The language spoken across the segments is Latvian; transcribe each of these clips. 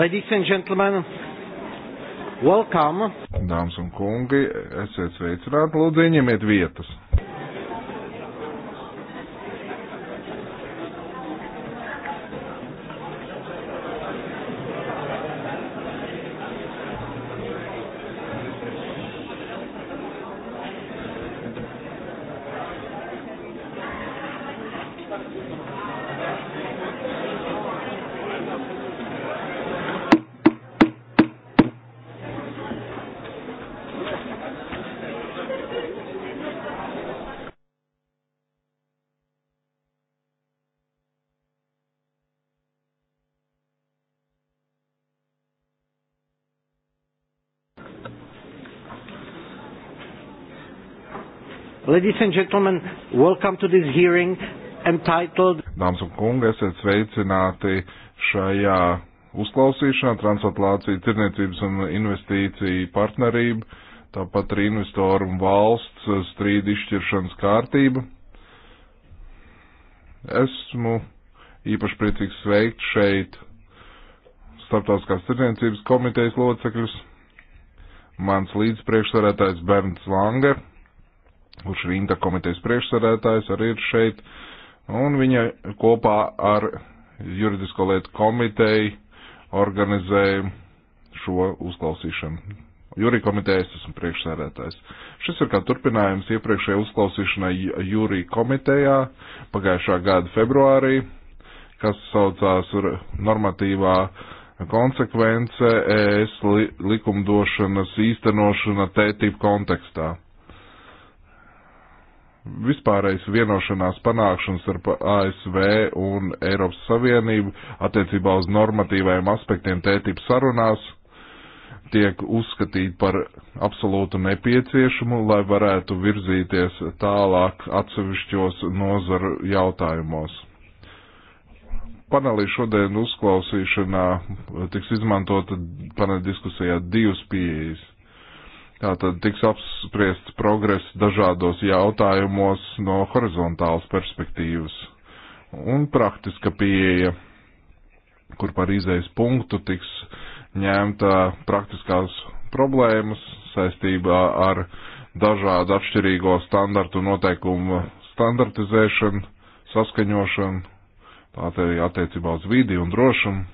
Ladies and gentlemen, welcome. Dāmas un kungi, esiet sveicināti, lūdzu, ieņemiet vietas. Ladies and gentlemen, welcome to this hearing entitled. Dāmas un kungi, esiet sveicināti šajā uzklausīšanā Transatlācija tirniecības un investīciju partnerība, tāpat arī investoru un valsts strīdu izšķiršanas kārtība. Esmu īpaši priecīgs sveikt šeit Startautiskās tirniecības komitejas locekļus, mans līdzpriekšsarētājs Bernds Langer kurš ir Inta komitejas priekšsēdētājs, arī ir šeit, un viņa kopā ar juridisko lietu komiteju organizēja šo uzklausīšanu. Jūrija komitejas esmu priekšsēdētājs. Šis ir kā turpinājums iepriekšējai uzklausīšanai Jūrija komitejā pagājušā gada februārī, kas saucās normatīvā konsekvence ES likumdošanas īstenošana T-tip kontekstā vispārējais vienošanās panākšanas ar ASV un Eiropas Savienību attiecībā uz normatīvajiem aspektiem tētības sarunās tiek uzskatīti par absolūtu nepieciešamu, lai varētu virzīties tālāk atsevišķos nozaru jautājumos. Panelī šodien uzklausīšanā tiks izmantota panel diskusijā divas pieejas Tātad tiks apspriests progress dažādos jautājumos no horizontālas perspektīvas un praktiska pieeja, kur par izējas punktu tiks ņemta praktiskās problēmas saistībā ar dažādu atšķirīgo standartu noteikumu standartizēšanu, saskaņošanu, tātad arī attiecībā uz vidi un drošumu.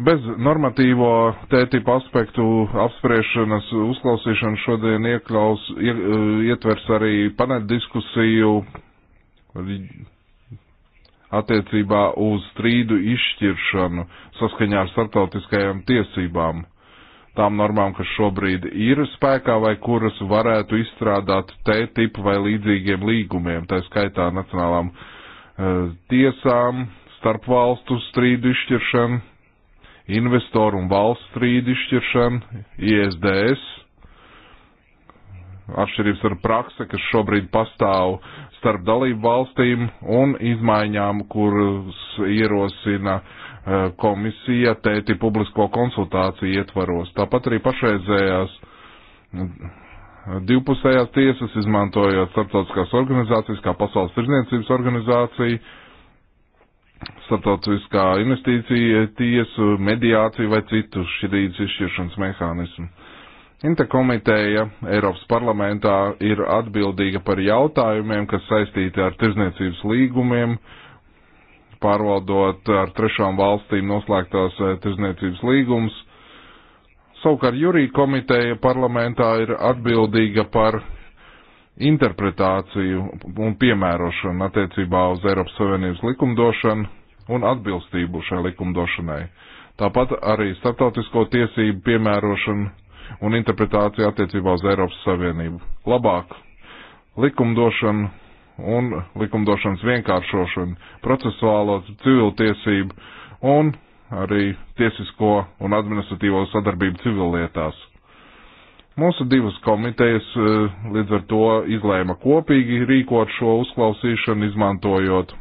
Bez normatīvo tētipu aspektu apspriešanas uzklausīšana šodien iekļaus, eh, ietvers arī paneļdiskusiju attiecībā uz strīdu izšķiršanu saskaņā ar starptautiskajām tiesībām, tām normām, kas šobrīd ir spēkā vai kuras varētu izstrādāt T-tipu vai līdzīgiem līgumiem, tā skaitā nacionālām uh, tiesām, starpvalstu strīdu izšķiršanu investoru un valsts strīdu izšķiršana, ISDS, atšķirības ar prakse, kas šobrīd pastāv starp dalību valstīm un izmaiņām, kuras ierosina e, komisija tēti publisko konsultāciju ietvaros. Tāpat arī pašreizējās divpusējās tiesas, izmantojot starptautiskās organizācijas, kā Pasaules tirdzniecības organizācija, starptautiskā investīcija tiesu, mediāciju vai citu šķirīdz izšķiršanas mehānismu. Interkomiteja Eiropas parlamentā ir atbildīga par jautājumiem, kas saistīti ar tirzniecības līgumiem, pārvaldot ar trešām valstīm noslēgtās eh, tirzniecības līgumus. Savukārt jurī komiteja parlamentā ir atbildīga par interpretāciju un piemērošanu attiecībā uz Eiropas Savienības likumdošanu un atbilstību šai likumdošanai. Tāpat arī starptautisko tiesību piemērošanu un interpretāciju attiecībā uz Eiropas Savienību. Labāk likumdošanu un likumdošanas vienkāršošanu, procesuālo civiltiesību un arī tiesisko un administratīvo sadarbību civillietās. Mūsu divas komitejas eh, līdz ar to izlēma kopīgi rīkot šo uzklausīšanu, izmantojot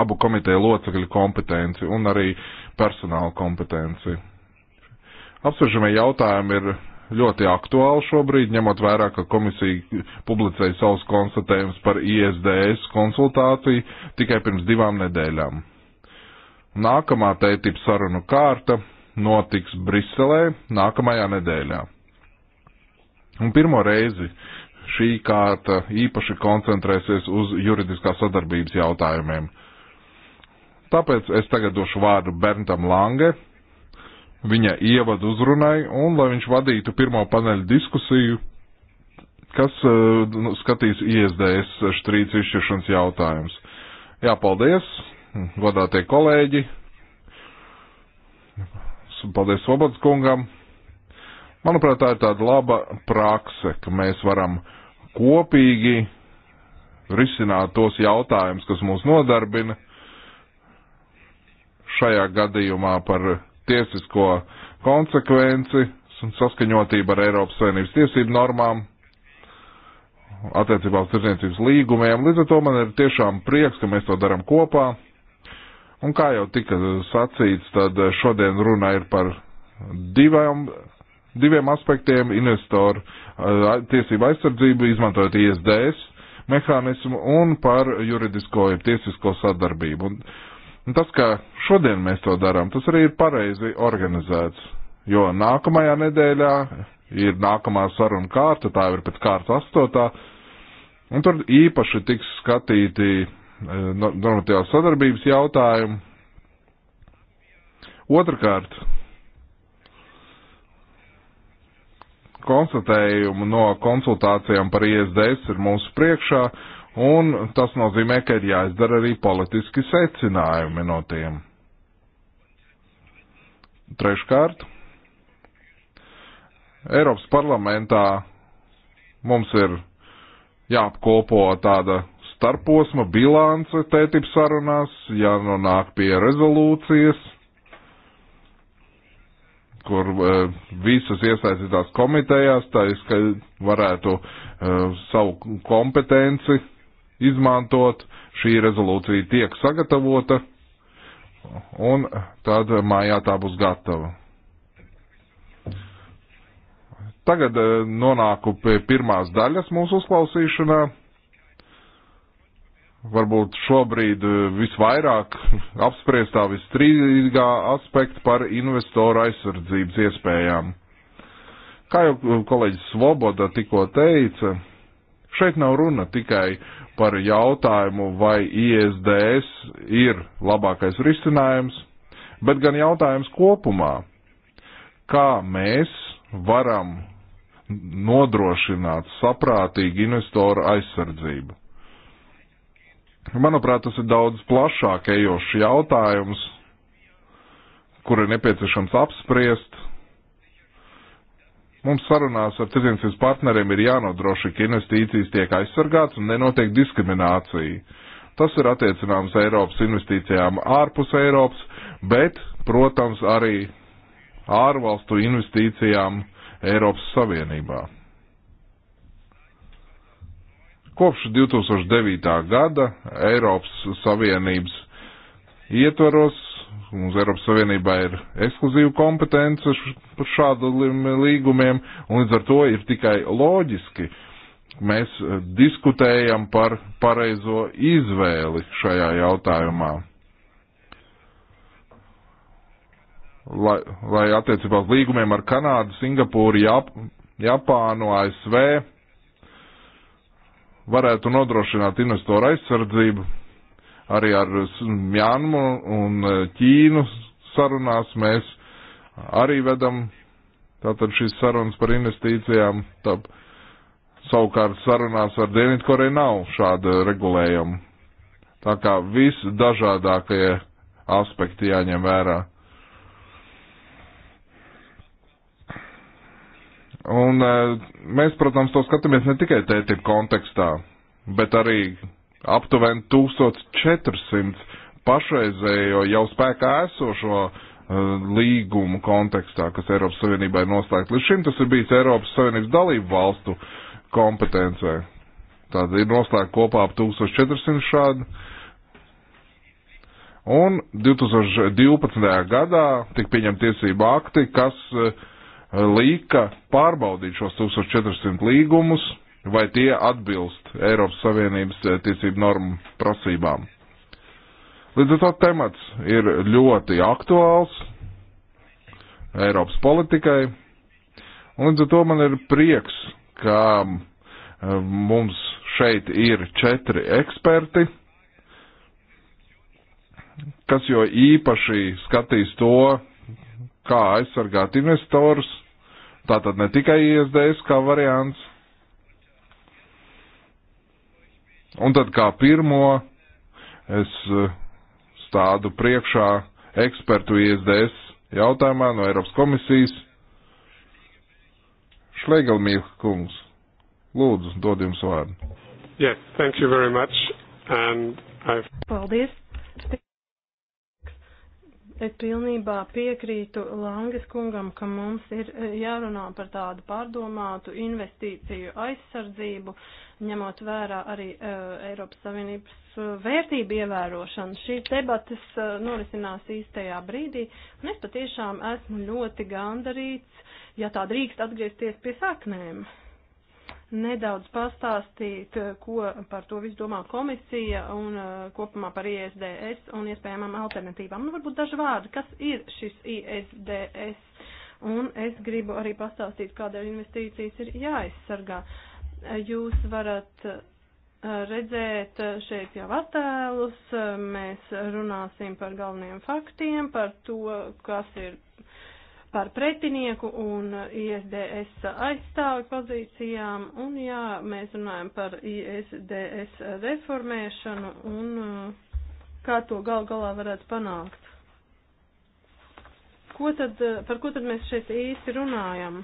abu komiteju locekļu kompetenci un arī personāla kompetenci. Apsvežamie jautājumi ir ļoti aktuāli šobrīd, ņemot vērā, ka komisija publicēja savus konstatējumus par ISDS konsultāciju tikai pirms divām nedēļām. Nākamā tētība sarunu kārta notiks Briselē nākamajā nedēļā. Un pirmo reizi šī kārta īpaši koncentrēsies uz juridiskā sadarbības jautājumiem. Tāpēc es tagad došu vārdu Berntam Lange, viņa ievadu uzrunai, un lai viņš vadītu pirmo paneļu diskusiju, kas uh, skatīs ISDS strīds izšķiršanas jautājums. Jā, paldies, godātie kolēģi, paldies Svobods kungam. Manuprāt, tā ir tāda laba prakse, ka mēs varam kopīgi risināt tos jautājumus, kas mūs nodarbina šajā gadījumā par tiesisko konsekvenci un saskaņotību ar Eiropas Savienības tiesību normām attiecībā uz tirdzniecības līgumiem. Līdz ar to man ir tiešām prieks, ka mēs to darām kopā. Un kā jau tika sacīts, tad šodien runa ir par divām diviem aspektiem - investoru uh, tiesību aizsardzību, izmantojot ISDS mehānismu un par juridisko, jeb tiesisko sadarbību. Un, un tas, kā šodien mēs to darām, tas arī ir pareizi organizēts, jo nākamajā nedēļā ir nākamā saruna kārta, tā jau ir pēc kārtas astotā, un tur īpaši tiks skatīti eh, normatīvās sadarbības jautājumi. Otrakārt, konstatējumu no konsultācijām par ISDS ir mūsu priekšā, un tas nozīmē, ka ir jāizdara arī politiski secinājumi no tiem. Treškārt, Eiropas parlamentā mums ir jāapkopo tāda starposma bilance tētip sarunās, jānonāk nu pie rezolūcijas kur uh, visas iesaistītās komitejās, tā es, ka varētu uh, savu kompetenci izmantot. Šī rezolūcija tiek sagatavota, un tad mājā tā būs gatava. Tagad uh, nonāku pie pirmās daļas mūsu uzklausīšanā varbūt šobrīd eh, visvairāk apspriestā visstrīdīgā aspekta par investoru aizsardzības iespējām. Kā jau kolēģis Svoboda tikko teica, šeit nav runa tikai par jautājumu, vai ISDS ir labākais risinājums, bet gan jautājums kopumā, kā mēs varam nodrošināt saprātīgu investoru aizsardzību. Manuprāt, tas ir daudz plašāk ejošs jautājums, kuru ir nepieciešams apspriest. Mums sarunās ar tirdzniecības partneriem ir jānodrošina, ka investīcijas tiek aizsargāts un nenotiek diskriminācija. Tas ir attiecināms Eiropas investīcijām ārpus Eiropas, bet, protams, arī ārvalstu investīcijām Eiropas Savienībā. Kopš 2009. gada Eiropas Savienības ietvaros mums Eiropas Savienībā ir ekskluzīva kompetence par šādu līgumiem, un līdz ar to ir tikai loģiski. Mēs diskutējam par pareizo izvēli šajā jautājumā. Lai, lai attiecībā uz līgumiem ar Kanādu, Singapūru, Jap, Japānu, ASV varētu nodrošināt investoru aizsardzību arī ar Mjanmu un e, Ķīnu sarunās mēs arī vedam tātad šīs sarunas par investīcijām. Tāp, savukārt sarunās ar Dienvidkoreju nav šāda regulējuma. Tā kā visdažādākie aspekti jāņem vērā. Un e, mēs, protams, to skatāmies ne tikai tētību kontekstā, bet arī aptuveni 1400 pašreizējo jau spēkā esošo e, līgumu kontekstā, kas Eiropas Savienībā ir noslēgts. Līdz šim tas ir bijis Eiropas Savienības dalību valstu kompetencē. Tāda ir noslēgta kopā ap 1400 šādu. Un 2012. gadā tika pieņemta tiesība akti, kas uh, lika pārbaudīt šos 1400 līgumus, vai tie atbilst Eiropas Savienības eh, tiesību normu prasībām. Līdz ar to temats ir ļoti aktuāls Eiropas politikai, un līdz ar to man ir prieks, ka eh, mums šeit ir četri eksperti, kas jo īpaši skatīs to, kā aizsargāt investorus, tātad ne tikai ISDS kā variants. Un tad kā pirmo es eh, stādu priekšā ekspertu ISDS jautājumā no Eiropas komisijas. Šleigalmīl kungs, lūdzu, dod jums vārdu. Yes, thank you very much. And I've... Paldies. Es pilnībā piekrītu Langas kungam, ka mums ir e, jārunā par tādu pārdomātu investīciju aizsardzību, ņemot vērā arī uh, Eiropas Savienības e, vērtību ievērošanu. Šīs debatas uh, norisinās īstajā brīdī, un es patiešām esmu ļoti gandarīts, ja tā drīkst atgriezties pie saknēm. Uh, nedaudz pastāstīt, eh, ko par to visu domā komisija un eh, kopumā par ISDS un iespējamām alternatīvām. Nu, varbūt daži vārdi, kas ir šis ISDS. Un es gribu arī pastāstīt, kādēļ investīcijas ir jāaizsargā. Jūs varat eh, redzēt šeit jau attēlus, mēs runāsim par galvenajiem faktiem, par to, kas ir uh, par pretinieku un ISDS aizstāvi pozīcijām, un jā, mēs runājam par ISDS reformēšanu un uh, kā to gal galā varētu panākt. Ko tad, uh, par ko tad mēs šeit īsti runājam?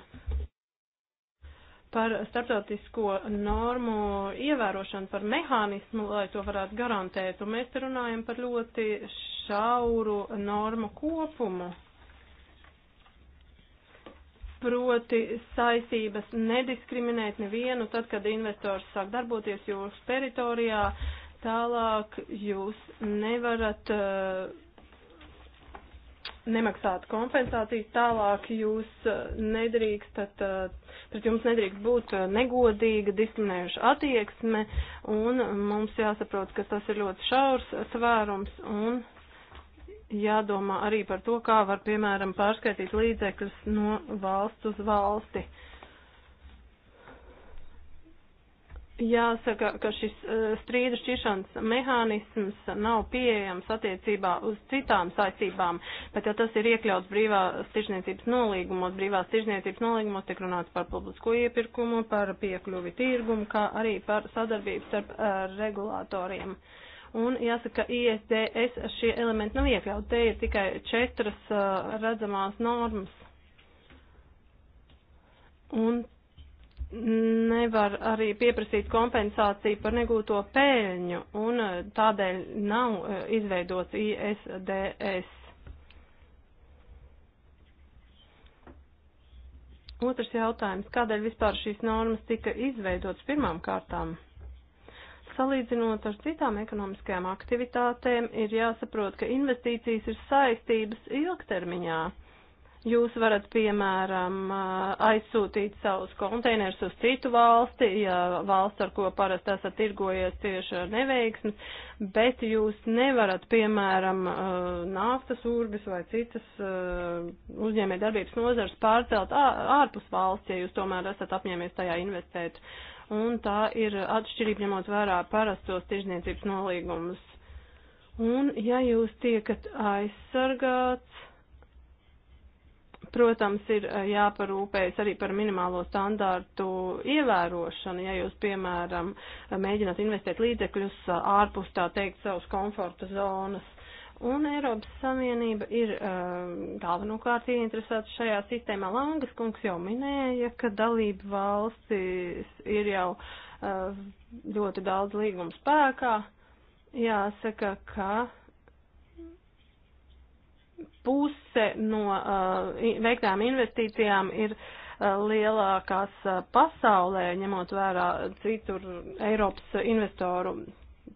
Par starptautisko normu ievērošanu, par mehānismu, lai to varētu garantēt, un mēs te runājam par ļoti šauru normu kopumu proti saistības nediskriminēt nevienu, tad, kad investors sāk darboties jūsu teritorijā, tālāk jūs nevarat uh, nemaksāt kompensācijas, tālāk jūs eh, nedrīkstat, uh, pret jums nedrīkst būt negodīga, diskriminējuša attieksme, un mums jāsaprot, ka tas ir ļoti šaurs svērums, un jādomā arī par to, kā var, piemēram, pārskaitīt līdzekļus no valsts uz valsti. Jāsaka, ka šis e, strīdu šķiršanas mehānisms nav pieejams attiecībā uz citām saistībām, bet ja tas ir iekļauts brīvā tirzniecības nolīgumos, brīvās tirzniecības nolīgumos tiek runāts par publisko iepirkumu, par piekļuvi tirgumu, kā arī par sadarbību starp uh, regulātoriem. Uh, Un jāsaka, ISDS e šie elementi nav iekļauti. Te ir tikai četras uh, redzamās normas. Un nevar arī pieprasīt kompensāciju par negūto pēļņu, un uh, tādēļ nav uh, izveidots ISDS. E Otrs jautājums, kādēļ vispār šīs normas tika izveidotas pirmām kārtām? salīdzinot ar citām ekonomiskajām aktivitātēm, ir jāsaprot, ka investīcijas ir saistības ilgtermiņā. Jūs varat, piemēram, aizsūtīt savus konteinerus uz citu valsti, ja valsts, ar ko parasti esat tirgojies tieši ar neveiksmi, bet jūs nevarat, piemēram, naftas urbis vai citas uh, uzņēmē darbības nozars pārcelt ārpus valsts, ja jūs tomēr esat apņēmies tajā investēt. Uh, un tā ir atšķirība ņemot vērā parastos tirzniecības nolīgumus. Un ja jūs tiekat aizsargāts, protams, ir eh, jāparūpējas arī par minimālo standārtu ievērošanu, ja jūs, piemēram, mēģināt investēt līdzekļus eh, ārpus tā teikt savas komforta zonas. Un Eiropas Savienība ir uh, galvenokārt ieinteresēta šajā sistēmā. Langas kungs jau minēja, ka dalība valstis ir jau uh, ļoti daudz līgumu spēkā. Jāsaka, ka puse no uh, veiktām investīcijām ir uh, lielākās uh, pasaulē, ņemot vērā citur Eiropas investoru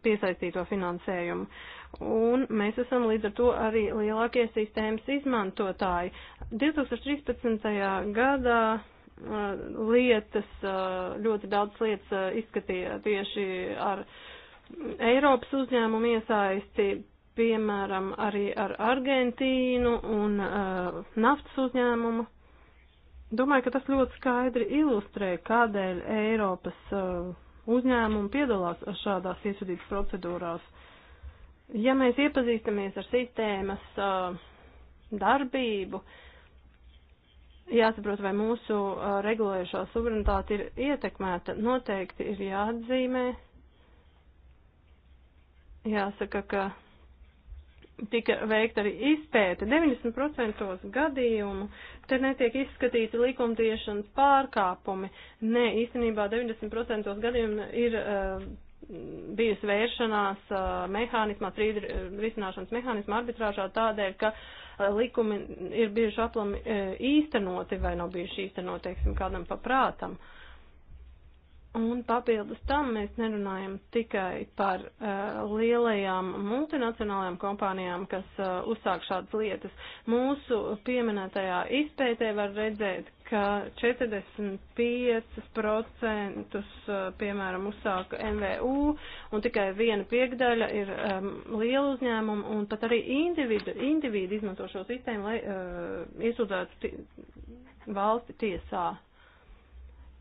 piesaistīto finansējumu. Uh, un mēs esam līdz ar to arī lielākie sistēmas izmantotāji. 2013. gadā uh, lietas, uh, ļoti daudz lietas uh, izskatīja tieši ar Eiropas uzņēmumu iesaisti, piemēram, arī ar Argentīnu un uh, naftas uzņēmumu. Domāju, ka tas ļoti skaidri ilustrē, kādēļ Eiropas uh, uzņēmumi piedalās šādās iesudības procedūrās. Ja mēs iepazīstamies ar sistēmas uh, darbību, jāsaprot, vai mūsu uh, regulējušā suverenitāte ir ietekmēta, noteikti ir jāatzīmē. Jāsaka, ka tika veikta arī izpēte. 90% gadījumu te netiek izskatīti likumdiešanas pārkāpumi. Nē, īstenībā 90% gadījumu ir. Uh, bijusi vēršanās uh, mehānismā, strīdu risināšanas mehānismā arbitrāžā tādēļ, ka uh, likumi ir bijuši aplami uh, īstenoti vai nav bijuši īstenoti, teiksim, kādam paprātam. Uh, Un papildus tam mēs nerunājam tikai par uh, lielajām multinacionālajām kompānijām, kas uh, uzsāk šādas lietas. Mūsu pieminētajā izpētē var redzēt, ka 45% eh, piemēram uzsāka MVU un tikai viena piekdaļa ir um, liela uzņēmuma un pat arī individu, individu izmanto šo sistēmu, lai uh, iesūdzētu valsti tiesā.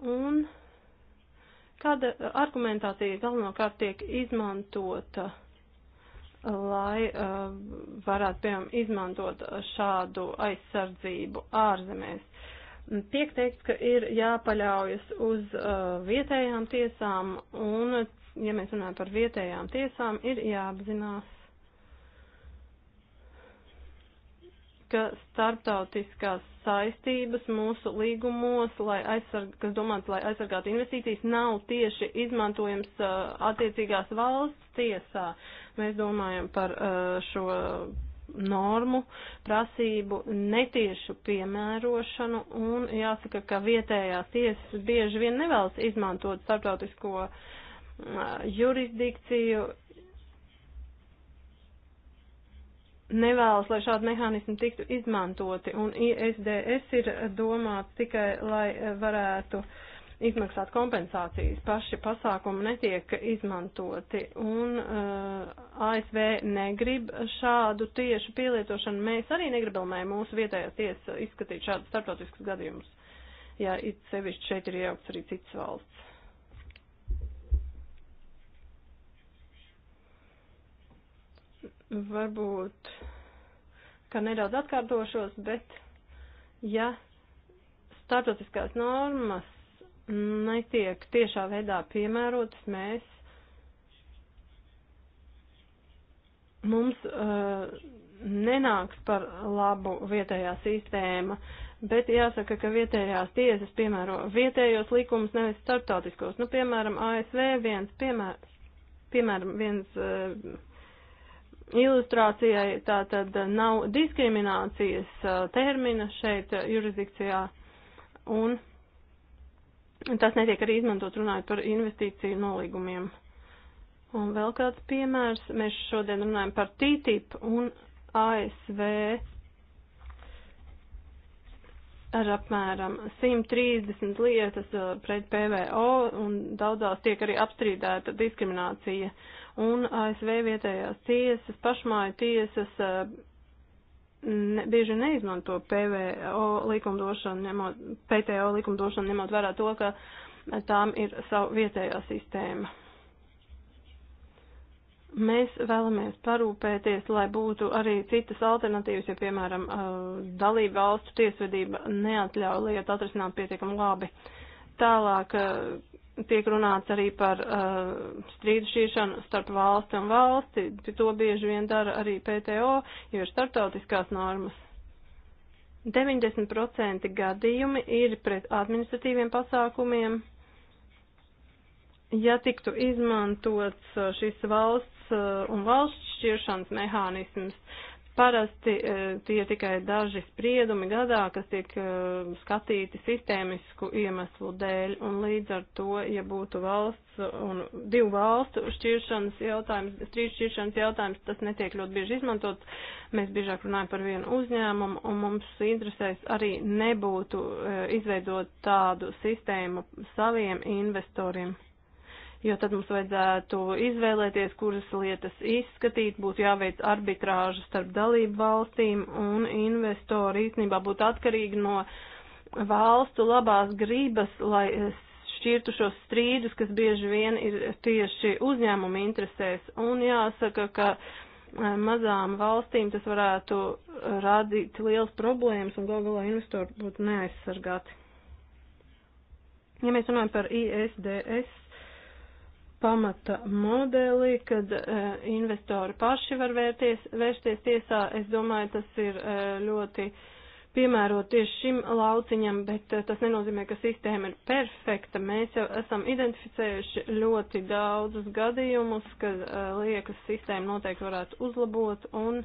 Un Kāda argumentācija galvenokārt tiek izmantota, lai uh, varētu, piemēram, izmantot šādu aizsardzību ārzemēs? Tiek teikt, ka ir jāpaļaujas uz uh, vietējām tiesām, un, ja mēs runājam par vietējām tiesām, ir jāapzinās ka starptautiskās saistības mūsu līgumos, lai aizsarg, kas domāts, lai aizsargātu investīcijas, nav tieši izmantojams uh, attiecīgās valsts tiesā. Mēs domājam par uh, šo normu, prasību, netiešu piemērošanu un jāsaka, ka vietējās tiesas bieži vien nevēlas izmantot starptautisko uh, jurisdikciju nevēlas, lai šādi mehānismi tiktu izmantoti, un ISDS ir domāts tikai, lai varētu izmaksāt kompensācijas. Paši pasākumi netiek izmantoti, un uh, ASV negrib šādu tiešu pielietošanu. Mēs arī negribam, lai mūsu vietējās tiesa izskatītu šādus starptautiskus gadījumus, ja it sevišķi šeit ir iejaukts arī citas valsts. Varbūt, ka nedaudz atkārtošos, bet ja startautiskās normas netiek tiešā veidā piemērotas, mēs mums uh, nenāks par labu vietējā sistēma, bet jāsaka, ka vietējās tiesas piemēro vietējos likumus, nevis starptautiskos. Nu, piemēram, ASV viens, piemēr, piemēram, viens uh, Ilustrācijai tā tad nav diskriminācijas termina šeit jurisdikcijā un tas netiek arī izmantot runājot par investīciju nolīgumiem. Un vēl kāds piemērs, mēs šodien runājam par TTIP un ASV ar apmēram 130 lietas pret PVO un daudzās tiek arī apstrīdēta diskriminācija. Uh, un ASV vietējās tiesas, pašmāju tiesas eh, ne, bieži neizmanto PVO likumdošanu, ņemot, PTO likumdošanu, ņemot vērā to, ka tām ir savu vietējā sistēma. Mēs vēlamies parūpēties, lai būtu arī citas alternatīvas, ja, piemēram, eh, dalība valstu tiesvedība neatļauj lietu atrisināt pietiekam labi. Tālāk, eh, Tiek runāts arī par uh, strīdu šīšanu starp valsti un valsti. To bieži vien dara arī PTO, jo ir startautiskās normas. 90% gadījumi ir pret administratīviem pasākumiem. Ja tiktu izmantots šis valsts uh, un valsts šķiršanas mehānisms, Parasti e, tie ir tikai daži spriedumi gadā, kas tiek e, skatīti sistēmisku iemeslu dēļ, un līdz ar to, ja būtu valsts un divu valstu šķiršanas jautājums, strīdu šķiršanas jautājums, tas netiek ļoti bieži izmantots. Mēs biežāk runājam par vienu uzņēmumu, un mums interesēs arī nebūtu e, izveidot tādu sistēmu saviem investoriem jo tad mums vajadzētu izvēlēties, kuras lietas izskatīt, būtu jāveic arbitrāža starp dalību valstīm un investori īstenībā būtu atkarīgi no valstu labās gribas, lai šķirtu šos strīdus, kas bieži vien ir tieši uzņēmuma interesēs. Un jāsaka, ka eh, mazām valstīm tas varētu radīt liels problēmas un gal galā investori būtu neaizsargāti. Ja mēs runājam par ISDS pamata modeli, kad e, investori paši var vērties, vērsties tiesā. Es domāju, tas ir e, ļoti piemērot tieši šim lauciņam, bet e, tas nenozīmē, ka sistēma ir perfekta. Mēs jau esam identificējuši ļoti daudzus gadījumus, kad liekas sistēma noteikti varētu uzlabot un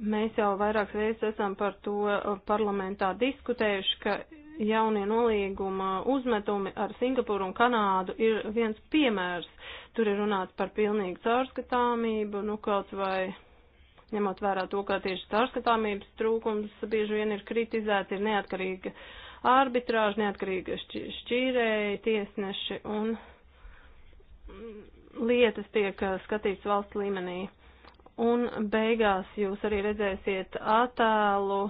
mēs jau vairākas reizes esam par to parlamentā diskutējuši, ka jaunie nolīguma uzmetumi ar Singapuru un Kanādu ir viens piemērs. Tur ir runāts par pilnīgu caurskatāmību, nu kaut vai ņemot vērā to, ka tieši caurskatāmības trūkums bieži vien ir kritizēts, ir neatkarīga arbitrāža, neatkarīga šķi šķīrēji, tiesneši un lietas tiek skatīts valsts līmenī. Un beigās jūs arī redzēsiet attēlu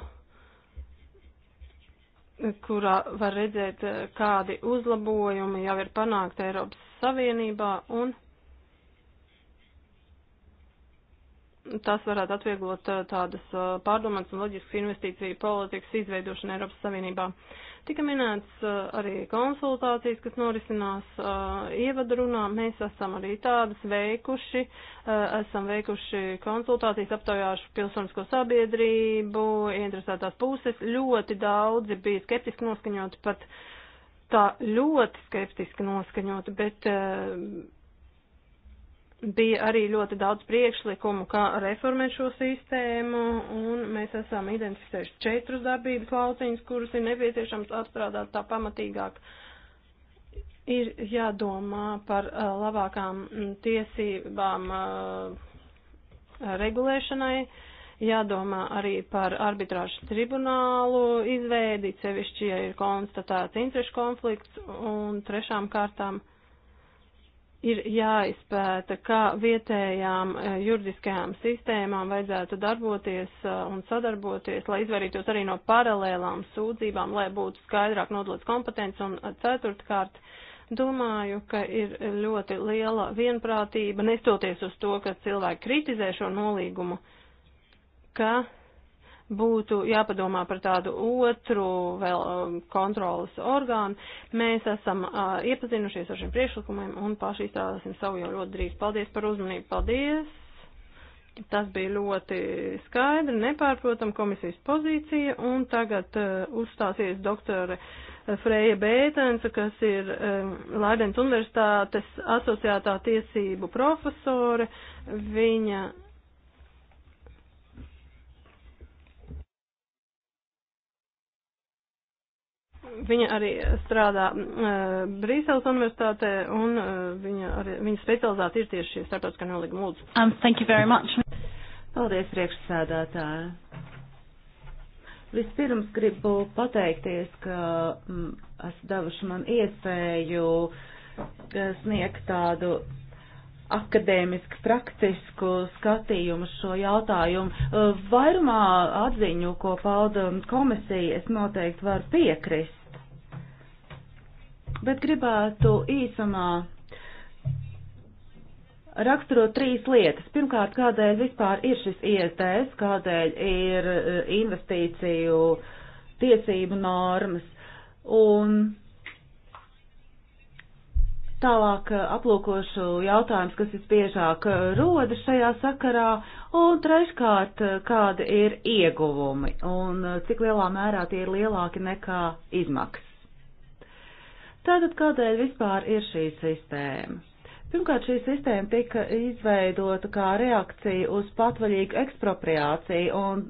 kurā var redzēt, eh, kādi uzlabojumi jau ir panākti Eiropas Savienībā, un tas varētu atvieglot eh, tādas eh, pārdomātas un loģiskas investīciju politikas izveidošanu Eiropas Savienībā. Uh, Tika minēts uh, arī konsultācijas, kas norisinās uh, ievadrunā. Mēs esam arī tādas veikuši, uh, esam veikuši konsultācijas, aptaujājuši pilsonisko sabiedrību, interesētās puses. Ļoti daudzi bija skeptiski noskaņoti, pat tā ļoti skeptiski noskaņoti, bet bija arī ļoti daudz priekšlikumu, kā reformēt šo sistēmu, un mēs esam identificējuši četrus darbības lauciņus, kurus ir nepieciešams atstrādāt tā pamatīgāk. Ir jādomā par uh, labākām tiesībām uh, regulēšanai, jādomā arī par arbitrāžu tribunālu izveidi, sevišķi, ja ir konstatēts interešu konflikts, un trešām kārtām uh, ir jāizpēta, kā vietējām eh, juridiskajām sistēmām vajadzētu darboties eh, un sadarboties, lai izvairītos arī no paralēlām sūdzībām, lai būtu skaidrāk nodalīts kompetents un eh, ceturtkārt. Domāju, ka ir ļoti liela vienprātība, nestoties uz to, ka cilvēki kritizē šo nolīgumu, ka būtu jāpadomā par tādu otru vēl um, kontrolas orgānu. Mēs esam uh, iepazinušies ar šiem priekšlikumiem un paši izstrādāsim savu jau ļoti drīz. Paldies par uzmanību, paldies! Tas bija ļoti skaidri, nepārprotam komisijas pozīcija, un tagad uh, uzstāsies doktore Freja Bētensa, kas ir um, Laidens Universitātes asociētā tiesību profesore. Viņa Viņa arī strādā uh, Brīseles universitātē, un uh, viņa, arī, viņa specializācija ir tieši šie starptautiskā nolīguma lūdzu. Um, thank you very much. Paldies, priekšsēdētāji. Vispirms gribu pateikties, ka mm, esat devuši man iespēju e, sniegt tādu akadēmiski praktisku skatījumu šo jautājumu. Vairumā atziņu, ko pauda komisija, es noteikti varu piekrist bet gribētu īsumā raksturot trīs lietas. Pirmkārt, kādēļ vispār ir šis ISDS, kādēļ ir eh, investīciju tiesību normas un Tālāk eh, aplūkošu jautājums, kas visbiežāk eh, roda šajā sakarā, un treškārt, kāda ir ieguvumi un cik lielā mērā tie ir lielāki nekā izmaksas. Tātad kādēļ vispār ir šī sistēma? Pirmkārt, šī sistēma tika izveidota kā reakcija uz patvaļīgu ekspropriāciju un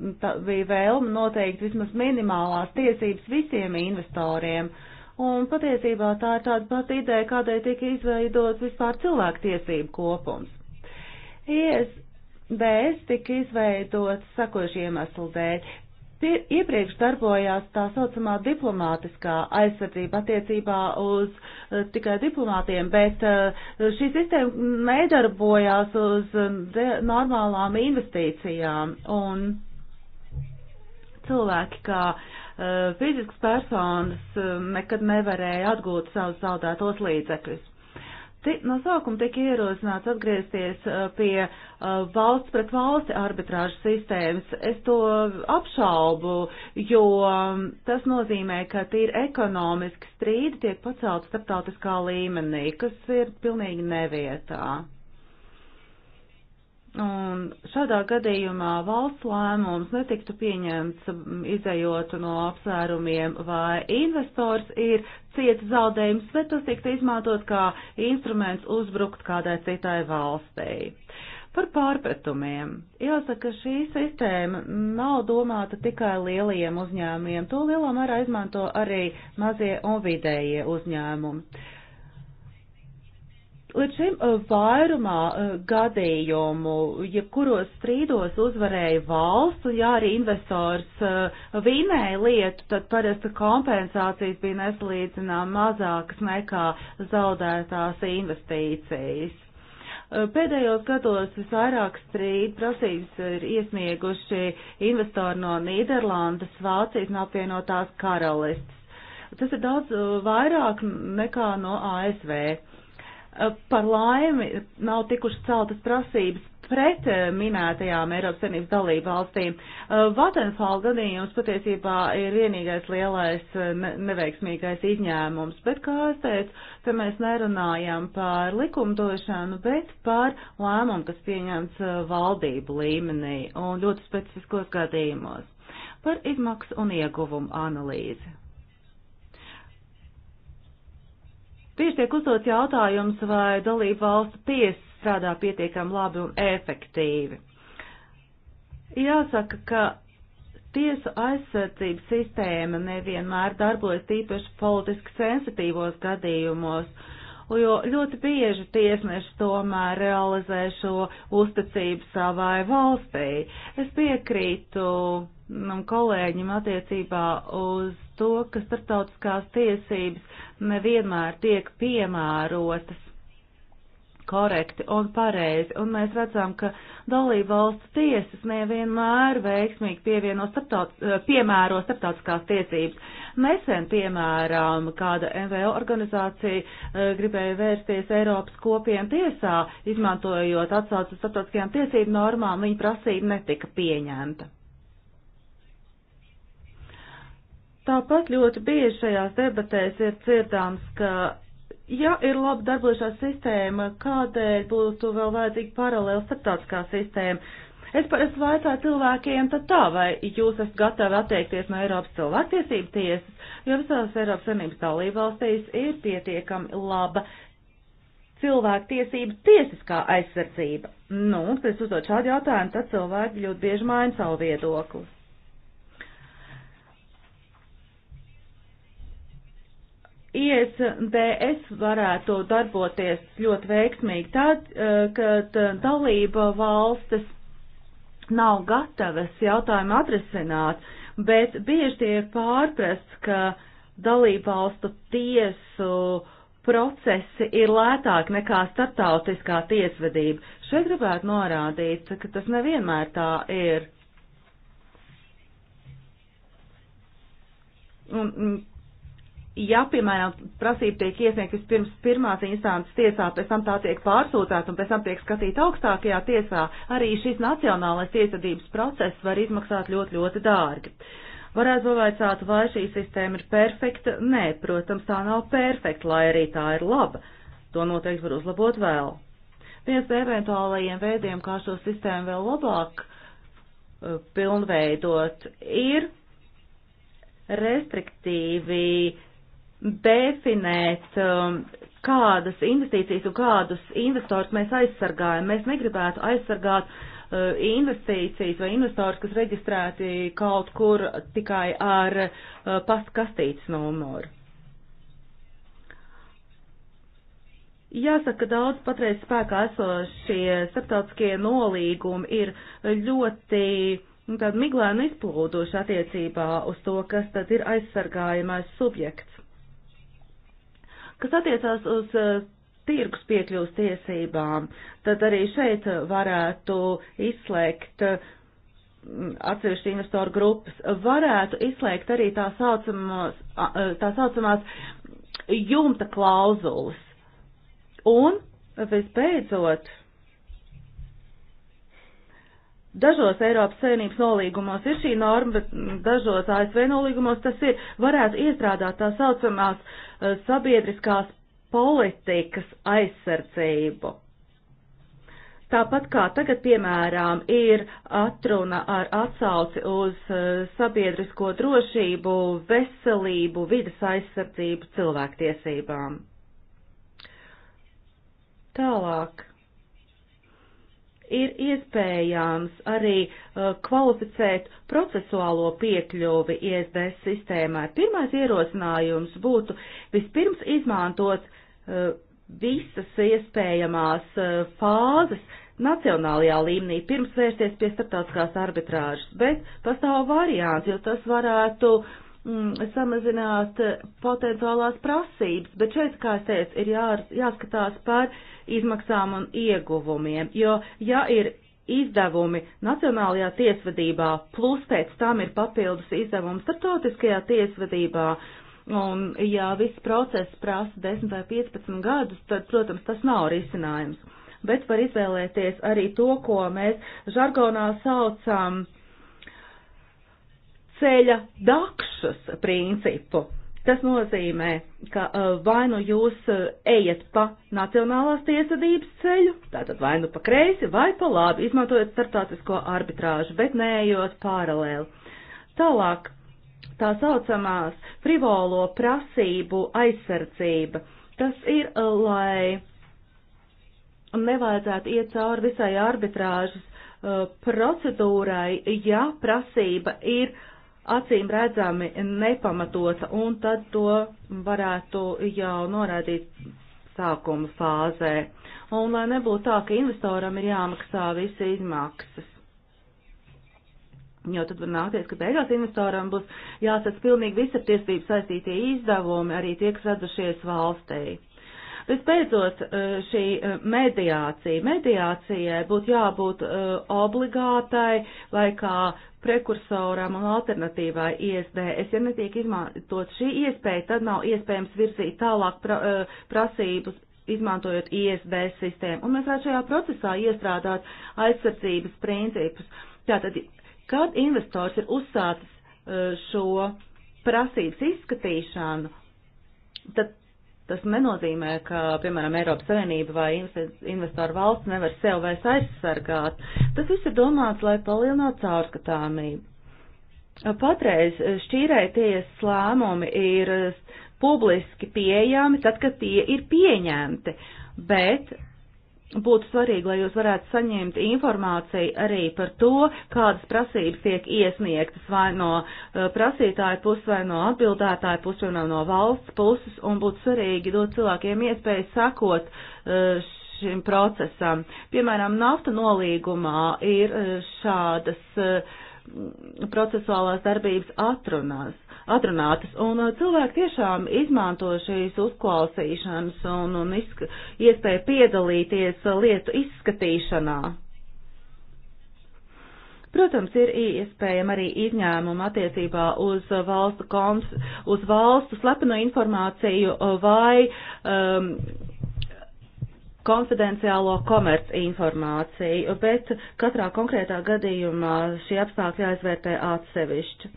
bija vēlme noteikt vismaz minimālās tiesības visiem investoriem. Un patiesībā tā ir tāda pati ideja, kādēļ tika izveidots vispār cilvēktiesību kopums. ISDS tika izveidots sakošu iemeslu dēļ. Pie, iepriekš darbojās tā saucamā diplomātiskā aizsardzība attiecībā uz uh, tikai diplomātiem, bet uh, šī sistēma nedarbojās uz de, eh, normālām investīcijām. Un cilvēki, kā uh, fiziskas personas, uh, nekad nevarēja atgūt savus zaudētos līdzekļus. No sākuma tika ierosināts atgriezties uh, pie uh, valsts pret valsti arbitrāžu sistēmas. Es to apšaubu, jo um, tas nozīmē, ka tīri ekonomiski strīdi tiek pacelt starptautiskā līmenī, kas ir pilnīgi nevietā. Un šādā gadījumā valsts lēmums netiktu pieņemts izējot no apsvērumiem, vai investors ir ciets zaudējums, bet tas tiktu izmantot kā instruments uzbrukt kādai citai valstī. Par pārpratumiem. Jāsaka, šī sistēma nav domāta tikai lielajiem uzņēmumiem, to lielā mērā izmanto arī mazie un vidējie uzņēmumi. Līdz šim eh, vairumā eh, gadījumu, jebkuros ja strīdos uzvarēja valsts, un ja arī investors eh, vinēja lietu, tad parasti kompensācijas bija nesalīdzinām mazākas nekā zaudētās investīcijas. Pēdējos gados visvairāk strīdu prasības ir iesnieguši investori no Nīderlandes, Vācijas un apvienotās karalistes. Tas ir daudz vairāk nekā no ASV. Eh, par laimi nav tikušas celtas prasības pret eh, minētajām Eiropas Savienības dalību valstīm. Eh, Vatenfāla gadījums patiesībā ir vienīgais lielais neveiksmīgais izņēmums, bet, kā es teicu, te mēs nerunājam par likumdošanu, bet par lēmumu, kas pieņemts valdību līmenī un ļoti specifiskos gadījumos par izmaksu un ieguvumu analīzi. Tieši tiek uzdots jautājums, vai dalību valstu tiesa strādā pietiekami labi un efektīvi. Jāsaka, ka tiesu aizsardzības sistēma nevienmēr darbojas tīpaši politiski sensitīvos gadījumos, jo ļoti bieži tiesneši tomēr realizē šo uzticību savai valstī. Es piekrītu manam kolēģim attiecībā uz to, ka starptautiskās tiesības nevienmēr tiek piemērotas korekti un pareizi, un mēs redzam, ka dalība valsts tiesas nevienmēr veiksmīgi pievieno starptaut, eh, piemēro starptautiskās tiesības. Nesen, piemēram, kāda NVO organizācija eh, gribēja vērsties Eiropas kopienu tiesā, izmantojot atsaucu starptautiskajām tiesību normām, viņa prasība netika pieņemta. Tāpat ļoti bieži šajās debatēs ir dzirdams, ka Ja ir labi darbojušā sistēma, kādēļ būtu vēl vajadzīga paralēla starptautiskā sistēma? Es parasti vaicāju cilvēkiem tad tā, vai jūs esat gatavi atteikties no Eiropas cilvēktiesību tiesas, jo visās Eiropas Savienības dalībvalstīs ir pietiekami laba cilvēktiesību tiesiskā aizsardzība. Nu, kad es uzdod šādu jautājumu, tad cilvēki ļoti bieži maina savu viedokli. ISDS varētu darboties ļoti veiksmīgi tad, eh, kad eh, dalība valstis nav gatavas jautājumu atrisināt, bet bieži tiek pārprasts, ka dalība valstu tiesu procesi ir lētāk nekā startautiskā tiesvedība. Šeit gribētu norādīt, ka tas nevienmēr tā ir. Un mm, ja, piemēram, prasība tiek iesniegta vispirms pirmās instances tiesā, pēc tam tā tiek pārsūtāta un pēc tam tiek skatīta augstākajā tiesā, arī šis nacionālais tiesvedības process var izmaksāt ļoti, ļoti dārgi. Varētu pavaicāt, vai šī sistēma ir perfekta? Nē, protams, tā nav perfekta, lai arī tā ir laba. To noteikti var uzlabot vēl. Viens no eventuālajiem veidiem, kā šo sistēmu vēl labāk uh, pilnveidot, ir restriktīvi definēt, um, kādas investīcijas un kādus investors mēs aizsargājam. Mēs negribētu aizsargāt uh, investīcijas vai investors, kas reģistrēti kaut kur tikai ar uh, pastkastītes numuru. Jāsaka, daudz patreiz spēkā esošie starptautiskie nolīgumi ir ļoti nu, tāda miglēna izplūduša attiecībā uz to, kas tad ir aizsargājamais subjekts. Kas attiecās uz eh, tirgus piekļuvas tiesībām, tad arī šeit varētu izslēgt mm, atsevišķi investoru grupas, varētu izslēgt arī tā, saucamos, tā saucamās jumta klauzulas. Un, visbeidzot, Dažos Eiropas Savienības nolīgumos ir šī norma, bet dažos ASV nolīgumos tas ir, varētu iestrādāt tā saucamās uh, Eh, sabiedriskās politikas aizsardzību. Tāpat kā tagad, piemēram, ir atruna ar atsauci uz eh, sabiedrisko drošību, veselību, vidas aizsardzību, cilvēktiesībām. Tālāk ir iespējams arī uh, kvalificēt procesuālo piekļuvi ISDS sistēmai. Pirmais ierosinājums būtu vispirms izmantot uh, visas iespējamās uh, fāzes nacionālajā līmenī, pirms vērsties pie starptautiskās arbitrāžas, bet pastāv variants, jo tas varētu mm, samazināt uh, potenciālās prasības, bet šeit, kā es teicu, ir jā, jāskatās par uh, izmaksām un ieguvumiem, jo ja ir izdevumi Nacionālajā tiesvedībā, plus pēc tam ir papildus izdevumi starptautiskajā tiesvedībā, un ja viss process prasa 10 vai 15 gadus, tad, protams, tas nav risinājums. Bet var izvēlēties arī to, ko mēs žargonā saucam ceļa dakšas principu Tas nozīmē, ka uh, vai nu jūs uh, ejat pa Nacionālās tiesvedības ceļu, tātad vai nu pa kreisi, vai pa labi, izmantojot starptautisko arbitrāžu, bet neejot paralēli. Tālāk, tā saucamās frivolo prasību aizsardzība. Tas ir, uh, lai nevajadzētu iet cauri visai arbitrāžas procedūrai, ja prasība ir uh, acīm redzami nepamatota, un tad to varētu jau norādīt sākuma fāzē. Un lai nebūtu tā, ka investoram ir jāmaksā visi izmaksas. Jo tad var nākties, ka beigās investoram būs jāsadz pilnīgi visi ar tiesību saistītie izdevumi, arī tie, kas radušies valstī. Vispēcot eh, šī eh, mediācija. Mediācijai būtu jābūt eh, obligātai vai kā prekursoram un alternatīvai ISDS. Ja netiek izmantot šī iespēja, tad nav iespējams virzīt tālāk pra, prasības izmantojot ISDS sistēmu. Un mēs varētu šajā procesā iestrādāt aizsardzības principus. Tātad, kad investors ir uzsācis šo prasības izskatīšanu, tad Tas nenozīmē, ka, piemēram, Eiropas Savienība vai investoru valsts nevar sev vairs aizsargāt. Tas viss ir domāts, lai palielinātu caurskatāmību. Patreiz šķīrēja tiesas lēmumi ir publiski pieejami, tad, kad tie ir pieņemti, bet būtu svarīgi, lai jūs varētu saņemt informāciju arī par to, kādas prasības tiek iesniegtas vai no eh, prasītāja puses, vai no atbildētāja puses, vai no valsts puses, un būtu svarīgi dot cilvēkiem iespēju sakot eh, šim procesam. Piemēram, nafta nolīgumā ir eh, šādas procesuālās darbības atrunas atrunātas. Un uh, cilvēki tiešām izmanto šīs uzklausīšanas un, un izsk iespēju piedalīties uh, lietu izskatīšanā. Protams, ir iespējama arī izņēmuma attiecībā uz uh, valstu, konf, uz valstu slepeno informāciju vai um, konfidenciālo komerci informāciju, bet katrā konkrētā gadījumā šie apstākļi jāizvērtē atsevišķi.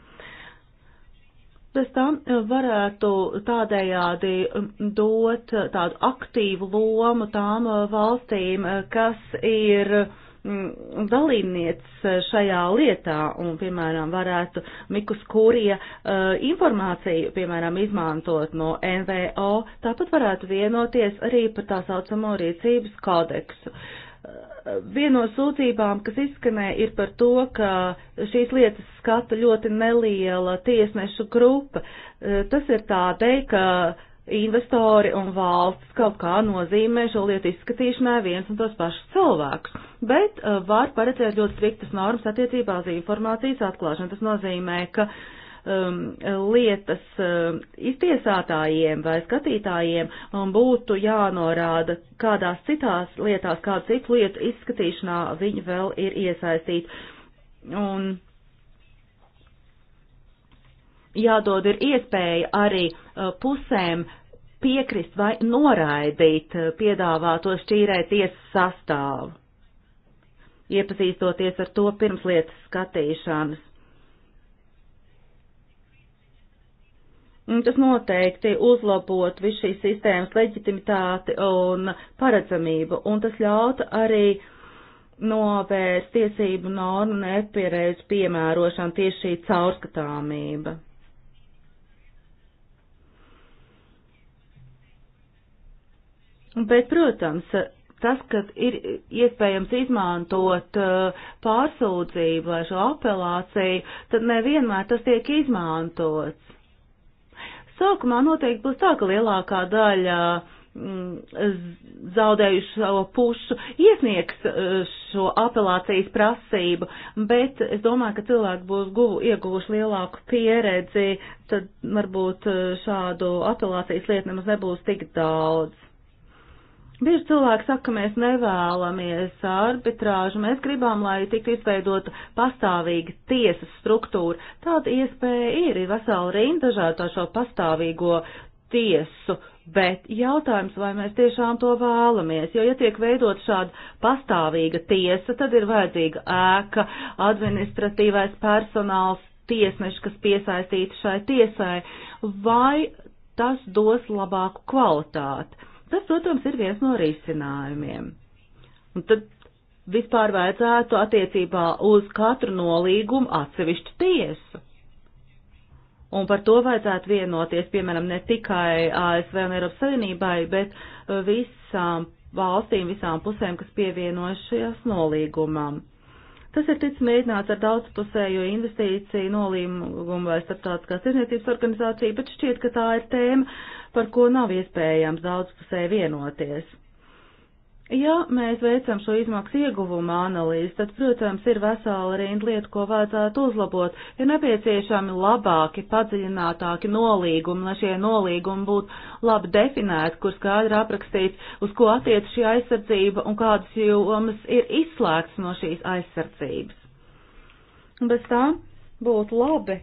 Bez tam eh, varētu tādējādi mm, dot eh, tādu aktīvu lomu tām eh, valstīm, kas ir mm, dalībniec šajā lietā un, piemēram, varētu Mikus Kūrija informāciju, piemēram, izmantot no NVO, tāpat varētu vienoties arī par tā saucamo rīcības kodeksu. Uh, Viena no sūdzībām, kas izskanēja, ir par to, ka šīs lietas skata ļoti neliela tiesnešu grupa. Eh, tas ir tādēļ, ka investori un valsts kaut kā nozīmē šo lietu izskatīšanai viens un tos pašus cilvēkus, bet eh, var paredzēt ļoti striktas normas attiecībā uz informācijas atklāšanu. Tas nozīmē, ka uh, um, lietas um, iztiesātājiem vai skatītājiem um, būtu jānorāda, kādās citās lietās, kādu citu lietu izskatīšanā viņi vēl ir iesaistīti. Un jādod ir iespēja arī uh, pusēm piekrist vai noraidīt uh, piedāvāto šķīrēt tiesas sastāvu iepazīstoties ar to pirms lietas skatīšanas. Mm, tas noteikti uzlabot visu šīs sistēmas leģitimitāti un paredzamību, un tas ļautu arī novērst tiesību normu nepiereizu piemērošanu tieši šī caurskatāmība. Bet, protams, tas, ka ir iespējams izmantot uh, pārsūdzību vai šo apelāciju, tad nevienmēr tas tiek izmantots. Sākumā noteikti būs tā, ka lielākā daļa mm, zaudējušo pušu iesniegs e, šo apelācijas prasību, bet es domāju, ka cilvēki būs guvu, ieguvuši lielāku pieredzi, tad varbūt e, šādu apelācijas lietu nemaz nebūs tik daudz. Bieži cilvēki saka, ka mēs nevēlamies arbitrāžu, mēs gribam, lai tiktu izveidota pastāvīga tiesas struktūra. Tāda iespēja ir, ir vesela rinda dažādu šo pastāvīgo tiesu, bet jautājums, vai mēs tiešām to vēlamies, jo, ja tiek veidot šāda pastāvīga tiesa, tad ir vajadzīga ēka, administratīvais personāls, tiesneši, kas piesaistīti šai tiesai, vai tas dos labāku kvalitāti. Tas, protams, ir viens no risinājumiem. Un tad vispār vajadzētu attiecībā uz katru nolīgumu atsevišķu tiesu. Un par to vajadzētu vienoties, piemēram, ne tikai ASV un Eiropas Savienībai, bet uh, visām valstīm, visām pusēm, kas pievienojušās nolīgumam. Tas ir ticis mēģināts ar daudzpusējo investīciju nolīgumu vai starptautiskās tirzniecības organizāciju, bet šķiet, ka tā ir tēma, par ko nav iespējams daudzpusē vienoties. Ja mēs veicam šo izmaksu ieguvuma analīzi, tad, protams, ir vesela rinda lietu, ko vajadzētu uzlabot. Ir nepieciešami labāki, padziļinātāki nolīgumi, lai šie nolīgumi būtu labi definēti, kur skaidri aprakstīts, uz ko attiec šī aizsardzība un kādas jomas ir izslēgts no šīs aizsardzības. Bez tā būtu labi,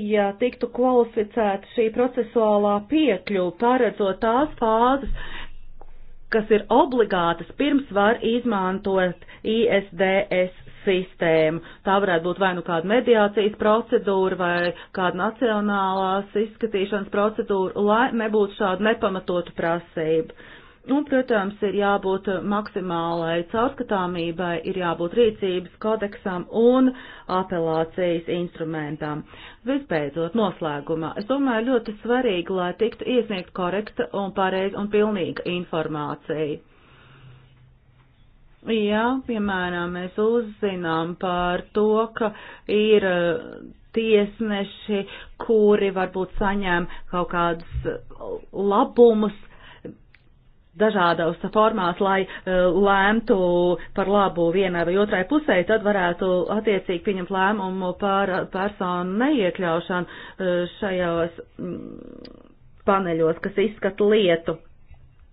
ja tiktu kvalificēta šī procesuālā piekļuva, pārredzot tās fāzes, kas ir obligātas pirms var izmantot ISDS sistēmu. Tā varētu būt vai nu kāda mediācijas procedūra vai kāda nacionālās izskatīšanas procedūra, lai nebūtu šādu nepamatotu prasību. Un, nu, protams, ir jābūt maksimālai caurskatāmībai, ir jābūt rīcības kodeksam un apelācijas instrumentam. Visbeidzot, noslēgumā, es domāju, ļoti svarīgi, lai tiktu iesniegt korekta un pareiza un pilnīga informācija. Jā, piemēram, mēs uzzinām par to, ka ir uh, tiesneši, kuri varbūt saņem kaut kādus uh, labumus, dažādos formās, lai eh, lēmtu par labu vienai vai otrai pusē, tad varētu attiecīgi pieņemt lēmumu par personu neiekļaušanu eh, šajos mm, paneļos, kas izskata lietu.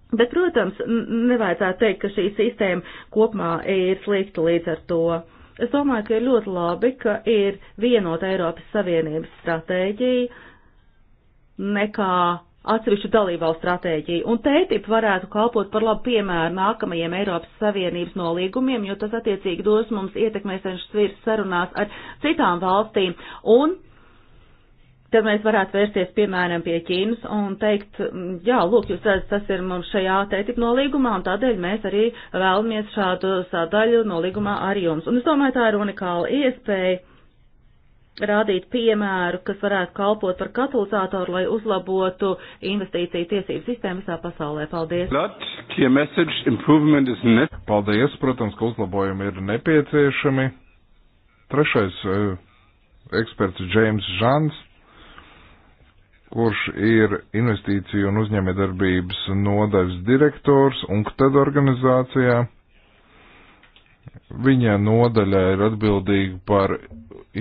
Bet, protams, nevajadzētu teikt, ka šī sistēma kopumā ir slikta līdz ar to. Es domāju, ka ir ļoti labi, ka ir vienota Eiropas Savienības stratēģija nekā atsevišķu dalībvalstu stratēģiju, un TTIP varētu kalpot par labu piemēru nākamajiem Eiropas Savienības nolīgumiem, jo tas attiecīgi dos mums ietekmēseņšas virs sarunās ar citām valstīm, un tad mēs varētu vērsties, piemēram, pie Ķīnas un teikt, mm, jā, lūk, jūs redzat, tas ir mums šajā TTIP nolīgumā, un tādēļ mēs arī vēlamies šādu sadaļu nolīgumā ar jums. Un es domāju, tā ir unikāla iespēja rādīt piemēru, kas varētu kalpot par katalizātoru, lai uzlabotu investīciju tiesību sistēmu visā pasaulē. Paldies! Paldies, protams, ka uzlabojumi ir nepieciešami. Trešais eh, eksperts Džeims Žans, kurš ir investīciju un uzņēmējdarbības nodaļas direktors UNCTED organizācijā. Viņa nodaļa ir atbildīga par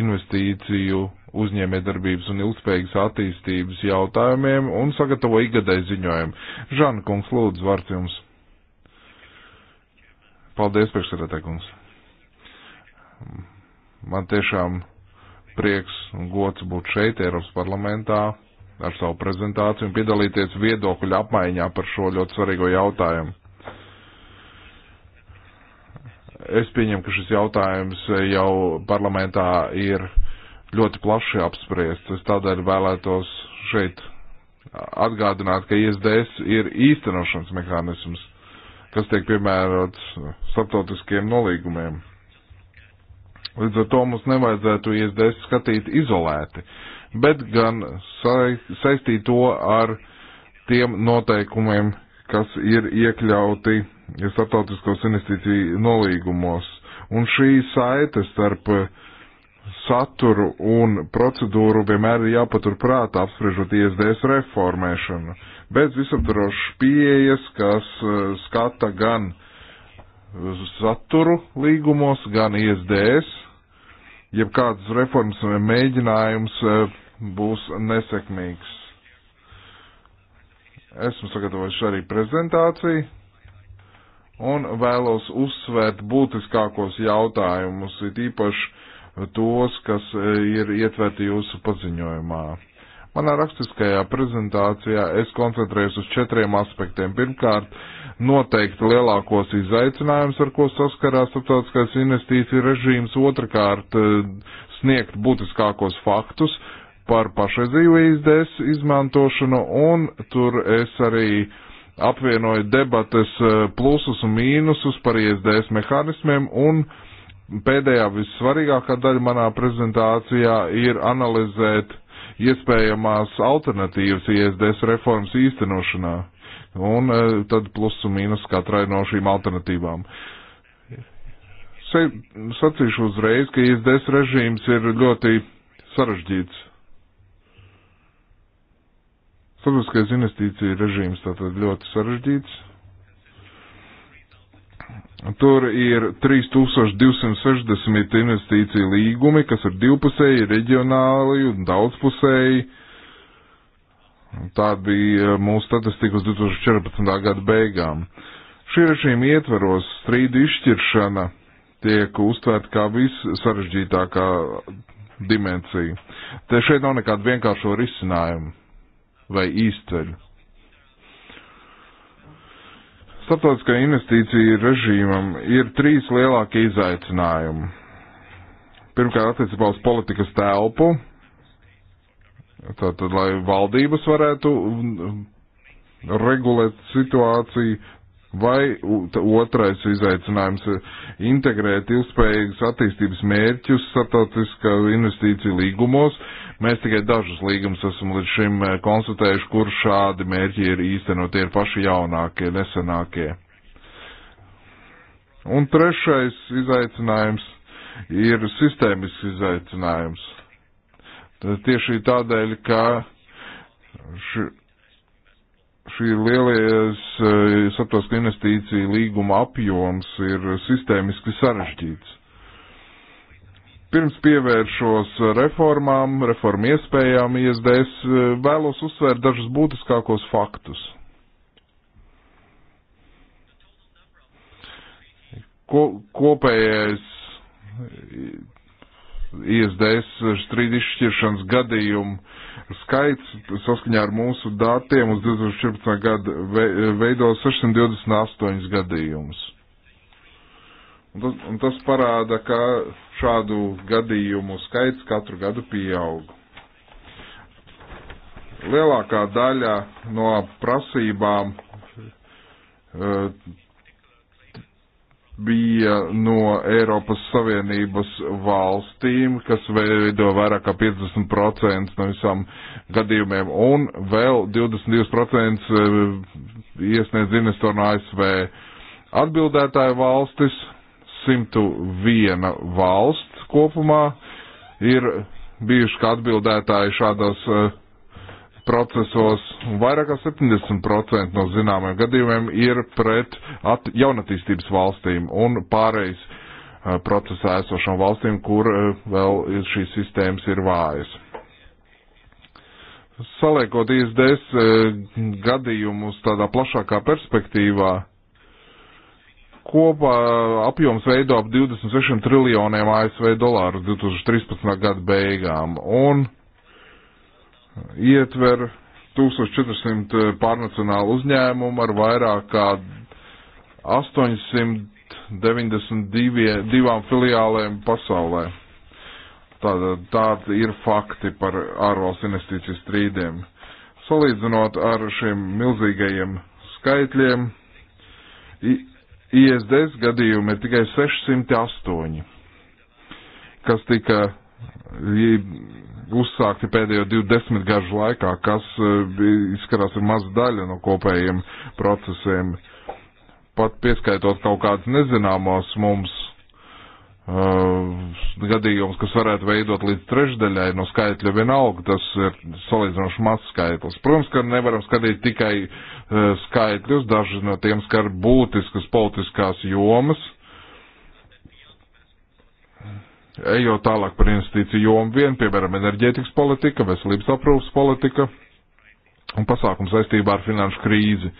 investīciju uzņēmējdarbības un ilgspējīgas attīstības jautājumiem un sagatavo igadēju ziņojumu. Žana kungs, lūdzu, vārds jums. Paldies, priekšsēdētāj kungs. Man tiešām prieks un gods būt šeit, Eiropas parlamentā, ar savu prezentāciju un piedalīties viedokļu apmaiņā par šo ļoti svarīgo jautājumu. Es pieņemu, ka šis jautājums jau parlamentā ir ļoti plaši apspriests. Es tādēļ vēlētos šeit atgādināt, ka ISDS ir īstenošanas mehānisms, kas tiek piemērots starptautiskiem nolīgumiem. Līdz ar to mums nevajadzētu ISDS skatīt izolēti, bet gan saistīt to ar tiem noteikumiem, kas ir iekļauti starptautiskos investīciju nolīgumos. Un šī saite starp eh, saturu un procedūru vienmēr ir jāpatur prātā, apspriežot ISDS reformēšanu. Bez visaptarošas pieejas, kas eh, skata gan saturu līgumos, gan ISDS, jeb kādas reformas mēģinājums eh, būs nesekmīgs. Esmu sagatavojis arī prezentāciju un vēlos uzsvērt būtiskākos jautājumus, it īpaši tos, kas e, ir ietverti jūsu paziņojumā. Manā rakstiskajā prezentācijā es koncentrējos uz četriem aspektiem. Pirmkārt, noteikti lielākos izaicinājumus, ar ko saskarās starptautiskais investīcija režīms. Otrakārt, e, sniegt būtiskākos faktus par pašreizējo IZDS izmantošanu, un tur es arī uh, apvienoja debates eh, plusus un mīnusus par ISDS mehānismiem un pēdējā vissvarīgākā daļa manā prezentācijā ir analizēt iespējamās alternatīvas ISDS reformas īstenošanā. Un eh, tad plus un mīnus katrai no šīm alternatīvām. Sacīšu uzreiz, ka ISDS režīms ir ļoti sarežģīts Starptautiskais investīcija režīms tātad ļoti sarežģīts. Tur ir 3260 investīcija līgumi, kas ir divpusēji, reģionāli un daudzpusēji. Tāda bija mūsu statistika uz 2014. gada beigām. Šī režīma ietveros strīdu izšķiršana tiek uztvērta kā vissarežģītākā dimensija. Te šeit nav nekāda vienkāršo risinājumu vai īsceļu. Startautiskā investīcija režīmam ir trīs lielākie izaicinājumi. Pirmkārt, attiecībā uz politikas telpu, tātad, lai valdības varētu regulēt situāciju, Vai otrais izaicinājums ir integrēt ilgspējīgas attīstības mērķus starptautiskā investīcija līgumos, Mēs tikai dažus līgumus esam līdz šim eh, konstatējuši, kur šādi mērķi ir īstenot, tie ir paši jaunākie, nesenākie. Un trešais izaicinājums ir sistēmisks izaicinājums. Tieši tādēļ, ka ši, šī lielais eh, saprotas, ka investīcija līguma apjoms ir sistēmiski sarežģīts. Pirms pievēršos reformām, reformu iespējām ISDS, eh, vēlos uzsvērt dažus būtiskākos faktus. Ko, kopējais eh, ISDS strīd izšķiršanas gadījumu skaits saskaņā ar mūsu datiem uz 2014. gadu veido 628 gadījumus. Un tas parāda, ka šādu gadījumu skaits katru gadu pieaug. Lielākā daļa no prasībām eh, bija no Eiropas Savienības valstīm, kas veido vairāk kā 50% no visām gadījumiem, un vēl 22% eh, iesniedz investoru no ASV atbildētāju valstis, 101 valsts kopumā ir bijuši kā atbildētāji šādos e, procesos, un vairāk kā 70% no zināmiem gadījumiem ir pret at, jaunatīstības valstīm un pārējais e, procesā esošām valstīm, kur e, vēl šīs sistēmas ir vājas. Saliekot ISDS gadījumus tādā plašākā perspektīvā, kopā apjoms veido ap 26 triljoniem ASV dolāru 2013. gada beigām un ietver 1400 eh, pārnacionālu uzņēmumu ar vairāk kā 892 filiālēm pasaulē. Tātad tādi ir fakti par ārvalstu investīciju strīdiem. Salīdzinot ar šiem milzīgajiem skaitļiem, I, ISDS gadījumi ir tikai 608, kas tika uzsākti pēdējo 20 gažu laikā, kas e, izskatās ir maza daļa no kopējiem procesiem. Pat pieskaitot kaut kādus nezināmos mums gadījums, kas varētu veidot līdz trešdaļai no skaitļa vienalga, tas ir salīdzinoši mazs skaitlis. Protams, ka nevaram skatīt tikai uh, skaitļus, daži no tiem skar būtiskas politiskās jomas. Ejot tālāk par investīciju jomu vien, piemēram, enerģētikas politika, veselības aprūpas politika un pasākums saistībā ar finanšu krīzi.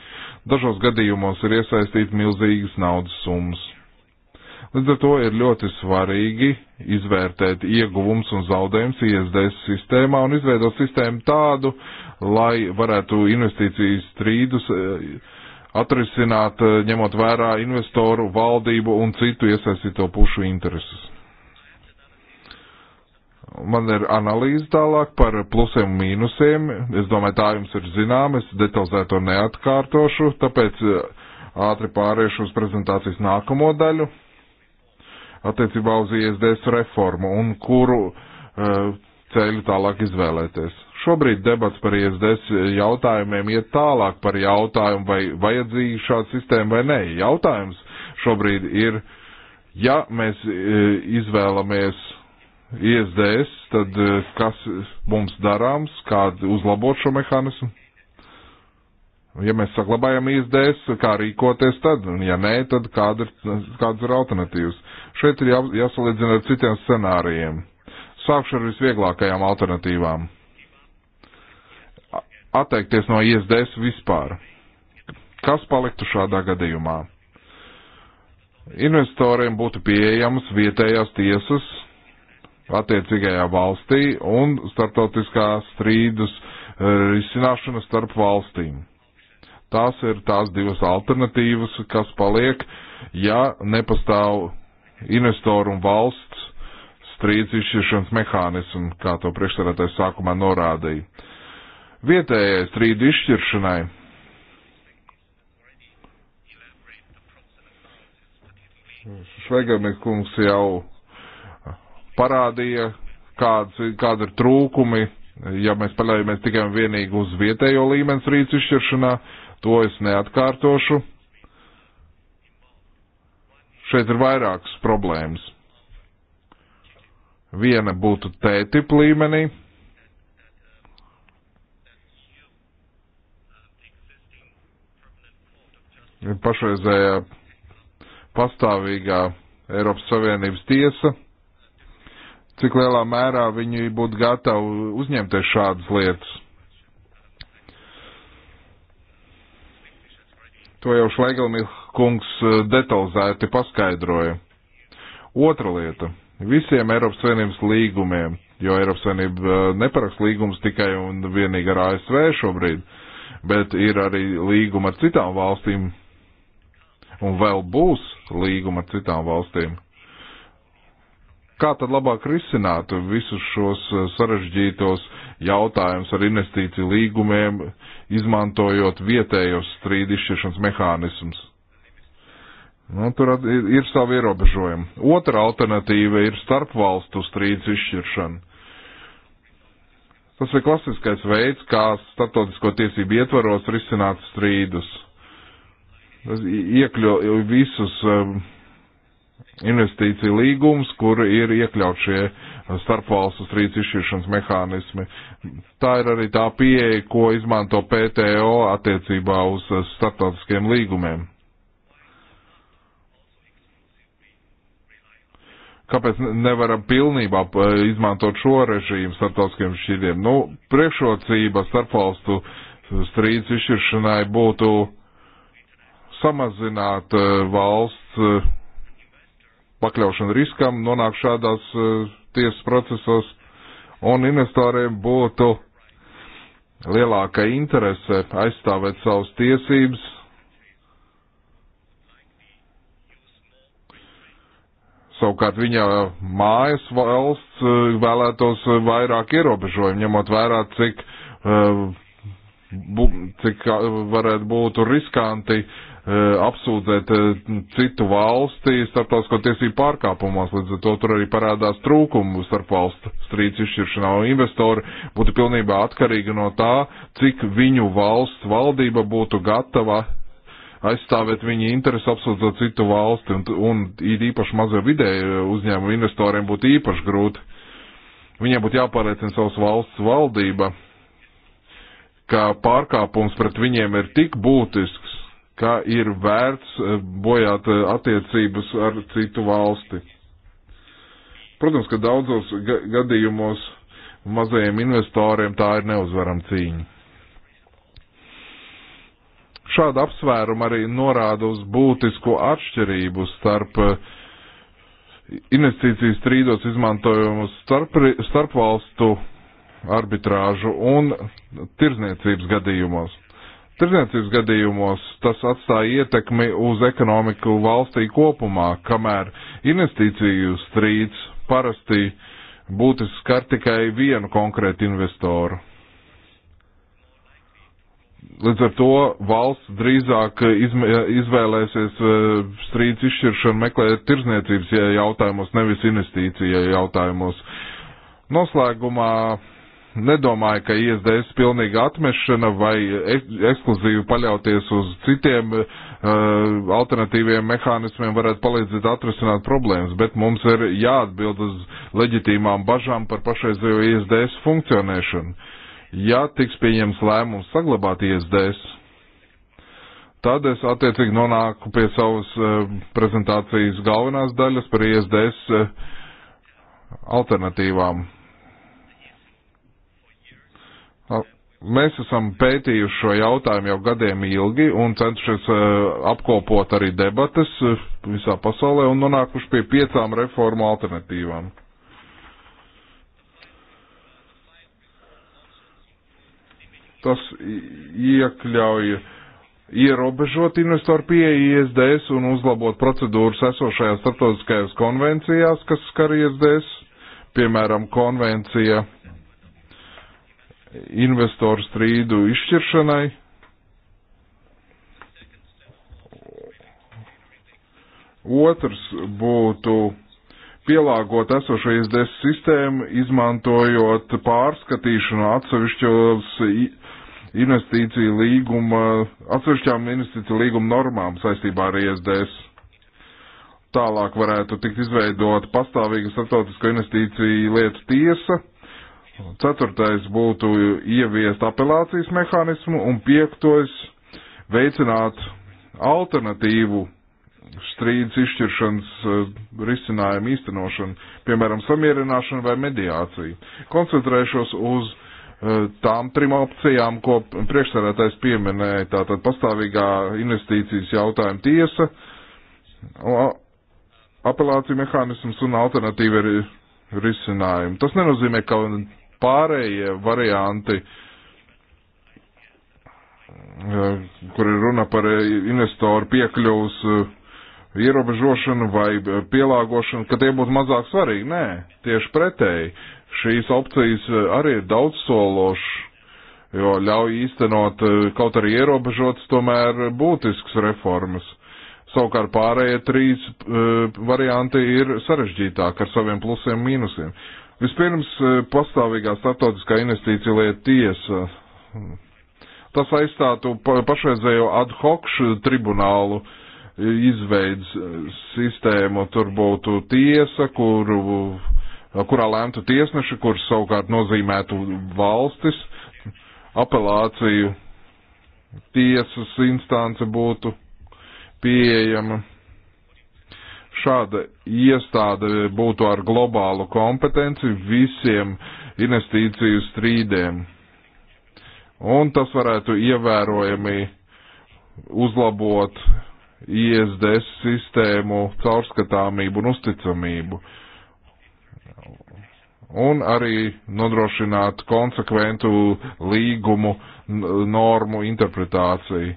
Dažos gadījumos ir iesaistīti milzīgas naudas summas. Līdz ar to ir ļoti svarīgi izvērtēt ieguvums un zaudējums ISDS sistēmā un izveidot sistēmu tādu, lai varētu investīcijas strīdus eh, atrisināt, eh, ņemot vērā investoru, valdību un citu iesaistīto pušu intereses. Man ir analīze tālāk par plusiem un mīnusiem. Es domāju, tā jums ir zinām, es detalizēto neatkārtošu, tāpēc eh, ātri pāriešu uz prezentācijas nākamo daļu attiecībā uz ISDS reformu un kuru uh, ceļu tālāk izvēlēties. Šobrīd debats par ISDS jautājumiem iet tālāk par jautājumu, vai vajadzīga šāda sistēma vai nē. Jautājums šobrīd ir, ja mēs uh, izvēlamies ISDS, tad uh, kas mums darāms, kā uzlabot šo mehānismu? Ja mēs saglabājam ISDS, kā rīkoties tad, un ja nē, tad kāda ir, kādas ir alternatīvas. Šeit ir jā, jāsalīdzina ar citiem scenārijiem. Sākšu ar visvieglākajām alternatīvām. Atteikties no ISDS vispār. Kas paliktu šādā gadījumā? Investoriem būtu pieejamas vietējās tiesas attiecīgajā valstī un starptautiskās strīdus e, risināšana starp valstīm. Tās ir tās divas alternatīvas, kas paliek, ja nepastāv investoru un valsts strīds izšķiršanas mehānismu, kā to priekšsarātais sākumā norādīja. Vietējai strīdu izšķiršanai Švegarnis kungs jau parādīja, kāds, kāda ir trūkumi, ja mēs paļaujamies tikai un vienīgi uz vietējo līmenis rīts izšķiršanā, to es neatkārtošu Šeit ir vairākas problēmas. Viena būtu tētip līmenī. Pašreizējā pastāvīgā Eiropas Savienības tiesa, cik lielā mērā viņi būtu gatavi uzņemties šādas lietas. To jau Šlegelmils kungs eh, detalizēti paskaidroja. Otra lieta - visiem Eiropas Savienības līgumiem, jo Eiropas Savienība eh, neparaks līgums tikai un vienīgi ar ASV šobrīd, bet ir arī līguma ar citām valstīm, un vēl būs līguma ar citām valstīm. Kā tad labāk risināt visus šos eh, sarežģītos jautājumus ar investīciju līgumiem, izmantojot vietējos strīdišķiešanas mehānismus? Nu, tur ir, ir savi ierobežojumi. Otra alternatīva ir starpvalstu strīdus izšķiršana. Tas ir klasiskais veids, kā starptautisko tiesību ietvaros risināt strīdus. Tas iekļo visus um, investīciju līgumus, kur ir iekļaut šie starpvalstu strīdus izšķiršanas mehānismi. Tā ir arī tā pieeja, ko izmanto PTO attiecībā uz uh, starptautiskiem līgumiem. kāpēc nevaram pilnībā izmantot šo režīmu starptautiskiem šķiriem. Nu, priekšrocība starpvalstu strīdus izšķiršanai būtu samazināt e, valsts e, pakļaušanu riskam, nonāk šādās e, tiesas procesos, un investoriem būtu lielāka interese aizstāvēt savas tiesības, Savukārt viņa mājas valsts eh, vēlētos eh, vairāk ierobežojumu, ņemot vērā, cik, eh, cik varētu būt riskanti apsūdzēt citu valsti starptautisko tiesību pārkāpumos. Līdz ar to tur arī parādās trūkumu starp valstu strīdus izšķiršanā. Investori būtu pilnībā atkarīgi no tā, cik viņu valsts valdība būtu gatava aizstāvēt viņa interesu, apsūdzot citu valsti, un, un īpaši mazo vidēju uzņēmumu investoriem būtu īpaši grūti. Viņiem būtu jāpārliecina savas valsts valdība, ka pārkāpums pret viņiem ir tik būtisks, ka ir vērts eh, bojāt eh, attiecības ar citu valsti. Protams, ka daudzos gadījumos mazajiem investoriem tā ir neuzvarama cīņa. Šāda apsvēruma arī norāda uz būtisku atšķirību starp eh, investīciju strīdos izmantojumu starp, starp valstu arbitrāžu un tirzniecības gadījumos. Tirzniecības gadījumos tas atstāja ietekmi uz ekonomiku valstī kopumā, kamēr investīciju strīds parasti būtiski skar tikai vienu konkrētu investoru. Līdz ar to valsts drīzāk eh, eh, izvēlēsies eh, strīdus izšķiršanu meklēt tirzniecības jautājumos, nevis investīcija jautājumos. Noslēgumā nedomāju, ka ISDS pilnīga atmešana vai ekskluzīvi paļauties uz citiem uh, alternatīviem mehānismiem varētu palīdzēt atrisināt problēmas, bet mums ir jāatbild uz leģitīmām bažām par pašreizējo ISDS funkcionēšanu. Ja tiks pieņems lēmums saglabāt ISDS, tad es attiecīgi nonāku pie savas eh, prezentācijas galvenās daļas par ISDS eh, alternatīvām. Mēs esam pētījuši šo jautājumu jau gadiem ilgi un centušies eh, apkopot arī debates visā pasaulē un nonākuši pie piecām reformu alternatīvām. Tas iekļauj ierobežot investoru pieeja ISDS un uzlabot procedūras esošajās starptautiskajās konvencijās, kas skar ISDS, piemēram, konvencija investoru strīdu izšķiršanai. Otrs būtu pielāgot esošo ISDS sistēmu, izmantojot pārskatīšanu atsevišķos investīciju līguma, atsevišķām investīciju līguma normām saistībā ar ISDS. Tālāk varētu tikt izveidot pastāvīga starptautisko investīciju lietu tiesa. Ceturtais būtu ieviest apelācijas mehānismu un piektais veicināt alternatīvu strīdus izšķiršanas eh, risinājumu īstenošanu, piemēram, samierināšanu vai mediāciju. Koncentrēšos uz uh, Eh, tām trim opcijām, ko priekšsarētais pieminēja, tātad pastāvīgā investīcijas jautājuma tiesa, apelācija mehānisms un alternatīva risinājumi. Tas nenozīmē, ka pārējie varianti uh, kur ir runa par eh, investoru piekļuvus ierobežošanu vai pielāgošanu, ka tie būtu mazāk svarīgi. Nē, tieši pretēji. Šīs opcijas eh, arī ir daudzsološas, jo ļauj īstenot eh, kaut arī ierobežotas, tomēr būtiskas reformas. Savukārt pārējie trīs eh, varianti ir sarežģītāki ar saviem plusiem un mīnusiem. Vispirms pastāvīgā startautiskā investīcija lieta tiesa. Tas aizstātu pašreizējo ad hoc tribunālu izveids sistēmu, tur būtu tiesa, kuru kurā lēmtu tiesneši, kurš savukārt nozīmētu valstis, apelāciju tiesas instance būtu pieejama. Šāda iestāde būtu ar globālu kompetenci visiem investīciju strīdiem. Un tas varētu ievērojami uzlabot ISDS sistēmu caurskatāmību un uzticamību. Uh, un arī nodrošināt konsekventu līgumu normu interpretāciju.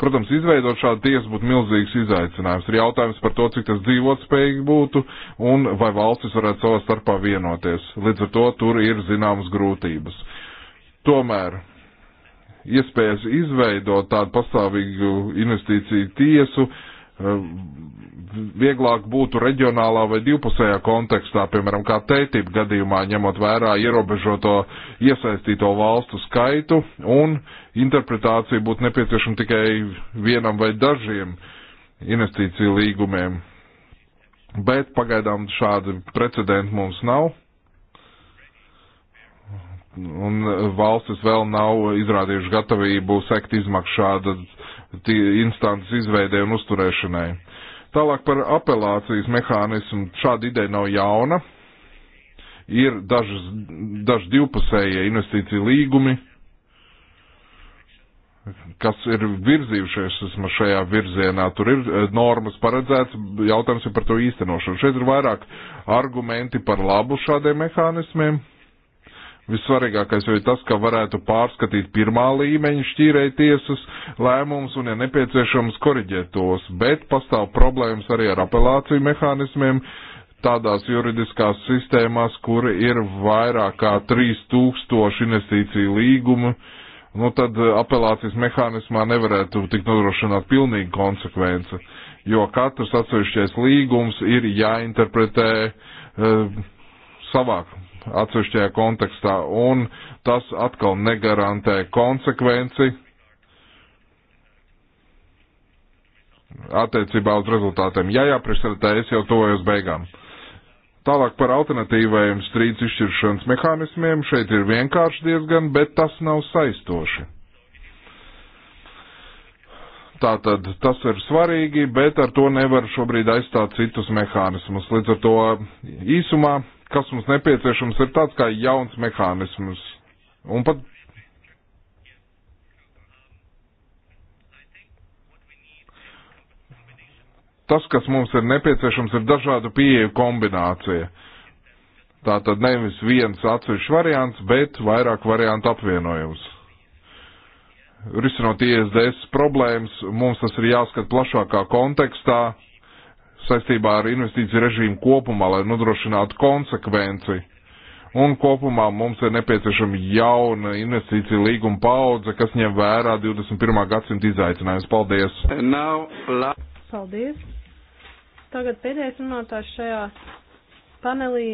Protams, izveidot šādu tiesu būtu milzīgs izaicinājums. Ir jautājums par to, cik tas dzīvotspējīgi būtu un vai valstis varētu savā starpā vienoties. Līdz ar to tur ir zināmas grūtības. Tomēr iespējas izveidot tādu pastāvīgu investīciju tiesu uh, Eh, vieglāk būtu reģionālā vai divpusējā kontekstā, piemēram, kā tētība gadījumā, ņemot vērā ierobežoto iesaistīto valstu skaitu un interpretācija būtu nepieciešama tikai vienam vai dažiem investīciju līgumiem. Bet pagaidām šādi precedenti mums nav. Un valstis vēl nav izrādījuši gatavību sekt izmaksu šādas instances izveidē un uzturēšanai. Tālāk par apelācijas mehānismu. Šāda ideja nav jauna. Ir dažas, daži divpusējie investīcija līgumi, kas ir virzījušies esmu šajā virzienā. Tur ir eh, normas paredzēts, jautājums ir par to īstenošanu. Šeit ir vairāk argumenti par labu šādiem mehānismiem Vissvarīgākais jau ir tas, ka varētu pārskatīt pirmā līmeņa šķīrēja tiesas lēmumus un, ja nepieciešams, koriģēt tos, bet pastāv problēmas arī ar apelāciju mehānismiem tādās juridiskās sistēmās, kur ir vairāk kā 3000 investīciju līgumu, nu tad eh, apelācijas mehānismā nevarētu tikt nodrošināt pilnīgi konsekvence, jo katrs atsevišķais līgums ir jāinterpretē uh, eh, savāk atsevišķajā kontekstā, un tas atkal negarantē konsekvenci attiecībā uz rezultātiem. Jā, jā, priekšsēdētāji, es jau tojos beigām. Tālāk par alternatīvajiem strīdus izšķiršanas mehānismiem. Šeit ir vienkārši diezgan, bet tas nav saistoši. Tātad tas ir svarīgi, bet ar to nevar šobrīd aizstāt citus mehānismus. Līdz ar to īsumā kas mums nepieciešams, ir tāds kā jauns mehānisms. Un pat tas, kas mums ir nepieciešams, ir dažādu pieeju kombinācija. Tā tad nevis viens atsevišķs variants, bet vairāk variantu apvienojums. Risinot ISDS problēmas, mums tas ir jāskat plašākā kontekstā, saistībā ar investīciju režīmu kopumā, lai nodrošinātu konsekvenci. Un kopumā mums ir nepieciešama jauna investīcija līguma paudze, kas ņem vērā 21. gadsimta izaicinājumus. Paldies! Now, la... Paldies! Tagad pēdējais runātājs šajā panelī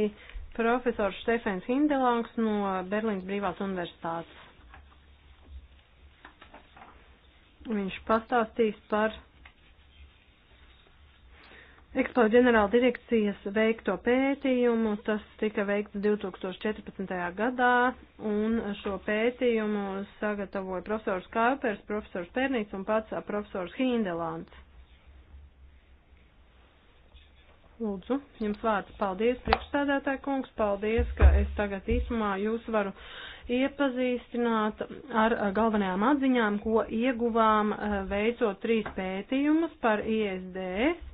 profesors Stefens Hindelangs no Berlīnas Brīvās Universitātes. Viņš pastāstīs par Ekspo ģenerāla direkcijas veikto pētījumu, tas tika veikts 2014. gadā, un šo pētījumu sagatavoja profesors Kaupers, profesors Pernīts un pats profesors Hindelāns. Lūdzu, jums vārds. Paldies, priekšstādātāji kungs, paldies, ka es tagad īsumā jūs varu iepazīstināt ar galvenajām atziņām, ko ieguvām eh, veicot trīs pētījumus par ISDS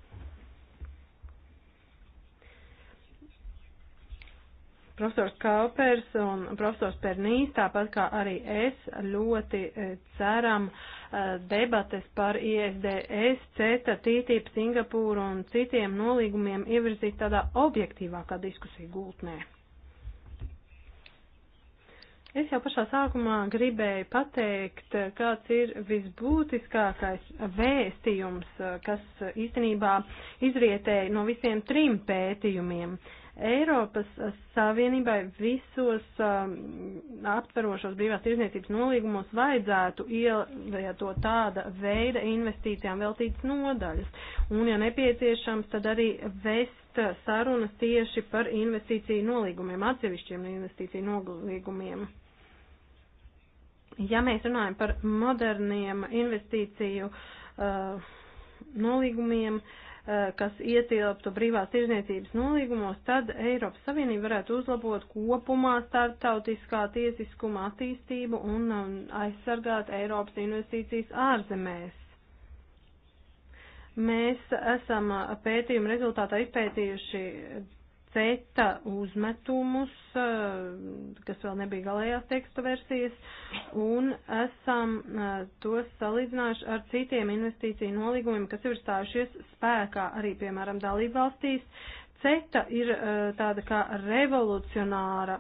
Profesors Kaupers un profesors Pernīs, tāpat kā arī es, ļoti e, ceram e, debates par ISDS, CETA, TTIP, Singapūru un citiem nolīgumiem ievirzīt tādā objektīvākā diskusija gultnē. Es jau pašā sākumā gribēju pateikt, kāds ir visbūtiskākais vēstījums, kas īstenībā izrietēja no visiem trim pētījumiem. Uh, Eiropas Savienībai visos um, aptverošos brīvās tirzniecības nolīgumos vajadzētu ievietot tāda veida investīcijām veltītas nodaļas. Un, ja nepieciešams, tad arī vest sarunas tieši par investīciju nolīgumiem, atsevišķiem investīciju nolīgumiem. Ja mēs runājam par moderniem investīciju uh, nolīgumiem, uh, Eh, kas ietilptu brīvās tirzniecības nolīgumos, tad Eiropas Savienība varētu uzlabot kopumā starptautiskā tiesiskuma attīstību un um, aizsargāt Eiropas investīcijas ārzemēs. Mēs esam eh, pētījuma rezultātā izpētījuši seta uzmetumus, eh, kas vēl nebija galējās teksta versijas, un esam eh, tos salīdzinājuši ar citiem investīciju nolīgumiem, kas ir stājušies spēkā arī, piemēram, dalībvalstīs. Ceta ir eh, tāda kā revolucionāra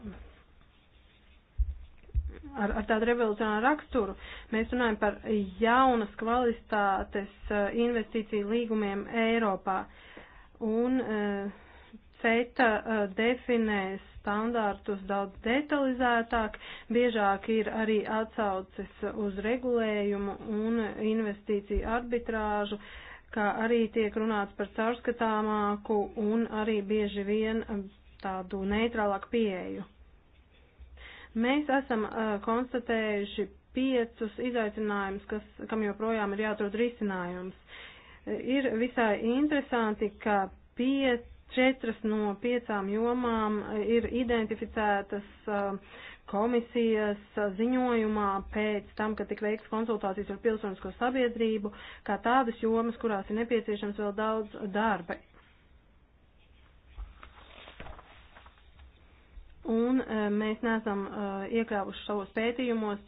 ar, ar tādu revolucionāru raksturu. Mēs runājam par jaunas kvalitātes investīciju līgumiem Eiropā. Un, uh, CETA eh, definē standārtus daudz detalizētāk, biežāk ir arī atsaucis uz regulējumu un investīciju arbitrāžu, kā arī tiek runāts par caurskatāmāku un arī bieži vien eh, tādu neitrālāku pieeju. Mēs esam uh, konstatējuši piecus izaicinājumus, kas, kam joprojām ir jāatrod risinājums. Ir visai interesanti, ka pieci Četras no piecām jomām ir identificētas um, komisijas ziņojumā pēc tam, kad tika veikts konsultācijas ar pilsonisko sabiedrību, kā tādas jomas, kurās ir nepieciešams vēl daudz darba. un eh, mēs neesam eh, iekļāvuši savos pētījumos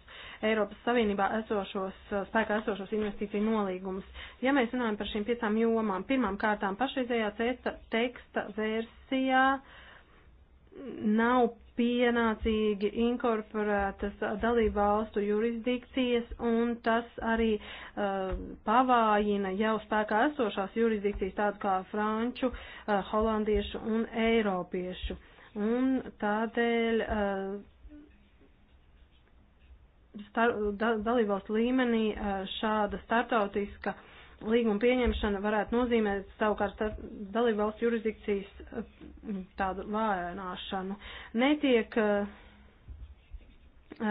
Eiropas Savienībā esošos, eh, spēkā esošos investīciju nolīgumus. Ja mēs runājam par šīm piecām jomām, pirmām kārtām pašreizējā teksta, teksta versijā nav pienācīgi inkorporētas dalību valstu jurisdikcijas, un tas arī uh, pavājina jau spēkā esošās jurisdikcijas tādu kā franču, uh, holandiešu un eiropiešu. Un tādēļ eh, star, da, dalībvalstu līmenī eh, šāda startautiska līguma pieņemšana varētu nozīmēt savukārt dalībvalstu jurisdikcijas eh, tādu vājināšanu. Netiek uh,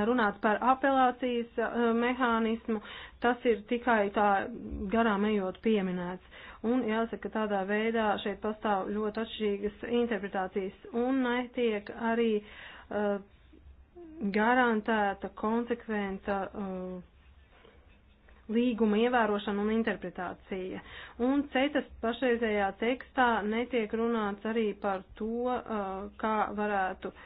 runāt par apelācijas eh, mehānismu, tas ir tikai tā garām ejot pieminēts. Un jāsaka, tādā veidā šeit pastāv ļoti atšķirīgas interpretācijas un netiek arī uh, garantēta konsekventa uh, līguma ievērošana un interpretācija. Un CETAS pašreizējā tekstā netiek runāts arī par to, uh, kā varētu uh,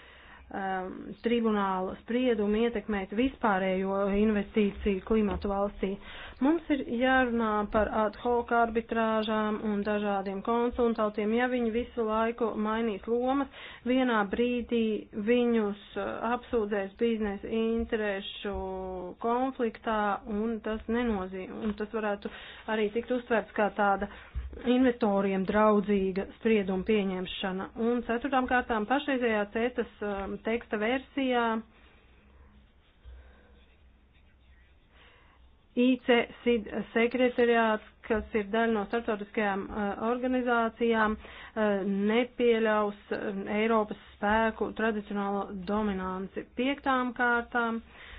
um, tribunāla spriedumu ietekmēt vispārējo investīciju klimatu valstī. Mums ir jārunā par ad hoc arbitrāžām un dažādiem konsultantiem. Ja viņi visu laiku mainīs lomas, vienā brīdī viņus uh, apsūdzēs biznesa interešu konfliktā un tas nenozīmē. Un tas varētu arī tikt uztverts kā tāda investoriem draudzīga sprieduma pieņemšana. Un ceturtām kārtām pašreizējā CETAS um, teksta versijā ICSID sekretariāts, kas ir daļa no starptautiskajām uh, organizācijām, uh, nepieļaus um, Eiropas spēku tradicionālo dominanci piektām kārtām. Uh,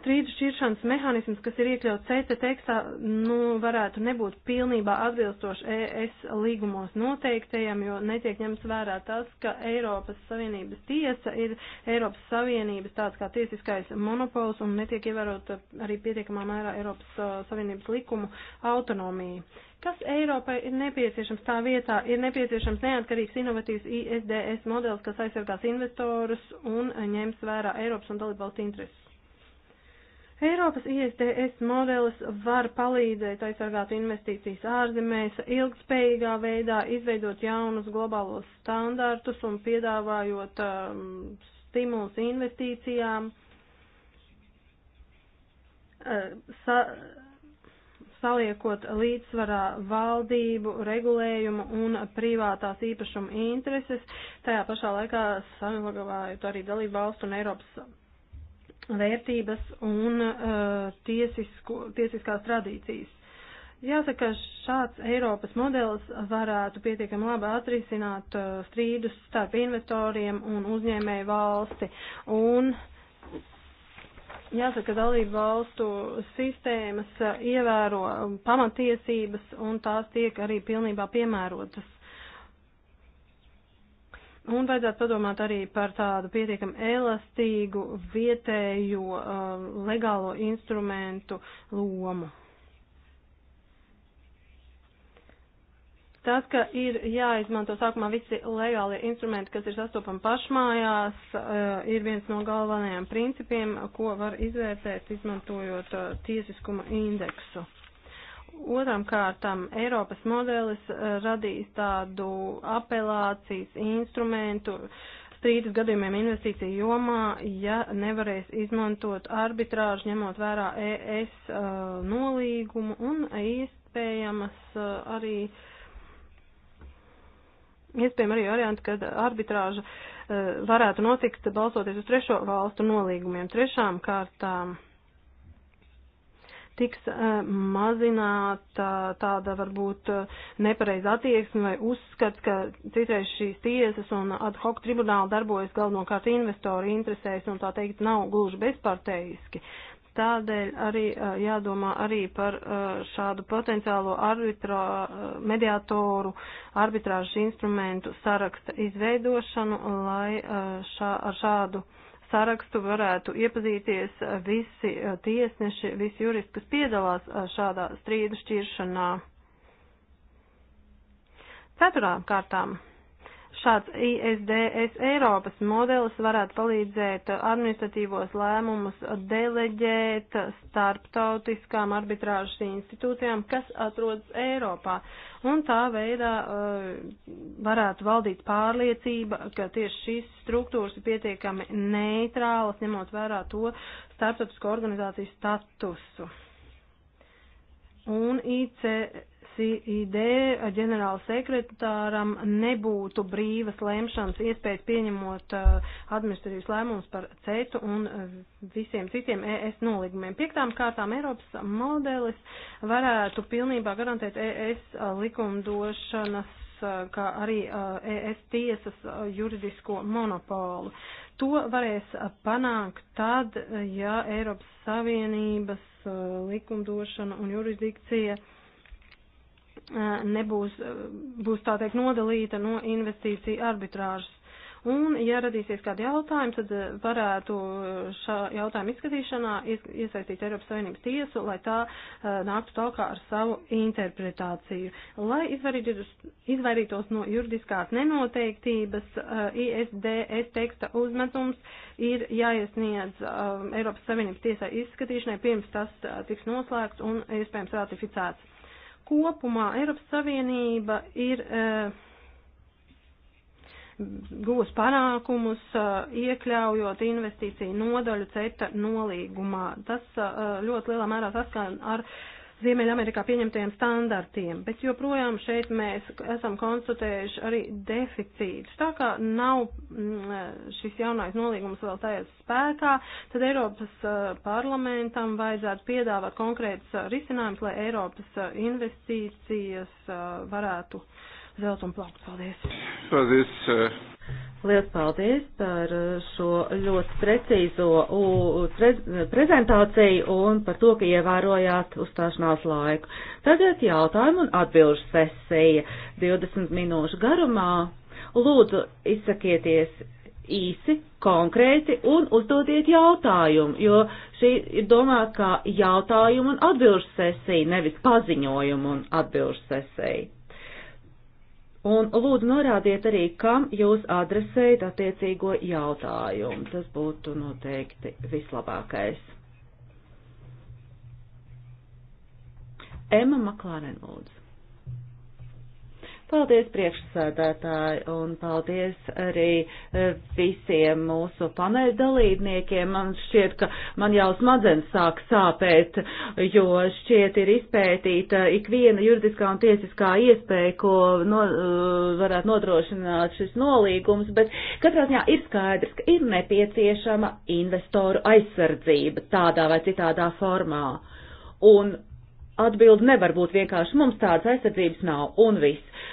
strīdu šķiršanas mehānisms, kas ir iekļauts CETA tekstā, nu, varētu nebūt pilnībā atbilstoši ES līgumos noteiktajam, jo netiek ņemts vērā tas, ka Eiropas Savienības tiesa ir Eiropas Savienības tāds kā tiesiskais monopols un netiek ievērot arī pietiekamā mērā Eiropas uh, Savienības likumu autonomiju. Kas Eiropai ir nepieciešams tā vietā? Ir nepieciešams neatkarīgs inovatīvs ISDS modelis, kas aizsargās investorus un ņems vērā Eiropas un dalībvalstu intereses. Eiropas ISDS modelis var palīdzēt aizsargāt investīcijas ārzemēs, ilgspējīgā veidā izveidot jaunus globālos standartus un piedāvājot um, stimulus investīcijām. Uh, sa saliekot līdzsvarā valdību, regulējumu un privātās īpašuma intereses, tajā pašā laikā saglabājot arī dalību valstu un Eiropas vērtības un uh, eh, tiesisku, tiesiskās tradīcijas. Jāsaka, šāds Eiropas modelis varētu pietiekami labi atrisināt uh, strīdus starp investoriem un uzņēmēju valsti. Un jāsaka, dalību valstu sistēmas eh, ievēro pamatiesības un tās tiek arī pilnībā piemērotas. Un vajadzētu padomāt arī par tādu pietiekam elastīgu vietējo uh, legālo instrumentu lomu. Tas, ka ir jāizmanto sākumā visi legālie instrumenti, kas ir sastopami pašmājās, uh, ir viens no galvenajiem principiem, ko var izvērtēt, izmantojot uh, tiesiskuma indeksu. Otram kārtam Eiropas modelis eh, radīs tādu apelācijas instrumentu strīdus gadījumiem investīciju jomā, ja nevarēs izmantot arbitrāžu, ņemot vērā ES eh, nolīgumu un iespējamas eh, arī iespējami arī varianti, kad arbitrāža varētu notikt balsoties uz trešo valstu nolīgumiem. Trešām kārtām tiks eh, mazināta tāda varbūt eh, nepareiza attieksme vai uzskats, ka citreiz šīs tiesas un ad hoc tribunāli darbojas galvenokārt investoru interesēs un tā teikt nav gluži bezparteiski. Tādēļ arī eh, jādomā arī par šādu potenciālo arbitro, mediātoru arbitrāžu instrumentu saraksta izveidošanu, lai šā, ar šādu sarakstu varētu iepazīties visi eh, tiesneši, visi juristi, kas piedalās eh, šādā strīdu šķiršanā. Ceturām kārtām. Šāds ISDS Eiropas modelis varētu palīdzēt administratīvos lēmumus deleģēt starptautiskām arbitrāžas institūcijām, kas atrodas Eiropā un tā veidā uh, varētu valdīt pārliecība, ka tieši šīs struktūras ir pietiekami neitrālas, ņemot vērā to starptautisko organizāciju statusu. Un IC, CID ģenerāla sekretāram nebūtu brīvas lēmšanas iespējas pieņemot uh, administratīvas lēmumus par CETU un uh, visiem citiem ES nolīgumiem. Piektām kārtām Eiropas modelis varētu pilnībā garantēt ES likumdošanas uh, kā arī ES tiesas juridisko monopolu. To varēs panākt tad, ja Eiropas Savienības likumdošana un jurisdikcija uh, nebūs, būs tā teikt nodalīta no investīcija arbitrāžas. Un, ja radīsies kādi jautājumi, tad varētu šā jautājuma izskatīšanā iesaistīt Eiropas Savienības tiesu, lai tā nāktu talkā ar savu interpretāciju. Lai izvairītos no juridiskās nenoteiktības, ISDS teksta uzmetums ir jāiesniedz Eiropas Savienības tiesai izskatīšanai, pirms tas tiks noslēgts un iespējams ratificēts. Kopumā Eiropas Savienība ir e, gūs panākumus, e, iekļaujot investīciju nodaļu CETA nolīgumā. Tas e, ļoti lielā mērā saskan ar Ziemeļamerikā pieņemtajiem standartiem, bet joprojām šeit mēs esam konstatējuši arī deficītus. Tā kā nav mm, šis jaunais nolīgums vēl tajās spēkā, tad Eiropas parlamentam vajadzētu piedāvāt konkrēts risinājums, lai Eiropas investīcijas varētu zelt un plaukt. Paldies! Paldies! Liels paldies par uh, šo ļoti precīzo prez, prezentāciju un par to, ka ievērojāt uzstāšanās laiku. Tagad jautājumu un atbilžu sesija 20 minūšu garumā. Lūdzu, izsakieties īsi, konkrēti un uzdodiet jautājumu, jo šī ir domāta kā jautājumu un atbilžu sesija, nevis paziņojumu un atbilžu sesija. Un lūdzu norādiet arī, kam jūs adresējat attiecīgo jautājumu. Tas būtu noteikti vislabākais. Emma Maklāren lūdzu. Paldies priekšsēdētāji un paldies arī e, visiem mūsu paneļa dalībniekiem. Man šķiet, ka man jau smadzenes sāk sāpēt, jo šķiet ir izpētīta ikviena juridiskā un tiesiskā iespēja, ko no, e, varētu nodrošināt šis nolīgums, bet katrā ziņā ir skaidrs, ka ir nepieciešama investoru aizsardzība tādā vai citādā formā. Un Atbildi nevar būt vienkārši mums tādas aizsardzības nav un viss.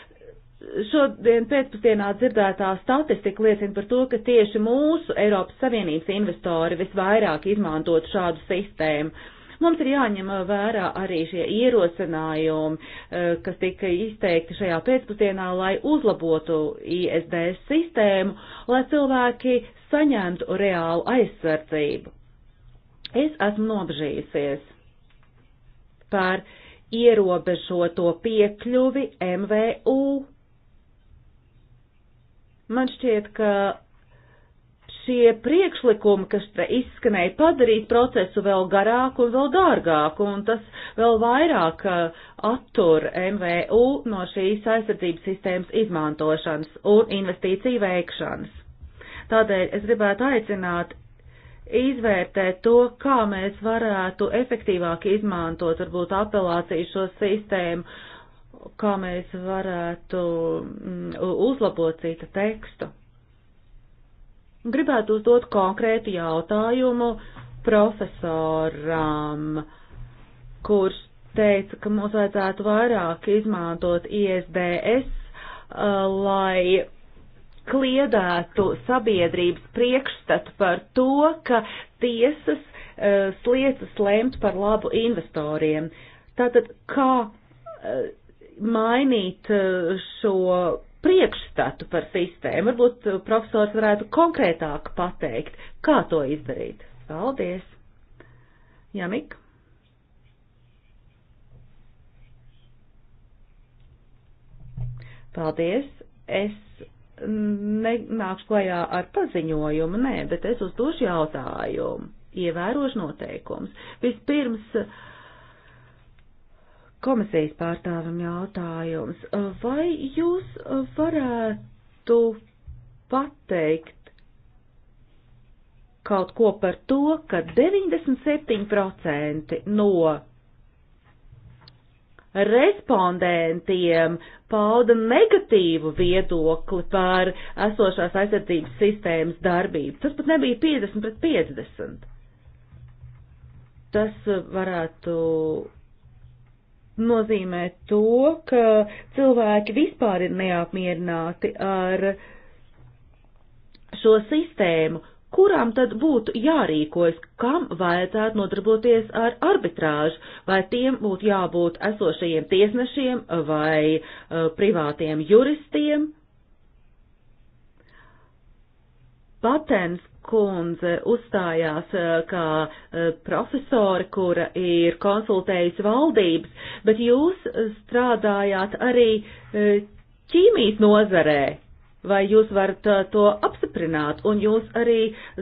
Šodien pēcpusdienā dzirdētā statistika liecina par to, ka tieši mūsu Eiropas Savienības investori visvairāk izmantot šādu sistēmu. Mums ir jāņem vērā arī šie ierosinājumi, eh, kas tika izteikti šajā pēcpusdienā, lai uzlabotu ISDS sistēmu, lai cilvēki saņemtu reālu aizsardzību. Es esmu nobežījusies par ierobežoto piekļuvi MVU Man šķiet, ka šie priekšlikumi, kas te izskanēja, padarīt procesu vēl garāku un vēl dārgāku, un tas vēl vairāk attur MVU no šīs aizsardzības sistēmas izmantošanas un investīciju veikšanas. Tādēļ es gribētu aicināt izvērtēt to, kā mēs varētu efektīvāk izmantot varbūt apelāciju šo sistēmu kā mēs varētu mm, uzlabot cita tekstu. Gribētu uzdot konkrētu jautājumu profesoram, kurš teica, ka mums vajadzētu vairāk izmantot ISDS, uh, lai kliedētu sabiedrības priekšstatu par to, ka tiesas uh, sliecas lemt par labu investoriem. Tātad, kā uh, mainīt eh, šo priekšstatu par sistēmu. Varbūt eh, profesors varētu konkrētāk pateikt, kā to izdarīt. Paldies! Jamik! Paldies! Es nenākšu klajā ar paziņojumu, nē, bet es uzdošu jautājumu. Ievērošu noteikums. Vispirms uh, komisijas pārstāvim jautājums. Vai jūs varētu pateikt kaut ko par to, ka 97% no respondentiem pauda negatīvu viedokli par esošās aizsardzības sistēmas darbību. Tas pat nebija 50 pret 50. Tas varētu nozīmē to, ka cilvēki vispār ir neapmierināti ar šo sistēmu, kurām tad būtu jārīkojas, kam vajadzētu nodarboties ar arbitrāžu, vai tiem būtu jābūt esošajiem tiesnešiem vai uh, privātiem juristiem. Patents kundze uzstājās eh, kā eh, profesori, kura ir konsultējusi valdības, bet jūs strādājāt arī eh, ķīmijas nozarē. Vai jūs varat to apstiprināt? Un jūs arī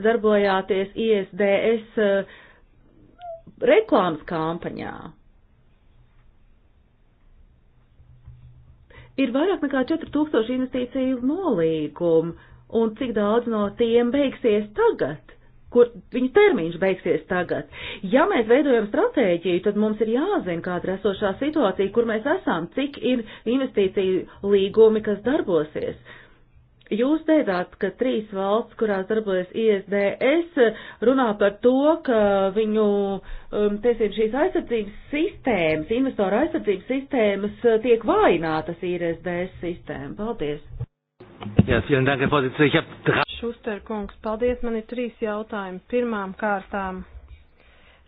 darbojāties ISDS reklāmas kampaņā. Ir vairāk nekā 4000 investīciju nolīgumu un cik daudz no tiem beigsies tagad, kur viņa termiņš beigsies tagad. Ja mēs veidojam stratēģiju, tad mums ir jāzina, kāda ir esošā situācija, kur mēs esam, cik ir investīciju līgumi, kas darbosies. Jūs teicāt, ka trīs valsts, kurās darbojas ISDS, runā par to, ka viņu um, tiesību šīs aizsardzības sistēmas, investoru aizsardzības sistēmas uh, tiek vājinātas ISDS sistēma. Paldies! Jā, vielen dank, Herr Vorsitzende. Ich habe drei. Šuster kungs, paldies, man ir trīs jautājumi. Pirmām kārtām.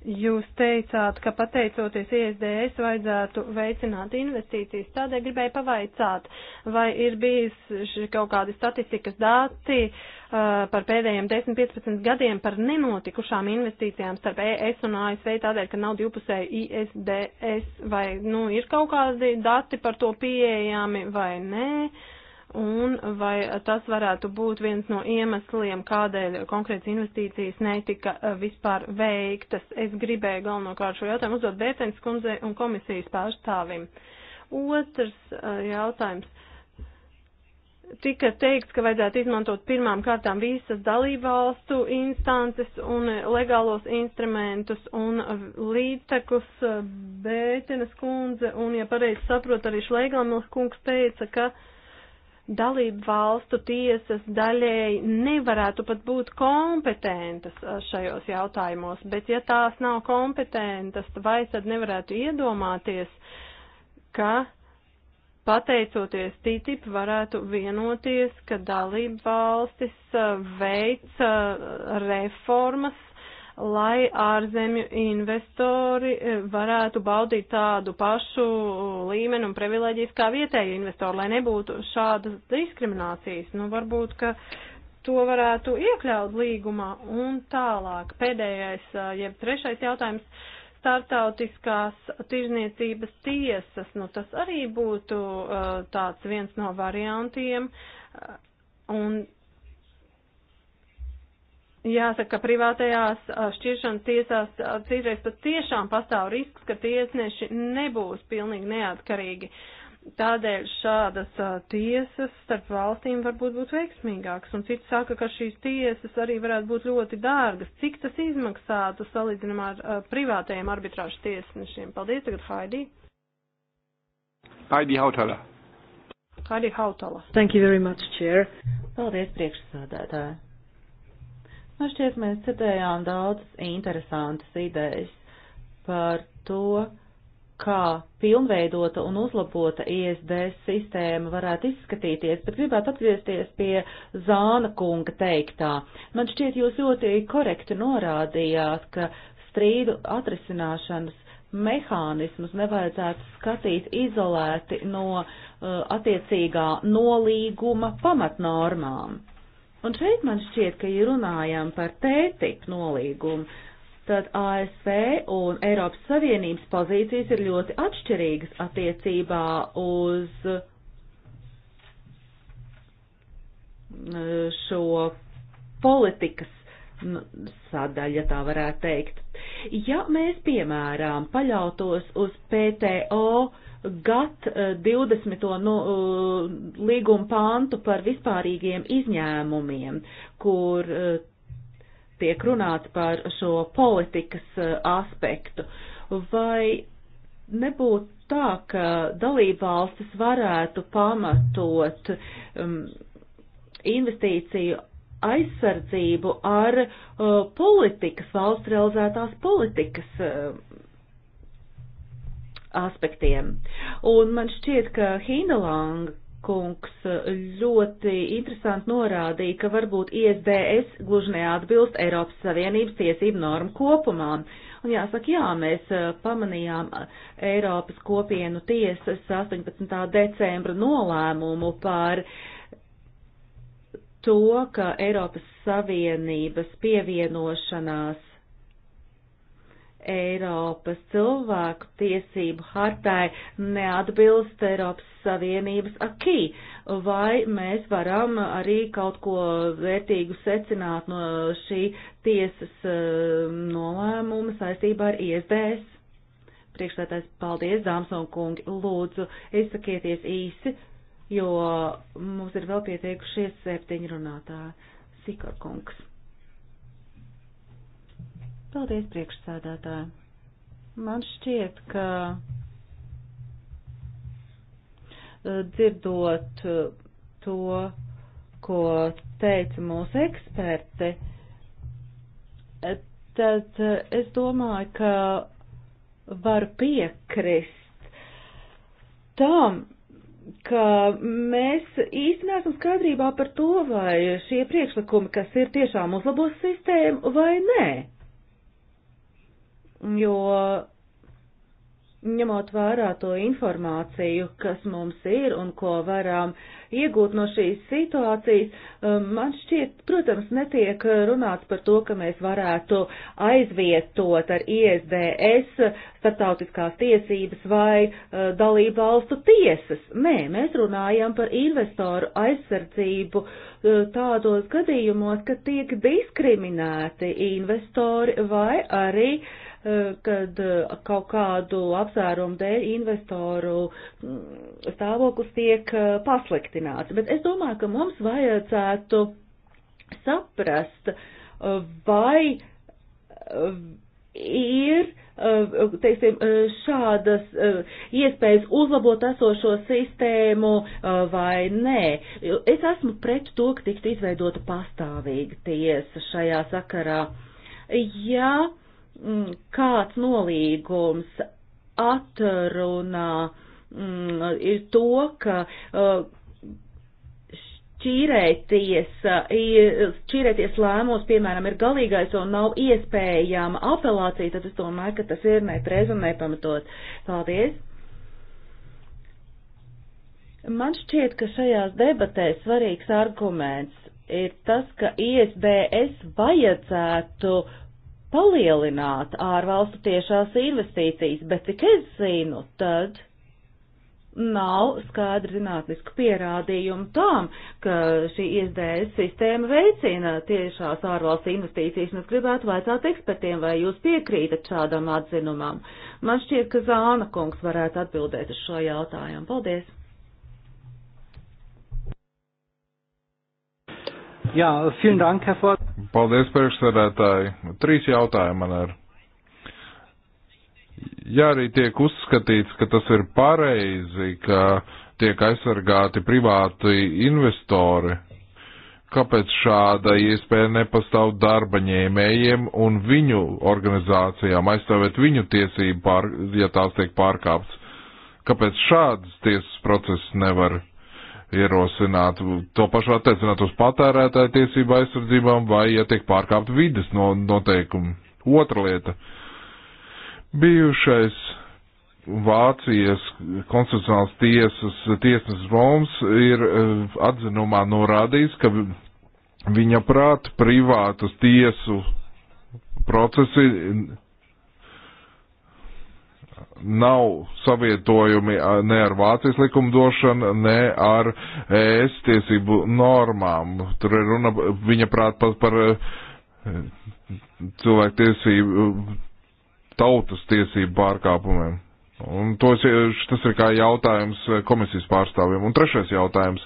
Jūs teicāt, ka pateicoties ISDS e vajadzētu veicināt investīcijas. Tādēļ gribēju pavaicāt, vai ir bijis kaut kādi statistikas dati uh, par pēdējiem 10-15 gadiem par nenotikušām investīcijām starp ES un ASV, tādēļ, ka nav divpusēji ISDS, e vai nu, ir kaut kādi dati par to pieejami vai nē. Uh, un vai tas varētu būt viens no iemesliem, kādēļ konkrēts investīcijas netika eh, vispār veiktas. Es gribēju galvenokārt šo jautājumu uzdot Bēcens kundzei un komisijas pārstāvim. Otrs eh, jautājums. Tika teikts, ka vajadzētu izmantot pirmām kārtām visas dalībvalstu instances un eh, legālos instrumentus un līdztekus Bētenes kundze, un, ja pareizi saprot, arī Šleiglamils kungs teica, ka uh, dalību valstu tiesas daļēji nevarētu pat būt kompetentas uh, šajos jautājumos, bet ja tās nav kompetentas, vai tad nevarētu iedomāties, ka pateicoties TTIP varētu vienoties, ka dalību valstis uh, veic uh, reformas, lai ārzemju investori e, varētu baudīt tādu pašu e, līmeni un privileģijas kā vietēji investori, lai nebūtu šādas diskriminācijas. Nu, varbūt, ka to varētu iekļaut līgumā un tālāk. Pēdējais, e, jeb trešais jautājums startautiskās tirzniecības tiesas, nu tas arī būtu uh, tāds viens no variantiem. Uh, un Jāsaka, ka privātajās šķiršanas tiesās cīzreiz pat tiešām pastāv risks, ka tiesneši nebūs pilnīgi neatkarīgi. Tādēļ šādas tiesas starp valstīm varbūt būtu veiksmīgākas, un citi saka, ka šīs tiesas arī varētu būt ļoti dārgas. Cik tas izmaksātu salīdzinām ar privātajiem arbitrāžu tiesnešiem? Paldies, tagad Haidī. Haidī Hautala. Haidī Hautala. Thank you very much, Chair. Paldies, priekšsādātāji. Man šķiet, mēs citējām daudzas interesantas idejas par to, kā pilnveidota un uzlabota ISD sistēma varētu izskatīties, bet gribētu atgriezties pie Zāna kunga teiktā. Man šķiet, jūs ļoti korekti norādījāt, ka strīdu atrisināšanas mehānismus nevajadzētu skatīt izolēti no uh, attiecīgā nolīguma pamatnormām. Un šeit man šķiet, ka, ja runājam par TTIP nolīgumu, tad ASV un Eiropas Savienības pozīcijas ir ļoti atšķirīgas attiecībā uz eh, šo politikas sadaļa, tā varētu teikt. Ja mēs, piemēram, paļautos uz PTO GATT 20. Eh, nu, eh, līguma pāntu par vispārīgiem izņēmumiem, kur eh, tiek runāts par šo politikas aspektu. Vai nebūtu tā, ka dalībvalstis varētu pamatot um, investīciju aizsardzību ar uh, politikas, valsts realizētās politikas uh, aspektiem. Un man šķiet, ka Hindelang kungs eh, ļoti interesanti norādīja, ka varbūt ISDS gluži neatbilst Eiropas Savienības tiesību normu kopumā. Un jāsaka, jā, mēs eh, pamanījām eh, Eiropas kopienu tiesas 18. decembra nolēmumu par to, ka Eiropas Savienības pievienošanās Eiropas cilvēku tiesību hartai neatbilst Eiropas Savienības akī, vai mēs varam arī kaut ko vērtīgu secināt no šī tiesas eh, nolēmuma saistībā ar ISDS? Priekšstādājs, paldies, dāmas un kungi, lūdzu, izsakieties īsi, jo mums ir vēl pieteikušies septiņi runātāji. Sikarkungs. Paldies, priekšsādātāji. Man šķiet, ka e, dzirdot e, to, ko teica mūsu eksperti, e, tad es domāju, ka var piekrist tam, ka mēs īsti neesam skaidrībā par to, vai šie priekšlikumi, kas ir tiešām uzlabos sistēmu vai nē jo ņemot vērā to informāciju, kas mums ir un ko varam iegūt no šīs situācijas, um, man šķiet, protams, netiek runāts par to, ka mēs varētu aizvietot ar ISDS starptautiskās tiesības vai uh, dalību valstu tiesas. Nē, mēs runājam par investoru aizsardzību uh, tādos gadījumos, ka tiek diskriminēti investori vai arī uh, kad eh, kaut kādu apsvērumu dēļ investoru mm, stāvoklis tiek eh, pasliktināts. Bet es domāju, ka mums vajadzētu saprast, eh, vai ir teiksim, šādas iespējas uzlabot esošo sistēmu vai nē. Es esmu pret to, ka tiktu izveidota pastāvīga tiesa šajā sakarā. Ja Mm, kāds nolīgums atrunā mm, ir to, ka uh, šķīrēties, uh, šķīrēties lēmos, piemēram, ir galīgais un nav iespējama apelācija, tad es domāju, ka tas ir neprez un nepamatot. Paldies! Man šķiet, ka šajās debatēs svarīgs arguments ir tas, ka ISBS vajadzētu uh, palielināt ārvalstu tiešās investīcijas, bet cik es zinu, tad nav skaidri zinātnisku pierādījumu tam, ka šī iesdēļas sistēma veicina tiešās ārvalstu investīcijas, un es gribētu vaicāt ekspertiem, vai jūs piekrītat šādam atzinumam. Man šķiet, ka Zāna kungs varētu atbildēt uz šo jautājumu. Paldies! Jā, vielen dank, Herr Ford. Paldies, priekšsēdētāji. Trīs jautājumi man ir. Ja arī tiek uzskatīts, ka tas ir pareizi, ka tiek aizsargāti privāti investori, kāpēc šāda iespēja nepastāv darba ņēmējiem un viņu organizācijām aizstāvēt viņu tiesību, pār, ja tās tiek pārkāptas? Kāpēc šādas tiesas procesas nevar? ierosināt, to pašu attiecināt uz patērētāju tiesību aizsardzībām vai, ja tiek pārkāpt vidas no, noteikumi. Otra lieta. Bijušais Vācijas konstitucionāls tiesas tiesnes Roms ir eh, atzinumā norādījis, ka viņa prāt privātas tiesu procesi nav savietojumi ne ar Vācijas likumdošanu, ne ar ES tiesību normām. Tur ir runa, viņa prāt, pat par e, cilvēku tiesību, tautas tiesību pārkāpumiem. Un tos, e, tas ir kā jautājums e, komisijas pārstāvjiem. Un trešais jautājums.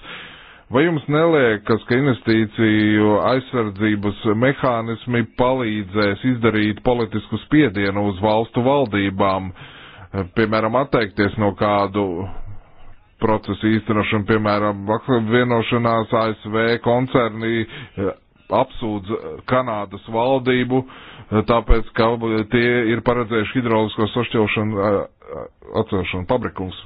Vai jums neliekas, ka investīciju aizsardzības mehānismi palīdzēs izdarīt politisku spiedienu uz valstu valdībām? Uh, Eh, piemēram, atteikties no kādu procesu īstenošanu, piemēram, vienošanās ASV koncernī eh, apsūdz Kanādas valdību, eh, tāpēc, ka tie ir paredzējuši hidraulisko sašķelšanu atcelšanu. Pabrikums.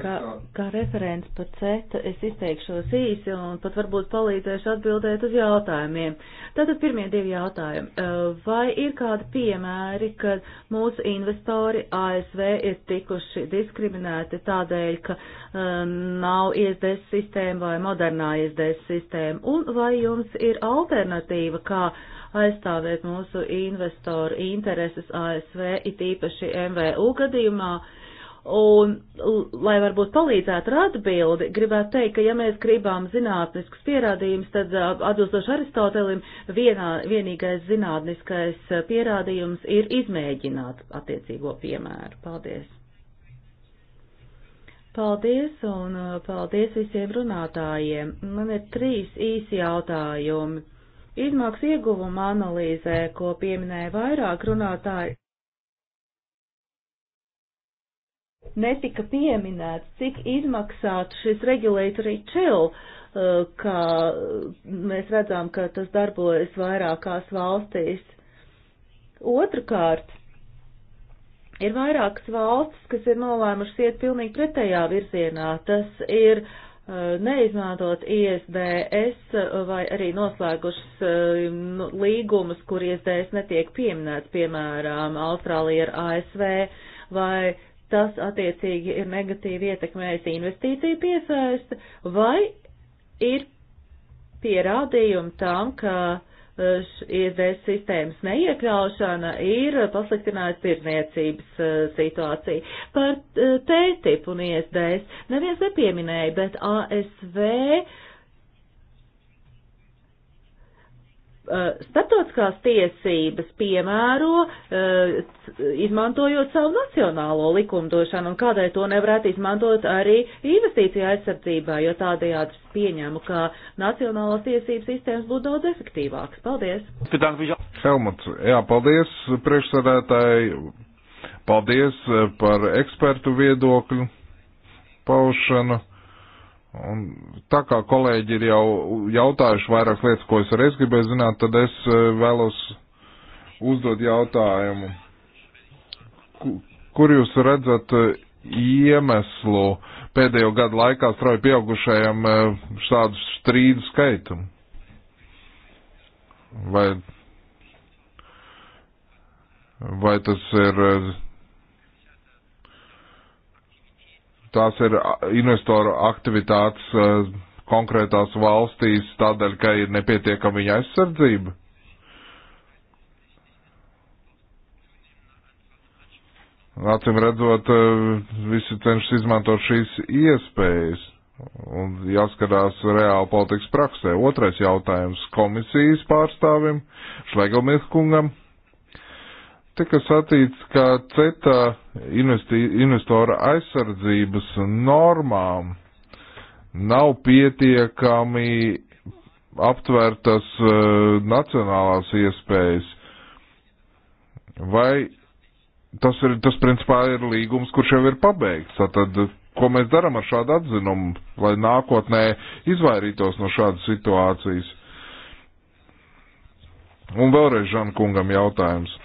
Kā, kā referents par CETA es izteikšos īsi un pat varbūt palīdzēšu atbildēt uz jautājumiem. Tātad pirmie divi jautājumi. Eh, vai ir kādi piemēri, kad mūsu investori ASV ir tikuši diskriminēti tādēļ, ka um, nav ISDS sistēma vai modernā ISDS sistēma? Un vai jums ir alternatīva, kā aizstāvēt mūsu investoru intereses ASV, it īpaši MVU gadījumā? Uh, Un, lai varbūt palīdzētu ar atbildi, gribētu teikt, ka ja mēs gribām zinātniskus pierādījumus, tad atbilstoši Aristotelim vienā, vienīgais zinātniskais pierādījums ir izmēģināt attiecīgo piemēru. Paldies! Paldies un paldies visiem runātājiem. Man ir trīs īsi jautājumi. Izmaksu ieguvuma analīzē, ko pieminēja vairāk runātāji netika pieminēts, cik izmaksātu šis regulatory chill, uh, kā mēs redzam, ka tas darbojas vairākās valstīs. Otrakārt, ir vairākas valstis, kas ir nolēmušas iet pilnīgi pretējā virzienā. Tas ir uh, neizmantot ISDS vai arī noslēgušas uh, līgumus, kur ISDS netiek pieminēts, piemēram, Austrālija ar ASV vai tas attiecīgi ir negatīvi ietekmējis investīciju piesaisti, vai ir pierādījumi tam, ka eh, ISDS sistēmas neiekļaušana ir pasliktinājusi tirzniecības eh, situāciju. Par eh, TTIP un ISDS neviens nepieminēja, bet ASV uh, Eh, starptautiskās tiesības piemēro, eh, izmantojot savu nacionālo likumdošanu, un kādēļ to nevarētu izmantot arī investīcija aizsardzībā, jo tādējādi es pieņēmu, ka nacionālās tiesības sistēmas būtu daudz efektīvākas. Paldies! Helmuts, jā, paldies priekšsēdētāji, paldies eh, par ekspertu viedokļu paušanu. Un tā kā kolēģi ir jau jautājuši vairāk lietas, ko es arī es gribēju zināt, tad es eh, vēlos uzdot jautājumu. Kur jūs redzat eh, iemeslu pēdējo gadu laikā strauji pieaugušajam eh, šādu strīdu skaitu? Vai, vai tas ir tās ir investoru aktivitātes konkrētās valstīs tādēļ, ka ir nepietiekama viņa aizsardzība? Acim redzot, visi cenšas izmantot šīs iespējas un jāskatās reāli politikas praksē. Otrais jautājums komisijas pārstāvim Šlegelmilkungam. kungam Tika sacīts, ka CETA investi, investora aizsardzības normām nav pietiekami aptvērtas uh, nacionālās iespējas. Vai tas, ir, tas principā ir līgums, kurš jau ir pabeigts? Tad, ko mēs darām ar šādu atzinumu, lai nākotnē izvairītos no šādas situācijas? Un vēlreiz Žankungam jautājums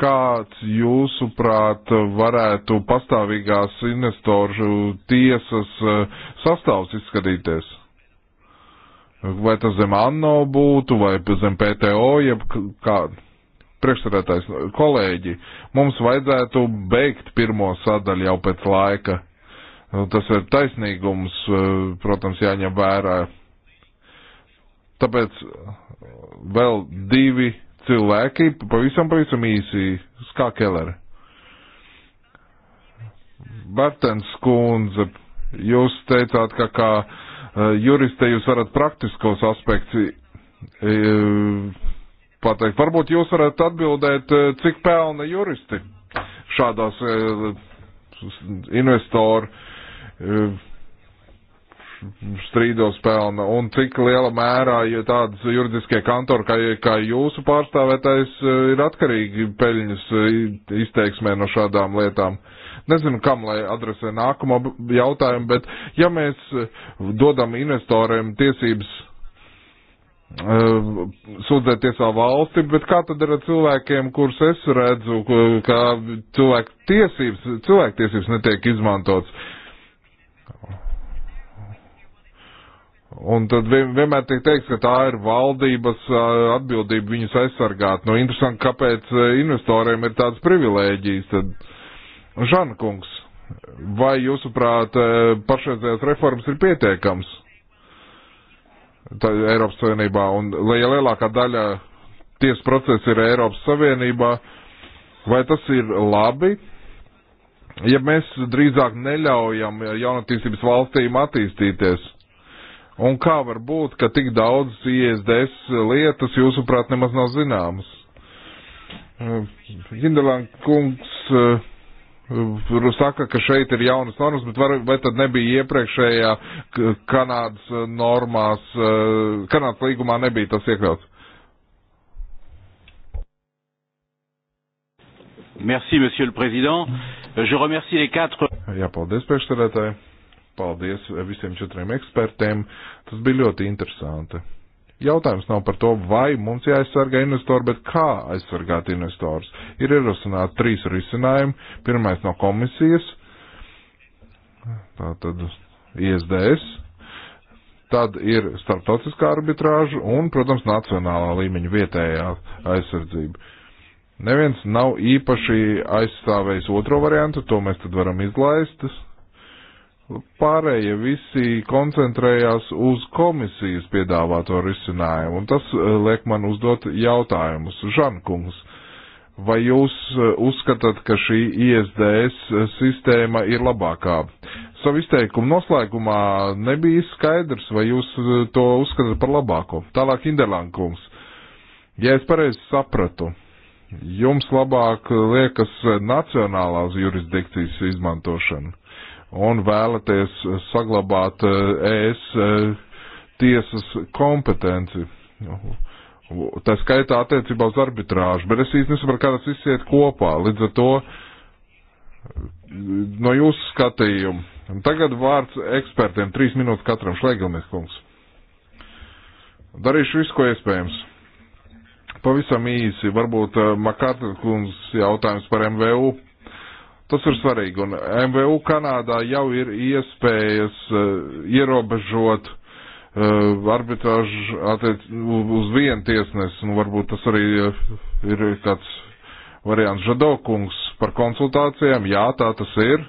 kāds jūsuprāt varētu pastāvīgās investoru tiesas eh, sastāvs izskatīties? Vai tas zem ANO būtu, vai zem PTO, jeb kādu? Priekšsarētājs, kolēģi, mums vajadzētu beigt pirmo sadaļu jau pēc laika. Nu, tas ir taisnīgums, eh, protams, jāņem vērā. Tāpēc eh, vēl divi cilvēki, pavisam, pavisam īsi, skā kelere. Bartens kundze, jūs teicāt, ka kā e, juriste jūs varat praktiskos aspektus e, pateikt. Varbūt jūs varat atbildēt, e, cik pelna juristi šādās investoru strīdos pelna un cik liela mērā ja tādas juridiskie kantori, kā, kā jūsu pārstāvētais, eh, ir atkarīgi peļņas eh, izteiksmē no šādām lietām. Nezinu, kam lai adresē nākamo jautājumu, bet ja mēs eh, dodam investoriem tiesības uh, sūdzēties savu valsti, bet kā tad ir ar cilvēkiem, kurus es redzu, ka cilvēku tiesības, cilvēku tiesības netiek izmantots? Un tad vienmēr tiek teikt, ka tā ir valdības atbildība viņus aizsargāt. Nu, interesanti, kāpēc investoriem ir tādas privilēģijas. Tad, Žankungs, vai jūsuprāt pašreizējās reformas ir pietiekams tā, Eiropas Savienībā? Un, lai ja lielākā daļa tiesu procesa ir Eiropas Savienībā, vai tas ir labi? Ja mēs drīzāk neļaujam jaunatīstības valstīm attīstīties, Un kā var būt, ka tik daudz ISDS lietas jūsuprāt nemaz nav zināmas? Eh, Hindeland kungs eh, saka, ka šeit ir jaunas normas, bet var, vai tad nebija iepriekšējā Kanādas eh, normās, Kanādas līgumā nebija tas iekļauts? Merci, monsieur le président. Je remercie les quatre. Jā, paldies, priekšsēdētāji. Paldies visiem četriem ekspertiem. Tas bija ļoti interesanti. Jautājums nav par to, vai mums jāaizsargā investori, bet kā aizsargāt investors. Ir ierosināti trīs risinājumi. Pirmais no komisijas, tātad ISDS, tad ir starptautiskā arbitrāža un, protams, nacionālā līmeņa vietējā aizsardzība. Neviens nav īpaši aizstāvējis otro variantu, to mēs tad varam izlaist Pārējie visi koncentrējās uz komisijas piedāvāto risinājumu, un tas eh, liek man uzdot jautājumus. Žankungs, vai jūs eh, uzskatāt, ka šī ISDS eh, sistēma ir labākā? Savu izteikumu noslēgumā nebija skaidrs, vai jūs to uzskatāt par labāko. Tālāk Inderlankungs, ja es pareizi sapratu, jums labāk liekas nacionālās jurisdikcijas izmantošana un vēlaties saglabāt eh, ES eh, tiesas kompetenci. Tā skaitā attiecībā uz arbitrāžu, bet es īsti nesaprotu, kā tas viss iet kopā. Līdz ar to no jūsu skatījuma. Tagad vārds ekspertiem, trīs minūtes katram, šleigalnieks kungs. Darīšu visu, ko iespējams. Pavisam īsi, varbūt eh, Makārta kungs jautājums par MVU. Tas ir svarīgi. Un MVU Kanādā jau ir iespējas uh, ierobežot uh, arbitrāžu attiec, uz vienu tiesnesi. Nu, varbūt tas arī eh, ir kāds variants. Žadokungs par konsultācijām. Jā, tā tas ir.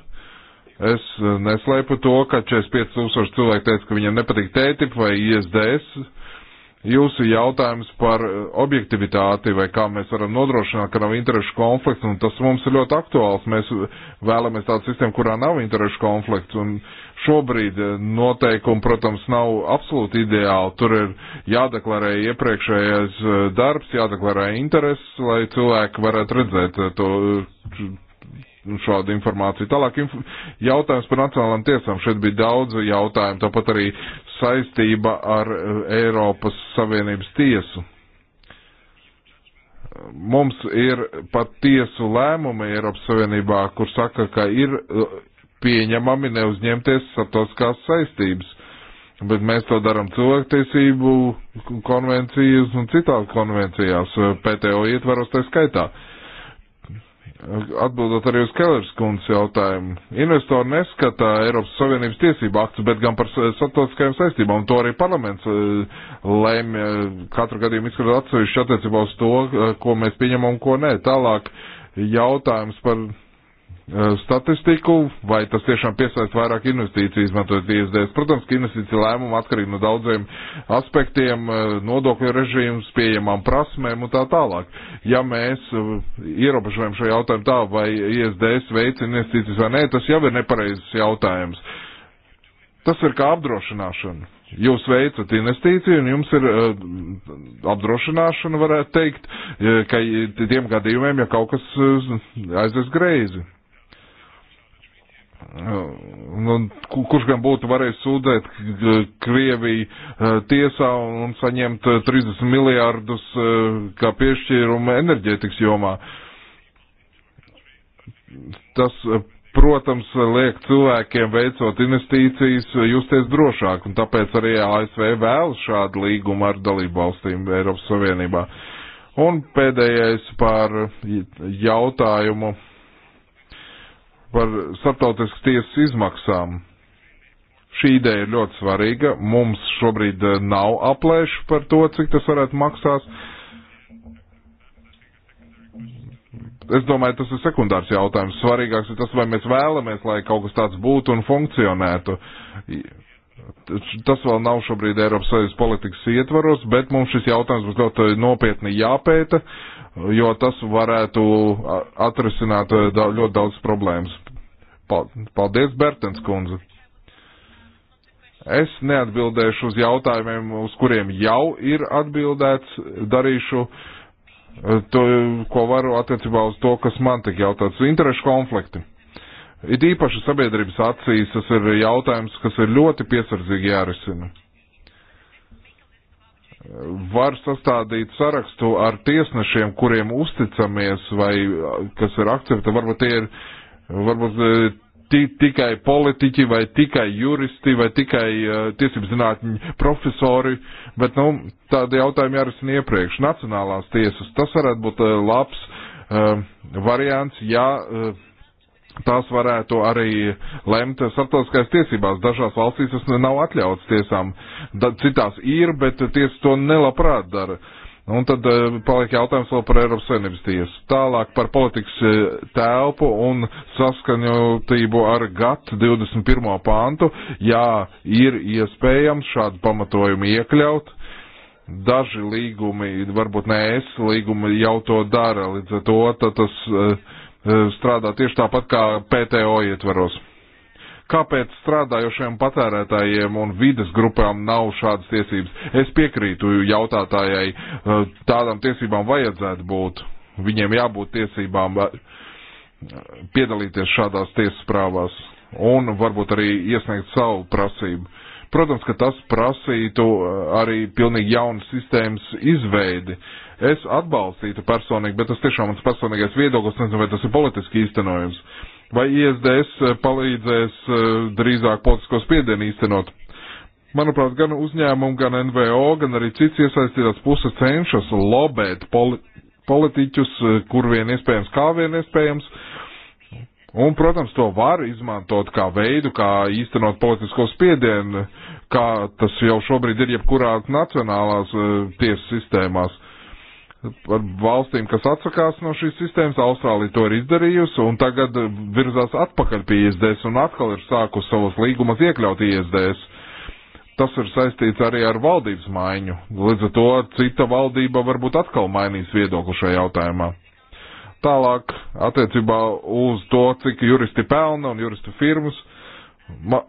Es neslēpu to, ka 45 tūkstoši cilvēku teica, ka viņiem nepatīk tētip vai ISDS. Uh, jūsu jautājums par eh, objektivitāti vai kā mēs varam nodrošināt, ka nav interešu konflikts, un tas mums ir ļoti aktuāls. Mēs vēlamies tādu sistēmu, kurā nav interešu konflikts, un šobrīd eh, noteikumi, protams, nav absolūti ideāli. Tur ir jādeklarē iepriekšējais eh, darbs, jādeklarē intereses, lai cilvēki varētu redzēt to šādu informāciju. Tālāk inf jautājums par nacionālām tiesām. Šeit bija daudz jautājumu, tāpat arī saistība ar eh, Eiropas Savienības tiesu. Mums ir pat tiesu lēmumi Eiropas Savienībā, kur saka, ka ir eh, pieņemami neuzņemties starptautiskās saistības, bet mēs to darām cilvēktiesību konvencijas un citās konvencijās, eh, PTO ietvaros tā skaitā. Uh, Atbildot arī uz Kellers kundzes jautājumu, investori neskatā Eiropas Savienības tiesību aktus, bet gan par satotiskajām saistībām. To arī parlaments eh, lēma eh, katru gadījumu izskatīt atsevišķi attiecībā uz to, eh, ko mēs pieņemam un ko nē. Tālāk jautājums par Eh, statistiku, vai tas tiešām piesaist vairāk investīciju izmantojot ISDS. Protams, ka investīcija lēmuma atkarīga no daudziem aspektiem, eh, nodokļu režīms, pieejamām prasmēm un tā tālāk. Ja mēs eh, ierobežojam šo jautājumu tā, vai ISDS veic investīcijas vai nē, tas jau ir nepareizs jautājums. Tas ir kā apdrošināšana. Jūs veicat investīciju un jums ir uh, apdrošināšana, varētu teikt, ka tiem gadījumiem, ja kaut kas uh, aizies greizi. Nu, kurš gan būtu varējis sūdzēt Krieviju eh, tiesā un saņemt 30 eh, miljārdus eh, kā piešķīrumu enerģētikas jomā? Tas, protams, liek cilvēkiem veicot investīcijas justies drošāk, un tāpēc arī ASV vēlas šādu līgumu ar dalību valstīm Eiropas Savienībā. Un pēdējais par jautājumu par starptautiskas tiesas izmaksām. Šī ideja ir ļoti svarīga. Mums šobrīd eh, nav aplēšu par to, cik tas varētu maksās. Es domāju, tas ir sekundārs jautājums. Svarīgāks ir tas, vai mēs vēlamies, lai kaut kas tāds būtu un funkcionētu. Tas vēl nav šobrīd Eiropas Savienības politikas ietvaros, bet mums šis jautājums būs ļoti nopietni jāpēta, jo tas varētu atrisināt eh, ļoti daudz problēmas. Paldies, Bertens kundze. Es neatbildēšu uz jautājumiem, uz kuriem jau ir atbildēts. Darīšu eh, to, ko varu attiecībā uz to, kas man tik jautāts. Interešu konflikti. It īpaši sabiedrības acīs tas ir jautājums, kas ir ļoti piesardzīgi jārisina. Var sastādīt sarakstu ar tiesnešiem, kuriem uzticamies vai eh, kas ir akcepta, varbūt tie ir uh, Varbūt e, tikai politiķi, vai tikai juristi, vai tikai uh, tiesību zinātņi profesori, bet nu, tādi jautājumi jārisina iepriekš. Nacionālās tiesas tas varētu būt uh, labs uh, variants, ja uh, tās varētu arī lemt starptautiskās tiesībās. Dažās valstīs tas nav atļauts tiesām, da, citās ir, bet tiesa to nelabprāt dara. Uh, Un tad eh, paliek jautājums vēl par Eiropas Savienības tiesu. Tālāk par politikas eh, telpu un saskaņotību ar GATT 21. pāntu. Jā, ir iespējams šādu pamatojumu iekļaut. Daži līgumi, varbūt ne es, līgumi jau to dara, līdz ar to tas eh, strādā tieši tāpat kā PTO ietvaros. Kāpēc strādājošiem patērētājiem un vides grupām nav šādas tiesības? Es piekrītu jautātājai, eh, tādām tiesībām vajadzētu būt. Viņiem jābūt tiesībām eh, piedalīties šādās tiesas prāvās un varbūt arī iesniegt savu prasību. Protams, ka tas prasītu eh, arī pilnīgi jaunu sistēmas izveidi. Es atbalstītu personīgi, bet tas tiešām mans personīgais viedoklis, nezinu, vai tas ir politiski īstenojums. Uh, Vai ISDS eh, palīdzēs eh, drīzāk politisko spiedienu īstenot? Manuprāt, gan uzņēmumu, gan NVO, gan arī cits iesaistītās puses cenšas lobēt poli politiķus, eh, kur vien iespējams, kā vien iespējams. Un, protams, to var izmantot kā veidu, kā īstenot politisko spiedienu, kā tas jau šobrīd ir jebkurās nacionālās uh, tiesas sistēmās par valstīm, kas atsakās no šīs sistēmas. Austrālija to ir izdarījusi un tagad eh, virzās atpakaļ pie ISDS un atkal ir sākus savas līgumas iekļaut ISDS. Tas ir saistīts arī ar valdības maiņu. Līdz ar to cita valdība varbūt atkal mainīs viedokli šajā jautājumā. Tālāk attiecībā uz to, cik juristi pelna un juristu firmas. Ma,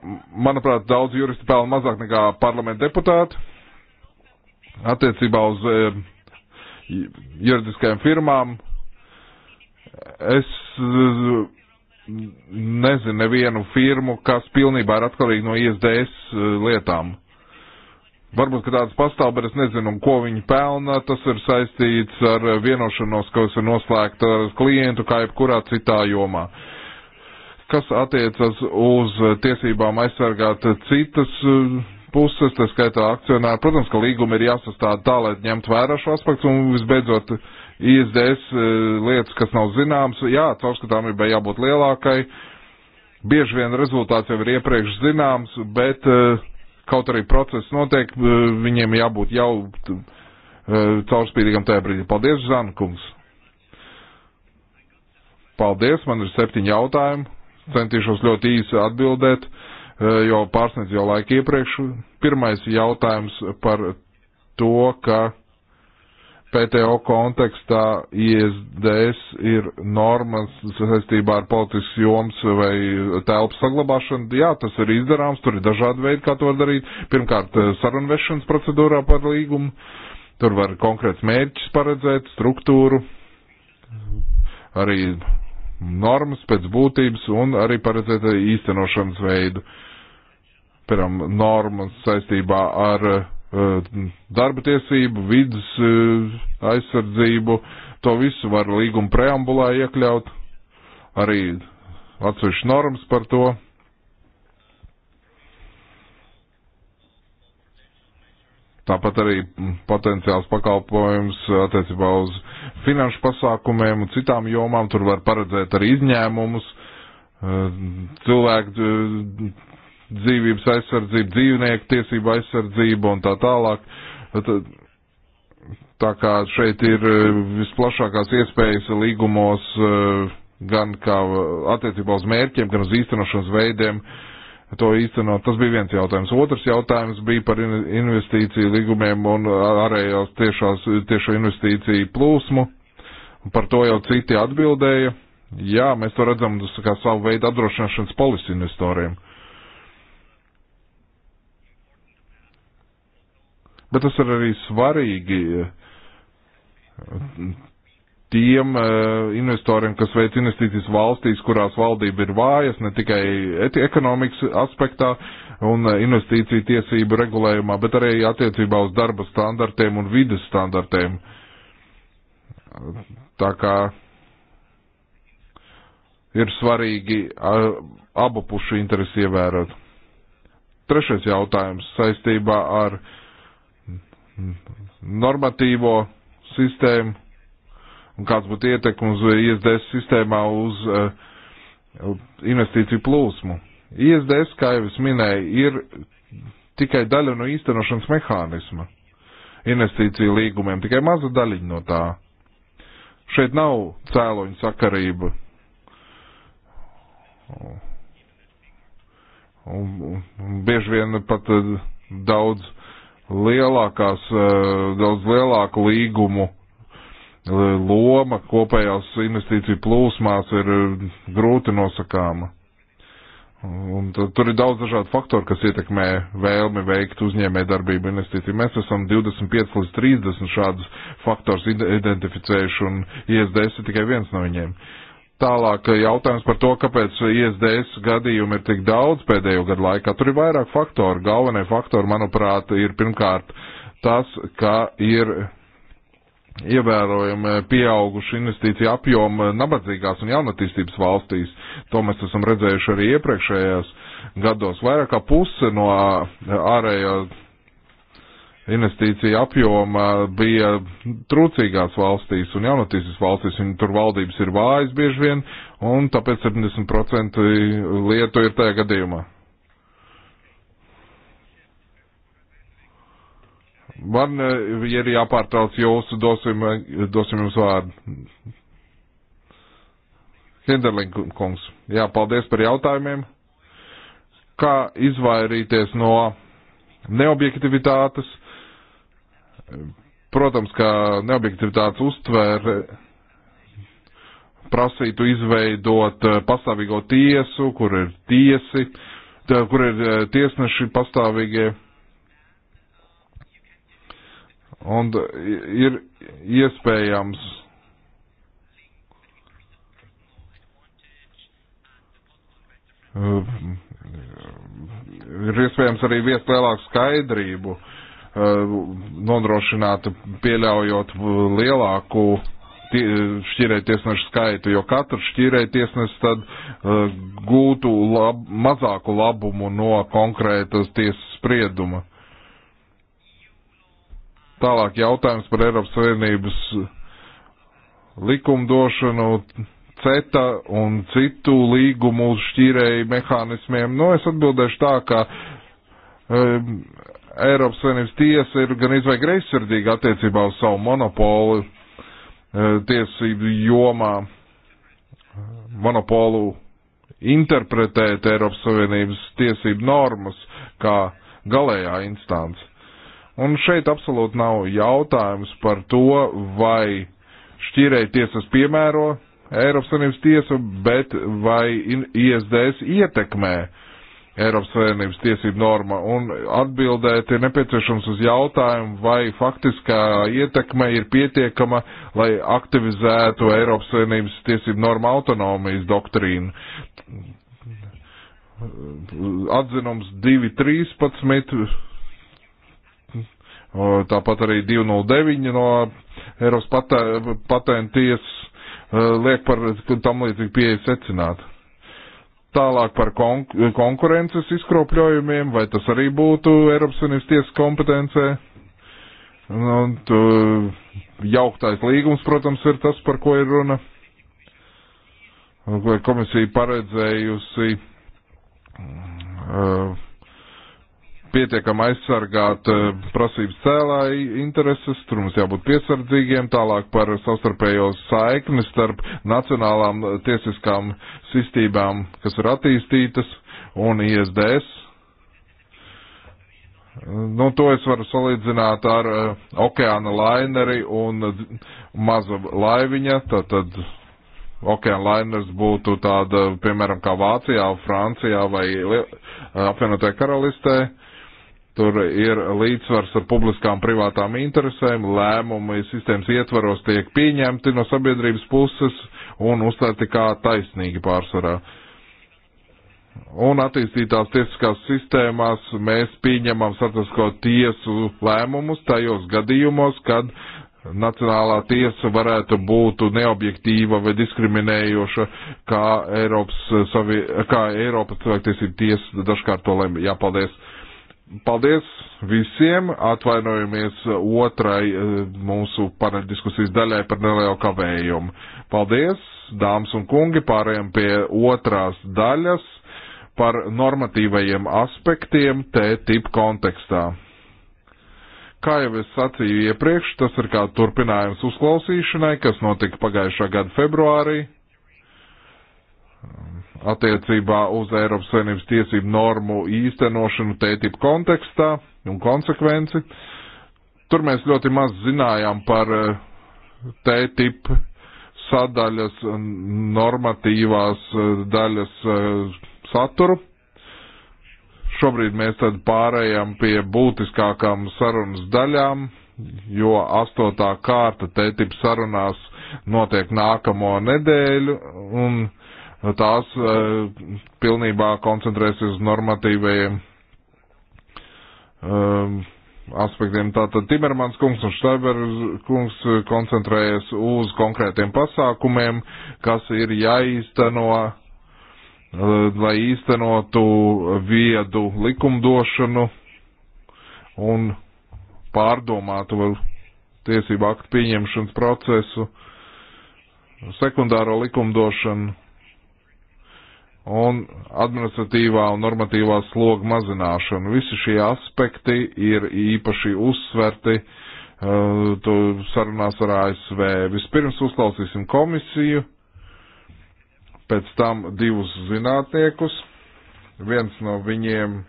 manuprāt, daudz juristi pelna mazāk nekā parlamenta deputāti. Attiecībā uz e, juridiskajām firmām. Es nezinu nevienu firmu, kas pilnībā ir atkarīga no ISDS e, lietām. Varbūt, ka tāds pastāv, bet es nezinu, ko viņi pelna. Tas ir saistīts ar vienošanos, kas ir noslēgta ar klientu, kā jebkurā citā jomā. Kas attiecas uz tiesībām aizsargāt citas e, puses, tā skaitā akcionāri. Protams, ka līguma ir jāsastāda tā, lai ņemtu vērā šo aspektu un visbeidzot ISDS e, lietas, kas nav zināmas. Jā, caurskatāmībai jābūt lielākai. Bieži vien rezultāts jau ir iepriekš zināms, bet e, kaut arī process notiek, e, viņiem jābūt jau caurspīdīgam tajā brīdī. Paldies, Zankungs! Paldies, man ir septiņi jautājumi. Centīšos ļoti īsi atbildēt. Uh, Eh, jo pārsniedz jau laiku iepriekš. Pirmais jautājums par to, ka PTO kontekstā ISDS ir normas saistībā ar politisks joms vai telpas saglabāšanu. Jā, tas ir izdarāms, tur ir dažādi veidi, kā to var darīt. Pirmkārt, eh, sarunvešanas procedūrā par līgumu. Tur var konkrēts mērķis paredzēt, struktūru, arī normas pēc būtības un arī paredzēt īstenošanas veidu. Uh, piemēram, normas saistībā ar eh, darba tiesību, vidas eh, aizsardzību. To visu var līguma preambulā iekļaut, arī atsevišķi normas par to. Tāpat arī mm, potenciāls pakalpojums attiecībā uz finanšu pasākumiem un citām jomām. Tur var paredzēt arī izņēmumus eh, cilvēku dzīvības aizsardzība, dzīvnieku tiesība aizsardzība un tā tālāk. Tā kā šeit ir e, visplašākās iespējas līgumos e, gan kā e, attiecībā uz mērķiem, gan uz īstenošanas veidiem to īstenot. Tas bija viens jautājums. Otrs jautājums bija par investīciju līgumiem un ārējās tiešās, tiešo investīciju plūsmu. Par to jau citi atbildēja. Jā, mēs to redzam kā savu veidu apdrošināšanas polisi investoriem. bet tas ir arī svarīgi eh, tiem eh, investoriem, kas veic investīcijas valstīs, kurās valdība ir vājas, ne tikai ekonomikas aspektā un eh, investīciju tiesību regulējumā, bet arī attiecībā uz darba standartiem un vidas standartiem. Tā kā ir svarīgi abu pušu interesi ievērot. Trešais jautājums saistībā ar uh, normatīvo sistēmu un kāds būtu ietekums ISDS sistēmā uz eh, investīciju plūsmu. ISDS, kā jau es minēju, ir tikai daļa no īstenošanas mehānisma investīciju līgumiem, tikai maza daļiņa no tā. Šeit nav cēloņa sakarība. Un, un, un bieži vien pat eh, daudz lielākās, eh, daudz lielāku līgumu eh, loma kopējās investīciju plūsmās ir eh, grūti nosakāma. Un tur ir daudz dažādu faktoru, kas ietekmē vēlmi veikt uzņēmē darbību investīciju. Mēs esam 25 līdz 30 šādus faktors identificējuši un ISDS ir tikai viens no viņiem. Uh, Tālāk eh, jautājums par to, kāpēc ISDS gadījumu ir tik daudz pēdējo gadu laikā. Tur ir vairāk faktoru. Galvenie faktori, manuprāt, ir pirmkārt tas, ka ir ievērojami pieauguši investīciju apjomu nabadzīgās un jaunatīstības valstīs. To mēs esam redzējuši arī iepriekšējās gados. Vairāk kā puse no ārējās investīcija apjoma bija trūcīgās valstīs un jaunatīstības valstīs, un tur valdības ir vājas bieži vien, un tāpēc 70% lietu ir tajā gadījumā. Man eh, ir jāpārtrauc jūsu, dosim, eh, dosim jums vārdu. Hinderlinkungs, jā, paldies par jautājumiem. Kā izvairīties no neobjektivitātes? Protams, ka neobjektivitātes uztver prasītu izveidot eh, pastāvīgo tiesu, kur ir tiesi, kur ir eh, tiesneši pastāvīgie. Un ir iespējams ir iespējams arī viest lielāku skaidrību uh, Uh, nodrošināta pieļaujot uh, lielāku šķirēju tiesnešu skaitu, jo katrs šķirēju tiesnesis tad uh, gūtu lab, mazāku labumu no konkrētas tiesas sprieduma. Tālāk jautājums par Eiropas Savienības likumdošanu, CETA un citu līgumu šķīrēju mehānismiem. Nu, es atbildēšu tā, ka um, Eiropas Savienības tiesa ir gan izvai greizsirdīga attiecībā uz savu monopolu eh, tiesību jomā, monopolu interpretēt Eiropas Savienības tiesību normas kā galējā instance. Un šeit absolūti nav jautājums par to, vai šķīrēja tiesas piemēro Eiropas Savienības tiesu, bet vai ISDS ietekmē uh, Eiropas Savienības tiesību norma, un atbildēt ir nepieciešams uz jautājumu, vai faktiskā ietekme ir pietiekama, lai aktivizētu Eiropas Savienības tiesību norma autonomijas doktrīnu. Atzinums 2.13, tāpat arī 2.09 no Eiropas patēntiesas e, liek par tam līdzīgi pieeja secināt. Tālāk par konk konkurences izkropļojumiem, vai tas arī būtu Eiropas Savienības tiesas kompetencē? Nu, un tu, jauktais līgums, protams, ir tas, par ko ir runa. Komisija paredzējusi mm, uh, pietiekam aizsargāt eh, prasības cēlāju intereses, tur mums jābūt piesardzīgiem, tālāk par savstarpējo saikni starp nacionālām eh, tiesiskām sistībām, kas ir attīstītas, un ISDS. Nu, to es varu salīdzināt ar uh, okeāna laineri un uh, maza laiviņa, tad, tad okeāna lainers būtu tāda, piemēram, kā Vācijā, Francijā vai apvienotajā karalistē. Uh, Tur ir līdzsvars ar publiskām privātām interesēm, lēmumi sistēmas ietvaros tiek pieņemti no sabiedrības puses un uzstāti kā taisnīgi pārsvarā. Un attīstītās tiesiskās sistēmās mēs pieņemam starptautisko tiesu lēmumus tajos gadījumos, kad Nacionālā tiesa varētu būt neobjektīva vai diskriminējoša, kā Eiropas, savi, kā Eiropas cilvēktiesība tiesa dažkārt to lemj. Jā, paldies! Paldies visiem, atvainojamies otrai eh, mūsu paneļdiskusijas daļai par nelielu kavējumu. Paldies, dāmas un kungi, pārējām pie otrās daļas par normatīvajiem aspektiem T-tip kontekstā. Kā jau es sacīju iepriekš, tas ir kā turpinājums uzklausīšanai, kas notika pagājušā gada februārī attiecībā uz Eiropas Savienības tiesību normu īstenošanu tētību kontekstā un konsekvenci. Tur mēs ļoti maz zinājām par eh, tētību sadaļas normatīvās eh, daļas eh, saturu. Šobrīd mēs tad pārējām pie būtiskākām sarunas daļām, jo astotā kārta tētību sarunās notiek nākamo nedēļu un tās eh, pilnībā koncentrēsies uz normatīvajiem ehm, aspektiem. Tātad Timermans kungs un Štaiber kungs koncentrējas uz konkrētiem pasākumiem, kas ir jāīsteno, eh, lai īstenotu viedu likumdošanu un pārdomātu vēl tiesību aktu pieņemšanas procesu, sekundāro likumdošanu un administratīvā un normatīvā sloga mazināšana. Visi šie aspekti ir īpaši uzsverti uh, sarunās ar ASV. Vispirms uzklausīsim komisiju, pēc tam divus zinātniekus. Viens no viņiem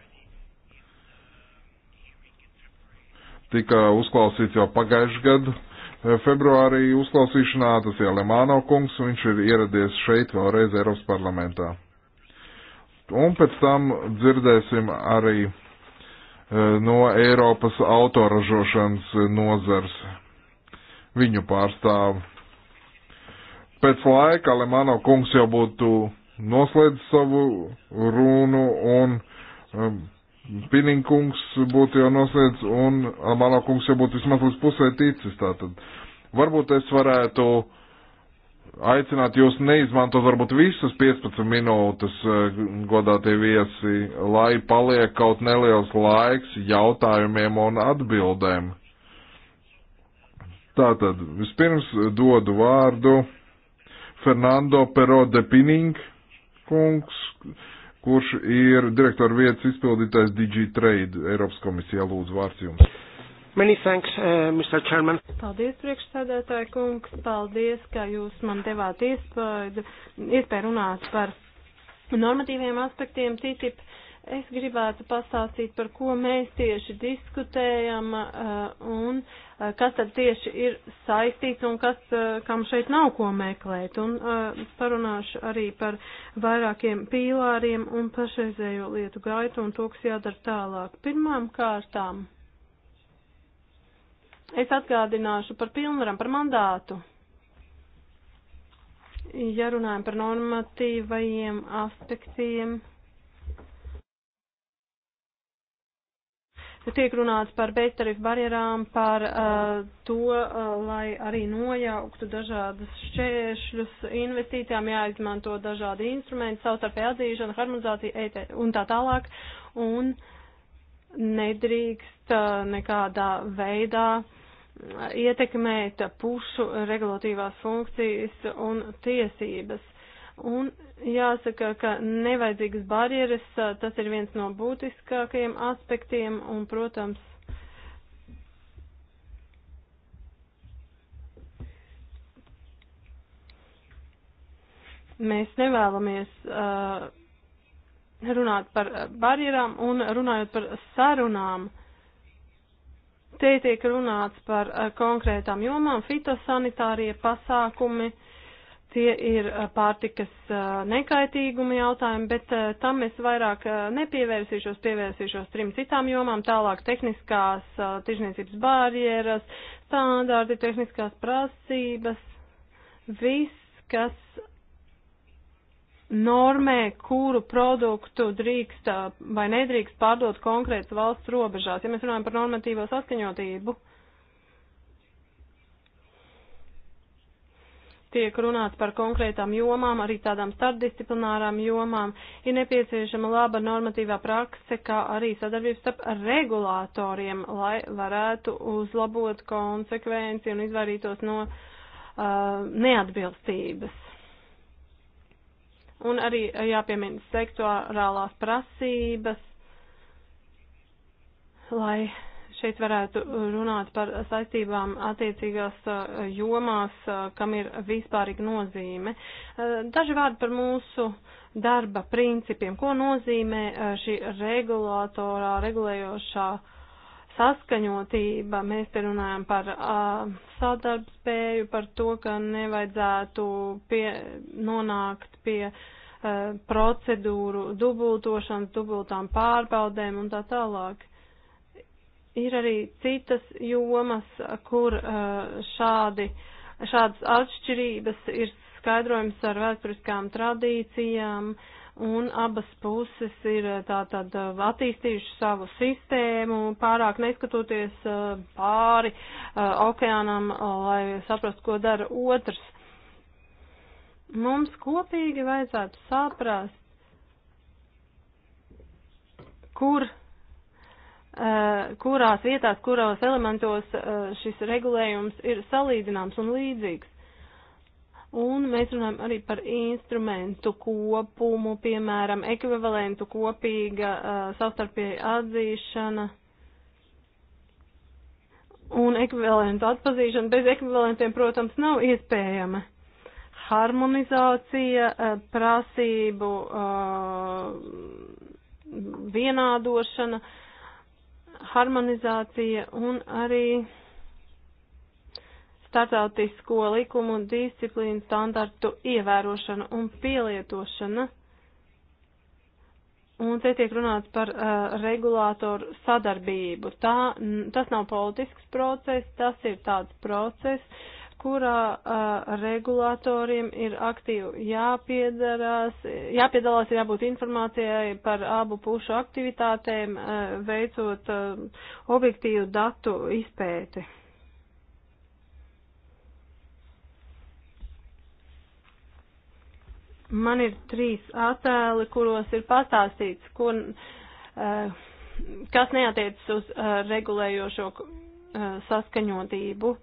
tika uzklausīts jau pagājušajā gadu eh, februārī uzklausīšanā, tas ir Lemāno kungs, un viņš ir ieradies šeit vēlreiz Eiropas parlamentā. Un pēc tam dzirdēsim arī e, no Eiropas autoražošanas nozars viņu pārstāvu. Pēc laika Lemano kungs jau būtu noslēdz savu runu un um, e, Pininkungs būtu jau noslēdz un Lemano kungs jau būtu vismaz līdz pusē ticis tātad. Varbūt es varētu uh, aicināt jūs neizmantot varbūt visas 15 minūtes, e, godātie viesi, lai paliek kaut neliels laiks jautājumiem un atbildēm. Tātad, vispirms dodu vārdu Fernando Pero de Pining kungs, kurš ir direktora vietas izpildītājs DigiTrade Eiropas komisijā. Lūdzu, vārds jums. Many thanks, uh, Mr. Chairman. Paldies, priekšsēdētāji kungs. Paldies, ka jūs man devāt iespēju, iespēju runāt par normatīviem aspektiem TTIP. Es gribētu pastāstīt, par ko mēs tieši diskutējam uh, un uh, kas tad tieši ir saistīts un kas, uh, kam šeit nav ko meklēt. Un parunāšu arī par vairākiem pīlāriem un pašreizējo lietu gaitu un to, kas jādara tālāk. Pirmām kārtām Es atgādināšu par pilnvaram, par mandātu. Ja runājam par normatīvajiem aspektiem, tiek runāts par beztarifu barjerām, par uh, to, uh, lai arī nojauktu dažādas šķēršļus investīcijām, jāizmanto dažādi instrumenti, savstarpēja atzīšana, harmonizācija et, un tā tālāk. Un nedrīkst uh, nekādā veidā uh, ietekmēt pušu regulatīvās funkcijas un tiesības. Un jāsaka, ka nevajadzīgas barjeras, tas ir viens no būtiskākajiem aspektiem un, protams, mēs nevēlamies uh, runāt par barjerām un runājot par sarunām. Te tiek runāts par eh, konkrētām jomām, fitosanitārie pasākumi, tie ir eh, pārtikas eh, nekaitīgumi jautājumi, bet tam es vairāk nepievērsīšos, pievērsīšos trim citām jomām, tālāk tehniskās tirzniecības barjeras, standārti, tehniskās prasības, viss, kas normē, kuru produktu drīkst vai nedrīkst pārdot konkrētas valsts robežās. Ja mēs runājam par normatīvo saskaņotību, tiek runāts par konkrētām jomām, arī tādām starpdisciplinārām jomām, ir nepieciešama laba normatīvā prakse, kā arī sadarbības starp regulātoriem, lai varētu uzlabot konsekvenci un izvairītos no uh, neatbilstības. Un arī jāpiemina sektorālās prasības, lai šeit varētu runāt par saistībām attiecīgās uh, jomās, uh, kam ir vispārīga nozīme. Uh, daži vārdi par mūsu darba principiem. Ko nozīmē šī regulātorā, regulējošā uh, saskaņotība, mēs te runājam par uh, sadarbspēju, par to, ka nevajadzētu pie, nonākt pie uh, procedūru dubultošanas, dubultām pārbaudēm un tā tālāk. Ir arī citas jomas, kur uh, šādi, šādas atšķirības ir skaidrojums ar vēsturiskām tradīcijām, uh, un abas puses ir eh, tātad eh, attīstījuši savu sistēmu, pārāk neskatoties eh, pāri okeānam, lai saprastu, ko dara otrs. Mums kopīgi vajadzētu saprast, kur, kurās vietās, kuros elementos šis regulējums ir salīdzināms un līdzīgs. Un mēs runājam arī par instrumentu kopumu, piemēram, ekvivalentu kopīga uh, savstarpēja atzīšana un ekvivalentu atpazīšana. Bez ekvivalentiem, protams, nav iespējama. Harmonizācija, uh, prasību uh, vienādošana, harmonizācija un arī. Uh, starptautisko likumu un disciplīnu standartu ievērošana un pielietošana. Un te tiek runāts par uh, regulātoru sadarbību. Tā, tas nav politisks process, tas ir tāds process, kurā uh, regulātoriem ir aktīvi jāpiedarās, jāpiedalās, ir jābūt informācijai par abu pušu aktivitātēm, uh, veicot uh, objektīvu datu izpēti. Man ir trīs attēli, kuros ir pastāstīts, ko, eh, kas neatiecas uz eh, regulējošo eh, saskaņotību.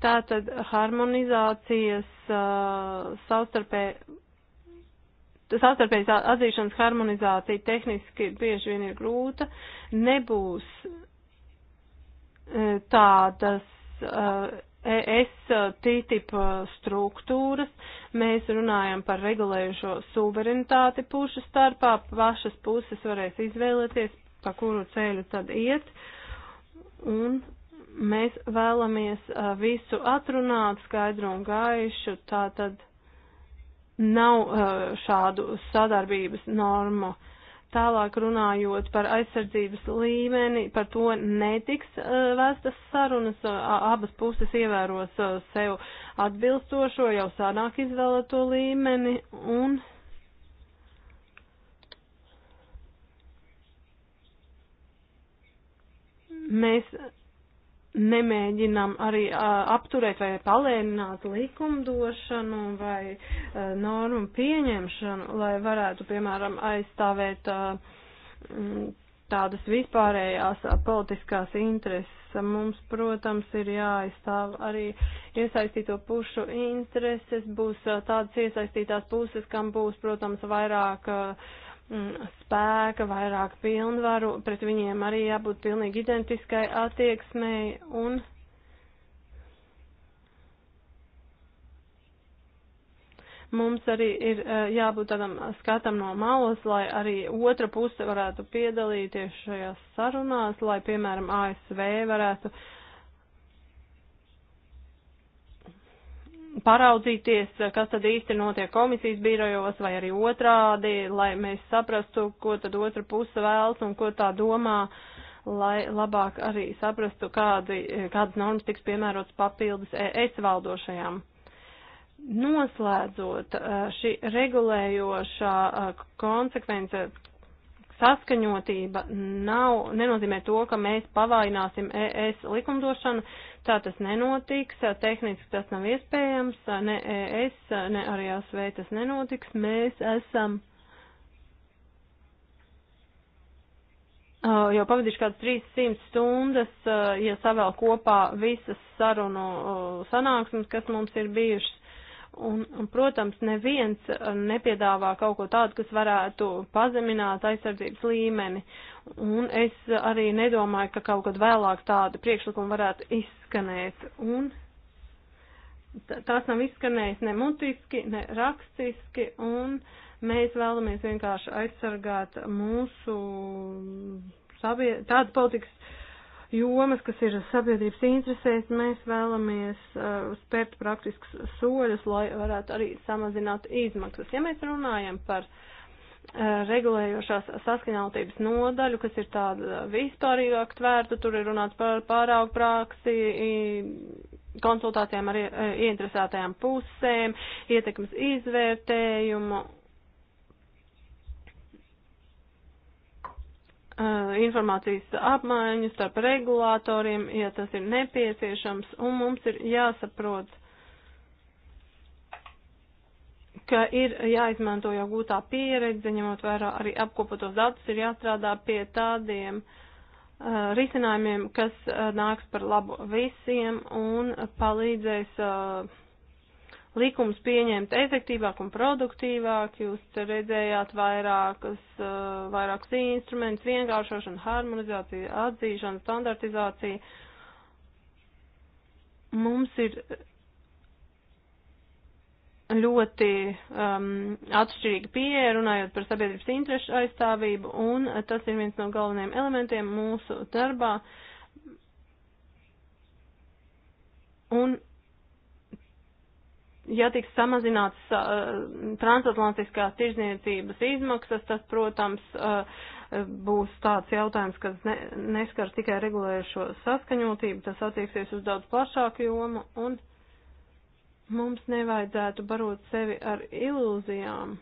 Tātad harmonizācijas savstarpē. Savstarpējas atzīšanas harmonizācija tehniski bieži vien ir grūta, nebūs tādas ES uh, TTIP uh, struktūras, mēs runājam par regulējušo suverenitāti pušu starpā, pašas puses varēs izvēlēties, pa kuru ceļu tad iet, un mēs vēlamies uh, visu atrunāt skaidru un gaišu, tā tad nav šādu sadarbības normu. Uh, Tālāk runājot par aizsardzības līmeni, par to netiks e, vēstas sarunas, abas puses ievēros e, sev atbilstošo, jau sānāk izvēlēto līmeni un mēs nemēģinām arī uh, apturēt vai palēnināt likumdošanu vai uh, normu pieņemšanu, lai varētu, piemēram, aizstāvēt uh, tādas vispārējās politiskās intereses. Mums, protams, ir jāaizstāv arī iesaistīto pušu intereses, būs uh, tādas iesaistītās puses, kam būs, protams, vairāk. Uh, Mm, spēka, vairāk pilnvaru, pret viņiem arī jābūt pilnīgi identiskai attieksmei un mums arī ir eh, jābūt tādam skatam no malas, lai arī otra puse varētu piedalīties šajās sarunās, lai piemēram ASV varētu uh, paraudzīties, kas tad īsti notiek komisijas birojos vai arī otrādi, lai mēs saprastu, ko tad otra puse vēlas un ko tā domā, lai labāk arī saprastu, kādi, kādas normas tiks piemērotas papildus ES valdošajām. Noslēdzot, šī regulējošā konsekvence saskaņotība nav, nenozīmē to, ka mēs pavaināsim ES likumdošanu, tā tas nenotiks, tehniski tas nav iespējams, ne ES, ne arī ASV tas nenotiks, mēs esam jau pavadījuši kādas 300 stundas, ja savēl kopā visas sarunu sanāksmes, kas mums ir bijušas Un, un, protams, neviens uh, nepiedāvā kaut ko tādu, kas varētu pazemināt aizsardzības līmeni. Un es arī nedomāju, ka kaut kad vēlāk tādi priekšlikumi varētu izskanēt. Un tās nav izskanējis ne mutiski, ne rakstiski, un mēs vēlamies vienkārši aizsargāt mūsu sabie... tādu politikas jomas, kas ir sabiedrības interesēs, mēs vēlamies uh, spērt praktiskus soļus, lai varētu arī samazināt izmaksas. Ja mēs runājam par uh, regulējošās saskaņautības nodaļu, kas ir tāda vispārīgāk tvērta, tur ir runāts par pārāgu praksi, konsultācijām ar ieinteresētajām pusēm, ietekmes izvērtējumu Uh, informācijas apmaiņu starp regulātoriem, ja tas ir nepieciešams, un mums ir jāsaprot, ka ir jāizmanto jau gūtā pieredze, ņemot vērā arī apkopotos datus, ir jāstrādā pie tādiem uh, risinājumiem, kas uh, nāks par labu visiem un palīdzēs uh, likums pieņemt efektīvāk un produktīvāk, jūs redzējāt vairākas, eh, vairākas instrumentus, vienkāršošanu, harmonizāciju, atzīšanu, standartizāciju. Mums ir ļoti um, atšķirīga pieeja runājot par sabiedrības interešu aizstāvību, un tas ir viens no galvenajiem elementiem mūsu darbā. Un ja tiks samazināts uh, transatlantiskās tirzniecības izmaksas, tas, protams, uh, būs tāds jautājums, kas ne, neskars tikai regulējušo saskaņotību, tas attieksies uz daudz plašāku jomu, un mums nevajadzētu barot sevi ar ilūzijām,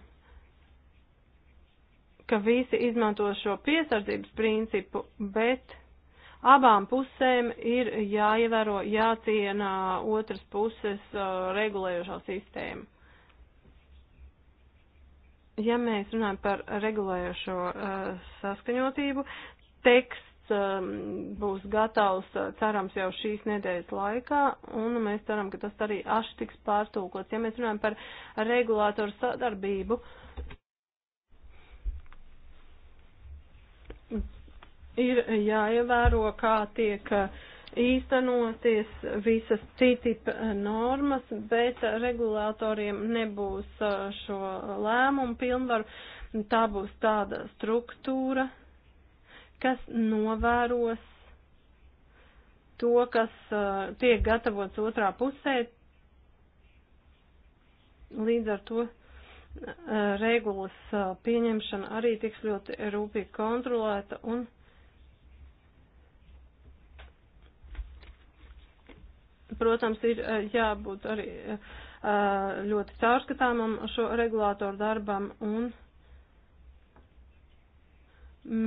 ka visi izmanto šo piesardzības principu, bet Abām pusēm ir jāievēro, jācienā otras puses uh, regulējošā sistēma. Ja mēs runājam par regulējošo uh, saskaņotību, teksts um, būs gatavs, uh, cerams, jau šīs nedēļas laikā, un mēs ceram, ka tas arī aši tiks pārtūkots. Ja mēs runājam par regulātoru sadarbību, ir jāievēro, kā tiek īstenoties visas CITIP normas, bet regulātoriem nebūs uh, šo lēmumu pilnvaru. Tā būs tāda struktūra, kas novēros to, kas uh, tiek gatavots otrā pusē. Līdz ar to uh, regulas pieņemšana arī tiks ļoti rūpīgi kontrolēta un kontrolēta protams, ir eh, jābūt arī eh, ļoti caurskatāmam šo regulātoru darbam un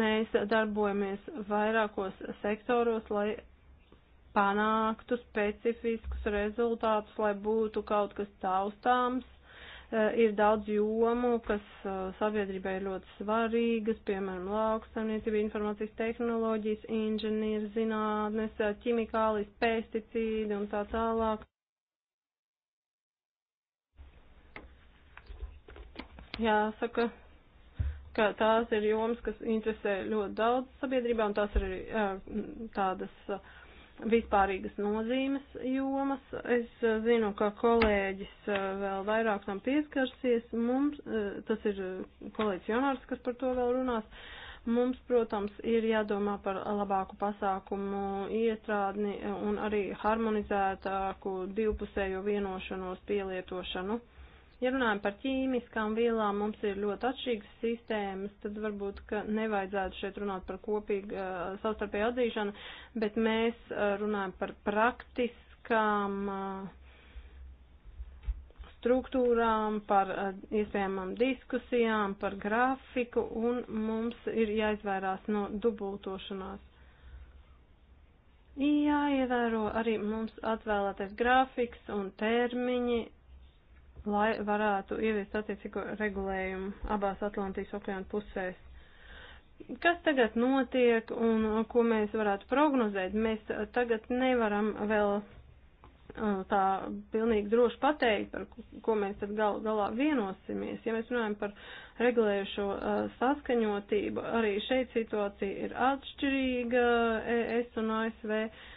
mēs darbojamies vairākos sektoros, lai panāktu specifiskus rezultātus, lai būtu kaut kas taustāms Eh, ir daudz jomu, kas eh, sabiedrībai ir ļoti svarīgas, piemēram, lauksaimniecība, informācijas tehnoloģijas, inženieru zinātnes, eh, ķimikālis, pesticīdi un tā tālāk. Jāsaka, ka tās ir jomas, kas interesē ļoti daudz sabiedrībā, un tās ir arī tādas uh, vispārīgas nozīmes jomas. Es eh, zinu, ka kolēģis eh, vēl vairāk tam pieskarsies. Mums, eh, tas ir kolēģis Jonārs, kas par to vēl runās. Mums, protams, ir jādomā par labāku pasākumu iestrādni un arī harmonizētāku divpusējo vienošanos pielietošanu. Ja runājam par ķīmiskām vielām, mums ir ļoti atšķirīgas sistēmas, tad varbūt, ka nevajadzētu šeit runāt par kopīgu uh, savstarpēju atzīšanu, bet mēs uh, runājam par praktiskām uh, struktūrām, par uh, iespējamām diskusijām, par grafiku, un mums ir jāizvairās no dubultošanās. Jāievēro arī mums atvēlētais grafiks un termiņi, lai varētu ieviest attiecīgo regulējumu abās Atlantijas okeāna pusēs. Kas tagad notiek un ko mēs varētu prognozēt? Mēs tagad nevaram vēl uh, tā pilnīgi droši pateikt, par ko mēs tad gal, galā vienosimies. Ja mēs runājam par regulējušo uh, saskaņotību, arī šeit situācija ir atšķirīga ES un ASV. Uh,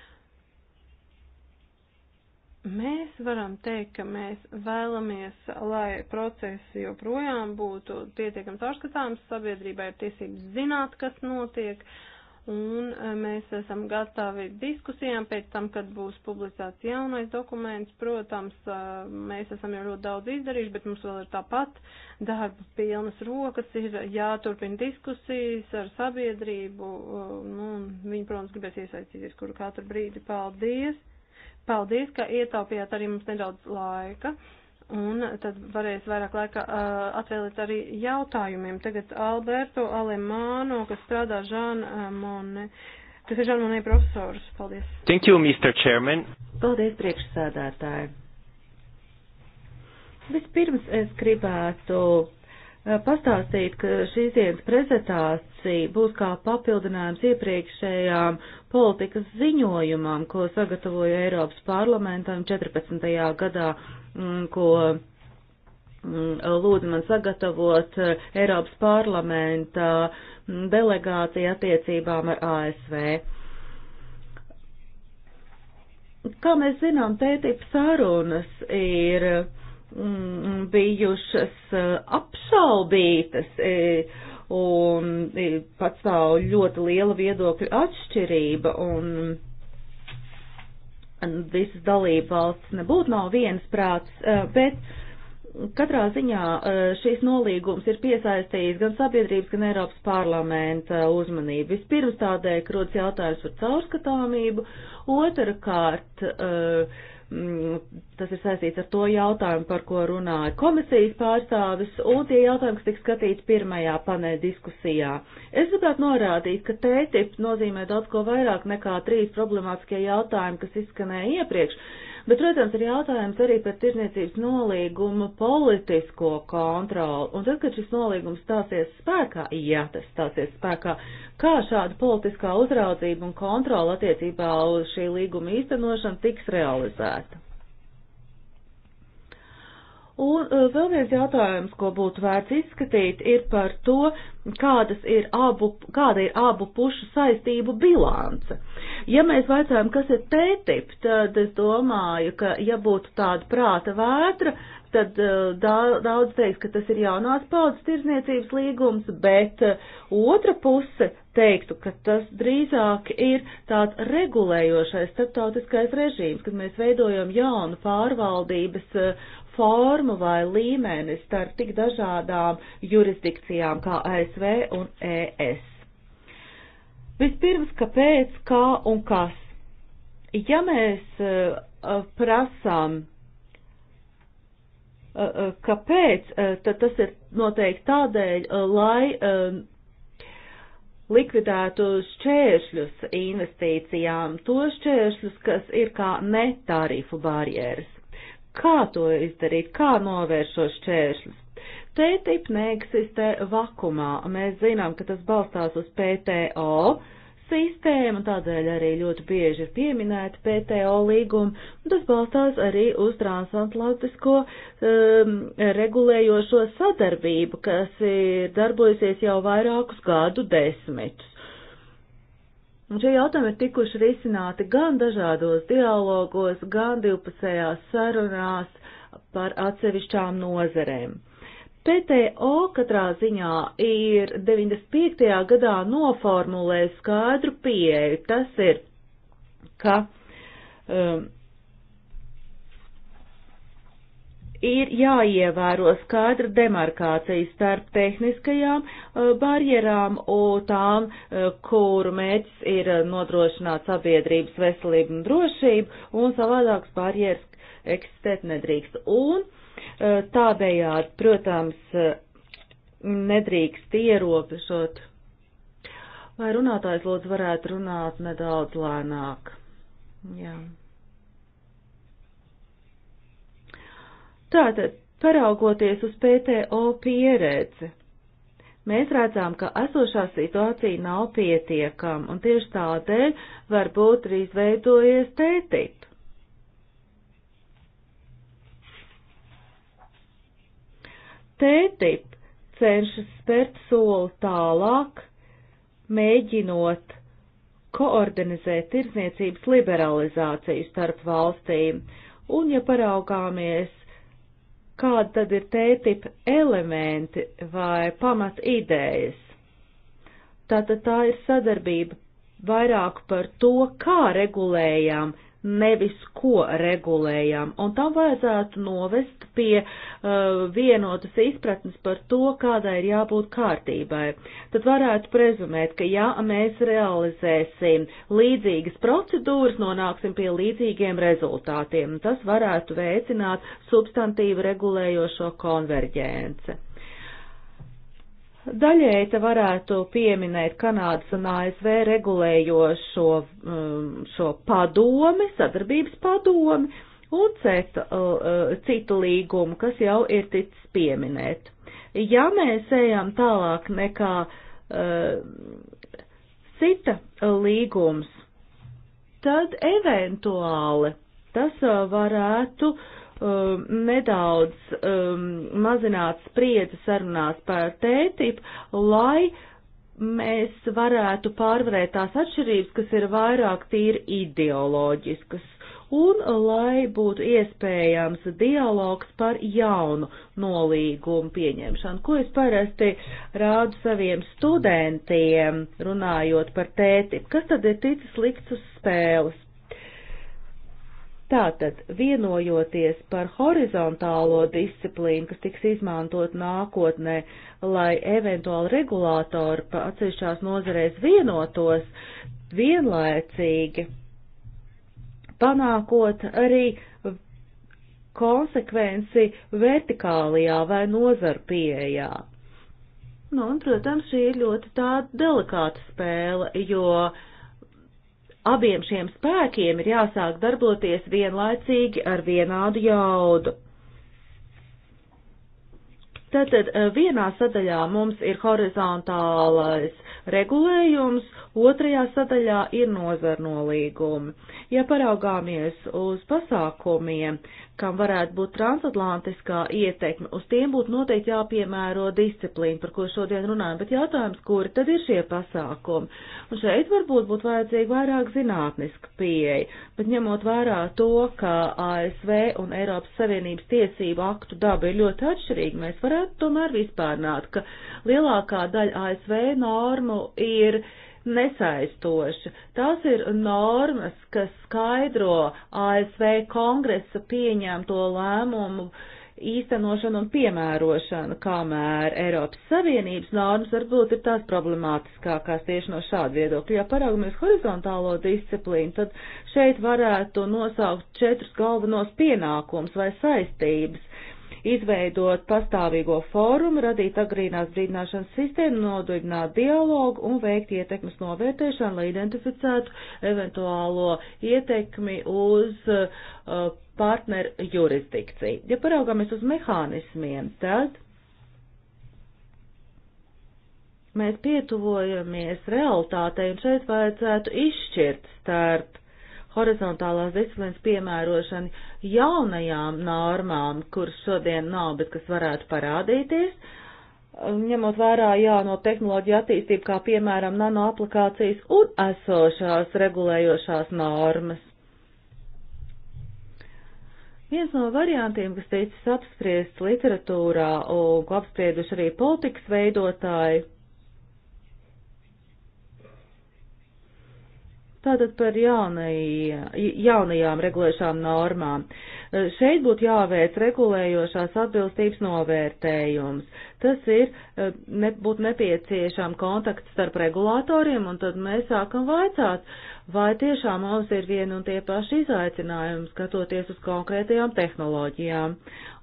varam teikt, ka mēs vēlamies, lai process joprojām būtu pietiekams caurskatāms, sabiedrībai ir tiesības zināt, kas notiek, un e, mēs esam gatavi diskusijām pēc tam, kad būs publicēts jaunais dokuments. Protams, e, mēs esam jau ļoti daudz izdarījuši, bet mums vēl ir tāpat darba pilnas rokas, ir jāturpina diskusijas ar sabiedrību, nu, viņi, protams, gribēs iesaistīties kuru katru brīdi. Paldies! Paldies, ka ietaupījāt arī mums nedaudz laika. Un tad varēs vairāk laika uh, atvēlēt arī jautājumiem. Tagad Alberto Alemano, kas strādā Žāna uh, Mone, kas ir Žāna Mone profesors. Paldies. Thank you, Mr. Chairman. Paldies, priekšsēdētāji. Vispirms es gribētu Eh, pastāstīt, ka šīs dienas prezentācija būs kā papildinājums iepriekšējām politikas ziņojumam, ko sagatavoja Eiropas parlamentam 14. gadā, mm, ko mm, lūdzu man sagatavot eh, Eiropas parlamenta mm, delegācija attiecībām ar ASV. Kā mēs zinām, tētība sarunas ir Mm, bijušas eh, apšaubītas eh, un eh, pastāv ļoti liela viedokļu atšķirība un visas dalība valsts nebūtu nav vienas prāts, bet katrā ziņā šīs nolīgums ir piesaistījis gan sabiedrības, gan Eiropas parlamenta uzmanību. Vispirms tādēļ, ka rodas jautājums par caurskatāmību, otrkārt, uh, Mm, tas ir saistīts ar to jautājumu, par ko runāja komisijas pārstāvis, un tie jautājumi, kas tiks skatīti pirmajā panē diskusijā. Es gribētu norādīt, ka TTIP nozīmē daudz ko vairāk nekā trīs problemātiskie jautājumi, kas izskanēja iepriekš. Bet, protams, ir jautājums arī par tirzniecības nolīgumu politisko kontroli. Un tad, kad šis nolīgums stāsies spēkā, ja tas stāsies spēkā, kā šāda politiskā uzraudzība un kontrola attiecībā uz šī līguma īstenošanu tiks realizēta? Un eh, vēl viens jautājums, ko būtu vērts izskatīt, ir par to, kādas ir abu, kāda ir abu pušu saistību bilance. Ja mēs vaicājam, kas ir TTIP, tad es domāju, ka ja būtu tāda prāta vētra, tad eh, daudz teiks, ka tas ir jaunās paudzes tirzniecības līgums, bet eh, otra puse teiktu, ka tas drīzāk ir tāds regulējošais starptautiskais režīms, kad mēs veidojam jaunu pārvaldības formu vai līmeni starp tik dažādām jurisdikcijām kā ASV un ES. Vispirms, kāpēc, kā un kas? Ja mēs uh, prasām, uh, kāpēc, uh, tad tas ir noteikti tādēļ, lai likvidētu šķēršļus investīcijām, tos šķēršļus, kas ir kā netarifu barjeras. Kā to izdarīt, kā novērst šos šķēršļus? TTIP neeksistē vakumā. Mēs zinām, ka tas balstās uz PTO sistēmu, tādēļ arī ļoti bieži ir pieminēta PTO līguma, un tas balstās arī uz transatlantisko um, regulējošo sadarbību, kas ir darbojusies jau vairākus gadu desmitus. Un šie jautājumi ir tikuši risināti gan dažādos dialogos, gan divpusējās sarunās par atsevišķām nozerēm. PTO katrā ziņā ir 95. gadā noformulējis skaidru pieeju. Tas ir, ka um, ir jāievēro skaidra demarkācija starp tehniskajām eh, barjerām un tām, eh, kuru mērķis ir eh, nodrošināt sabiedrības veselību un drošību, un savādākas barjeras eksistēt nedrīkst. Un tādējādi, protams, nedrīkst ierobežot. Vai runātājs lūdzu varētu runāt nedaudz lēnāk? Jā. Yeah. Tātad, paraugoties uz PTO pieredzi, mēs redzam, ka esošā situācija nav pietiekama, un tieši tādēļ varbūt arī izveidojies TTIP. TTIP cenšas spērt soli tālāk, mēģinot koordinizēt tirzniecības liberalizāciju starp valstīm, un ja paraugāmies kāda tad ir tētip elementi vai pamat idejas. Tātad tā ir sadarbība vairāk par to, kā regulējām uh, nevis ko regulējam, un tam vajadzētu novest pie uh, vienotas izpratnes par to, kādai ir jābūt kārtībai. Tad varētu prezumēt, ka ja mēs realizēsim līdzīgas procedūras, nonāksim pie līdzīgiem rezultātiem, tas varētu veicināt substantīvu regulējošo konverģence. Daļēji te varētu pieminēt Kanādas un ASV regulējošo um, šo padomi, sadarbības padomi un citu, uh, uh, citu līgumu, kas jau ir ticis pieminēt. Ja mēs ejam tālāk nekā uh, cita līgums, tad eventuāli tas uh, varētu uh, um, nedaudz um, mazināt spriedzi sarunās par tētību, lai mēs varētu pārvarēt tās atšķirības, kas ir vairāk tīri ideoloģiskas, un lai būtu iespējams dialogs par jaunu nolīgumu pieņemšanu, ko es parasti rādu saviem studentiem, runājot par tētību, kas tad ir ticis likts uz spēles. Tātad, vienojoties par horizontālo disciplīnu, kas tiks izmantot nākotnē, lai eventuāli regulātori pa atsevišķās nozarēs vienotos vienlaicīgi, panākot arī konsekvenci vertikālajā vai nozaru pieejā. Nu, un, protams, šī ir ļoti tāda delikāta spēle, jo uh, abiem šiem spēkiem ir jāsāk darboties vienlaicīgi ar vienādu jaudu. Tātad eh, vienā sadaļā mums ir horizontālais regulējums, otrajā sadaļā ir nozarnolīgumi. Ja paraugāmies uz pasākumiem, kam varētu būt transatlantiskā ietekme, uz tiem būtu noteikti jāpiemēro disciplīna, par ko šodien runājam, bet jautājums, kuri tad ir šie pasākumi? Un šeit varbūt būtu vajadzīga vairāk zinātniska pieeja, bet ņemot vērā to, ka ASV un Eiropas Savienības tiesību aktu daba ir ļoti atšķirīga, mēs varētu tomēr vispārnāt, ka lielākā daļa ASV normu ir nesaistoši. Tās ir normas, kas skaidro ASV kongresa pieņemto lēmumu īstenošanu un piemērošanu, kamēr Eiropas Savienības normas varbūt ir tās problemātiskākās tieši no šāda viedokļa. Ja paraugamies horizontālo disciplīnu, tad šeit varētu nosaukt četrus galvenos pienākums vai saistības, izveidot pastāvīgo fórumu, radīt agrīnās brīdināšanas sistēmu, nodibināt dialogu un veikt ietekmes novērtēšanu, lai identificētu eventuālo ietekmi uz uh, partneru jurisdikciju. Ja paraugamies uz mehānismiem, tad mēs pietuvojamies realitātei un šeit vajadzētu izšķirt starp horizontālās disciplīnas piemērošanu jaunajām normām, kuras šodien nav, bet kas varētu parādīties, um, ņemot vērā jauno tehnoloģiju attīstību, kā piemēram nanoaplikācijas un esošās regulējošās normas. Viens no variantiem, kas ticis apspriests literatūrā un ko apsprieduši arī politikas veidotāji, Tātad par jaunai, jaunajām regulējušām normām. Eh, šeit būtu jāveic regulējošās atbilstības novērtējums. Tas ir, eh, ne, būtu nepieciešām kontakts starp regulātoriem, un tad mēs sākam vaicāt, vai tiešām mums ir viena un tie paši izaicinājumi, skatoties uz konkrētajām tehnoloģijām.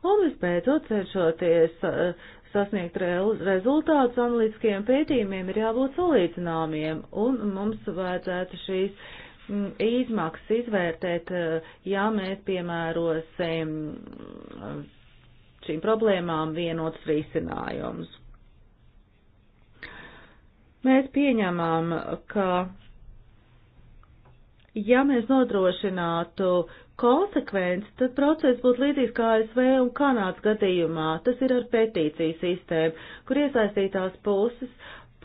Un vispēcot cenšoties uh, sasniegt rezultātus analītiskajiem pētījumiem ir jābūt salīdzināmiem, un mums vajadzētu šīs mm, izmaksas izvērtēt, eh, ja mēs piemērosim eh, šīm problēmām vienots risinājums. Mēs pieņemam, ka ja mēs nodrošinātu konsekvents, tad process būtu līdzīgs kā ASV un Kanādas gadījumā. Tas ir ar petīciju sistēmu, kur iesaistītās puses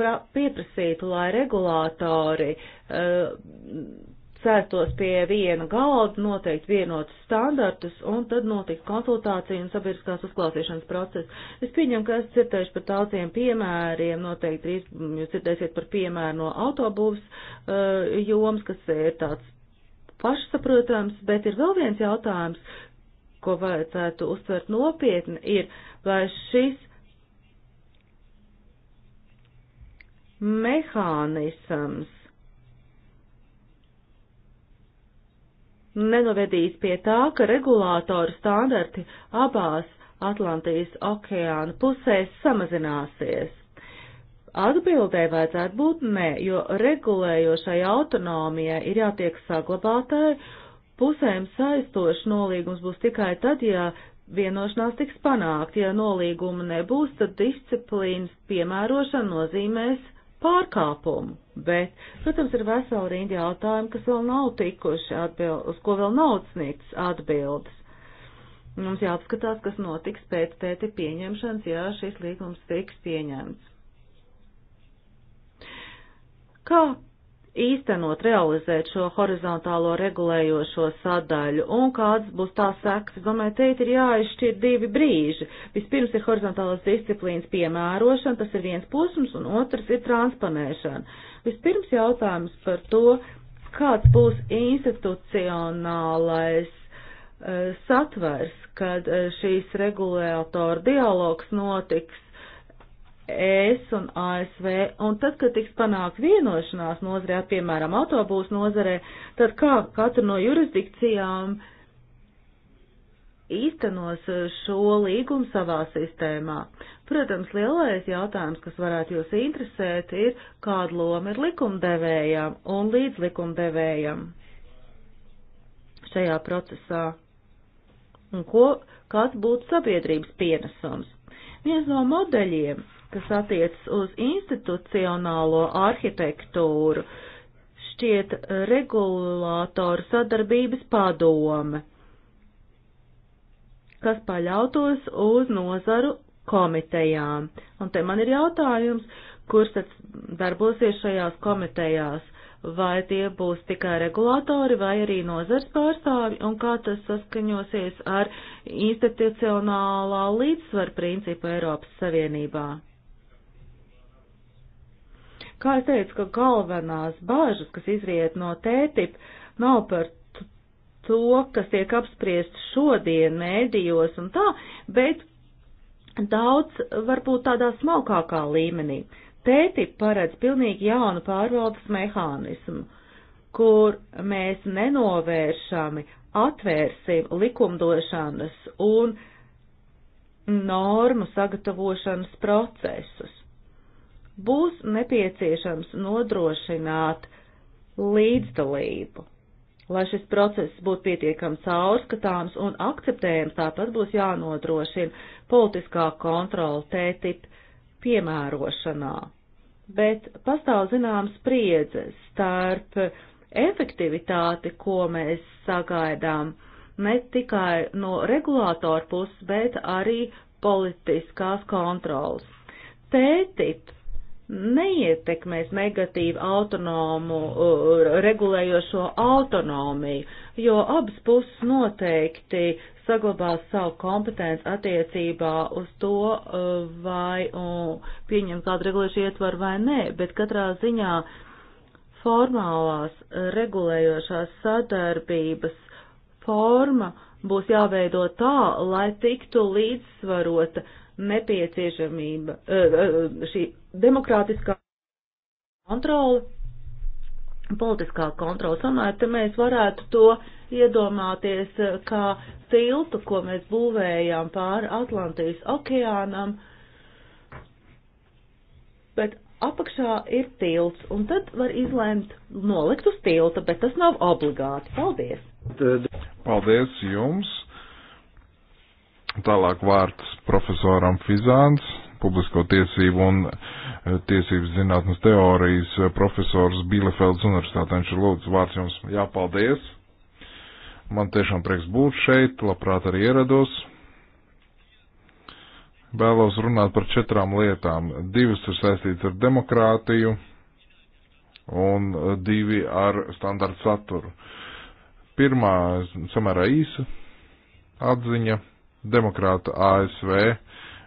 pieprasītu, lai regulātori uh, eh, sēstos pie viena galda, noteikti vienotus standartus, un tad notiks konsultācija un sabiedriskās uzklausīšanas process. Es pieņemu, ka esat dzirdējuši par daudziem piemēriem, noteikti jūs dzirdēsiet par piemēru no autobūvas uh, eh, joms, kas ir tāds pašsaprotams, bet ir vēl viens jautājums, ko vajadzētu uztvert nopietni, ir, vai šis mehānisms nenovedīs pie tā, ka regulātoru standarti abās Atlantijas okeāna pusēs samazināsies. Atbildē vajadzētu būt nē, jo regulējošai autonomijai ir jātiek saglabātāji, pusēm saistošs nolīgums būs tikai tad, ja vienošanās tiks panākt. Ja nolīguma nebūs, tad disciplīnas piemērošana nozīmēs pārkāpumu. Bet, protams, ir vesela rinda jautājumu, kas vēl nav tikuši atbild, uz ko vēl nav sniegts atbildes. Mums jāapskatās, kas notiks pēc tēti pieņemšanas, ja šis līgums tiks pieņemts kā īstenot, realizēt šo horizontālo regulējošo sadaļu un kādas būs tās sekas. Domāju, teit ir jāizšķir divi brīži. Vispirms ir horizontālās disciplīnas piemērošana, tas ir viens posms, un otrs ir transponēšana. Vispirms jautājums par to, kāds būs institucionālais uh, satvers, kad uh, šīs regulātora dialogs notiks ES un ASV, un tad, kad tiks panākt vienošanās nozarē, piemēram, autobūs nozarē, tad kā katra no jurisdikcijām īstenos uh, šo līgumu savā sistēmā. Protams, lielais jautājums, kas varētu jūs interesēt, ir, kāda loma ir likumdevējām un līdz likumdevējām šajā procesā un ko, kāds būtu sabiedrības pienesums. Viens no modeļiem, kas attiecas uz institucionālo arhitektūru, šķiet regulātoru sadarbības padome, kas paļautos uz nozaru komitejām. Un te man ir jautājums, kurš tad darbosies šajās komitejās? vai tie būs tikai regulātori vai arī nozars pārstāvi un kā tas saskaņosies ar institucionālā līdzsvaru principu Eiropas Savienībā. Kā es teicu, ka galvenās bāžas, kas izriet no tētip, nav par to, kas tiek apspriest šodien mēdījos un tā, bet daudz varbūt tādā smalkākā līmenī. Tētip paredz pilnīgi jaunu pārvaldes mehānismu, kur mēs nenovēršami atvērsim likumdošanas un normu sagatavošanas procesus būs nepieciešams nodrošināt līdzdalību. Lai šis process būtu pietiekami caurskatāms un akceptējams, tāpat būs jānodrošina politiskā kontrola tētip piemērošanā. Bet pastāv zināms spriedze starp efektivitāti, ko mēs sagaidām ne tikai no regulātora puses, bet arī politiskās kontrolas. Tētip neietekmēs negatīvi autonomu, uh, regulējošo autonomiju, jo abas puses noteikti saglabās savu kompetenci attiecībā uz to, uh, vai uh, pieņem kādu regulējušu ietvaru vai nē, bet katrā ziņā formālās regulējošās sadarbības forma būs jāveido tā, lai tiktu līdzsvarota nepieciešamība, šī demokrātiskā kontrola, politiskā kontrola. Samēr te mēs varētu to iedomāties eh, kā tiltu, ko mēs būvējām pāri Atlantijas okeānam, bet apakšā ir tilts, un tad var izlēmt nolikt uz tilta, bet tas nav obligāti. Paldies! Paldies jums! Tālāk vārds profesoram Fizāns publisko tiesību un eh, tiesības zinātnes teorijas eh, profesors Bielefelds universitātē. Viņš ir lūdzu vārds jums jāpaldies. Man tiešām prieks būt šeit, labprāt arī ierados. Vēlos runāt par četrām lietām. Divas ir saistītas ar demokrātiju un eh, divi ar standartu saturu. Pirmā samērā īsa atziņa demokrāta ASV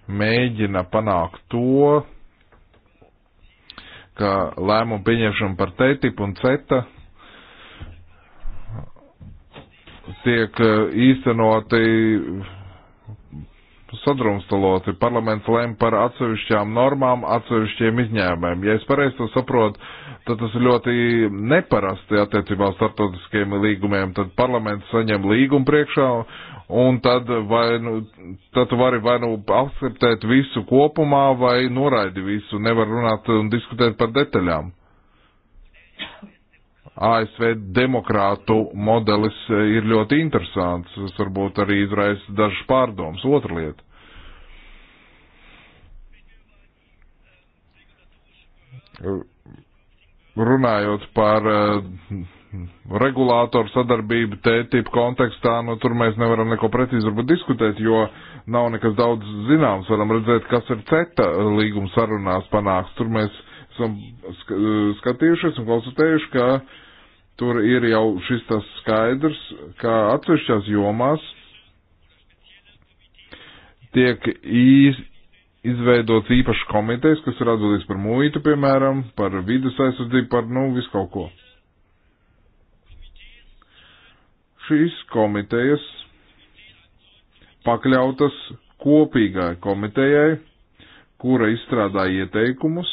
mēģina panākt to, ka lēmumu pieņemšana par TTIP un CETA tiek eh, īstenoti sadrumstaloti. Parlaments lēma par atsevišķām normām, atsevišķiem izņēmēm. Ja es pareizi to saprotu, tad tas ir ļoti neparasti attiecībā uz starptautiskiem līgumiem. Tad parlaments saņem līgumu priekšā un tad, vai, nu, tad tu vari vai nu akceptēt visu kopumā, vai noraidi visu, nevar runāt un diskutēt par detaļām. ASV demokrātu modelis ir ļoti interesants, tas varbūt arī izraisa dažas pārdomas. Otra lieta. Runājot par uh, regulātoru sadarbību tētību kontekstā, nu tur mēs nevaram neko precīzi varbūt diskutēt, jo nav nekas daudz zināms, varam redzēt, kas ir CETA līguma sarunās panāks. Tur mēs esam skatījušies un konsultējuši, ka tur ir jau šis tas skaidrs, ka atsevišķās jomās tiek īs, izveidots īpašs komitejs, kas ir atbildīgs par muitu, piemēram, par vidas aizsardzību, par, nu, visu kaut ko. šīs komitejas pakļautas kopīgai komitejai, kura izstrādā ieteikumus,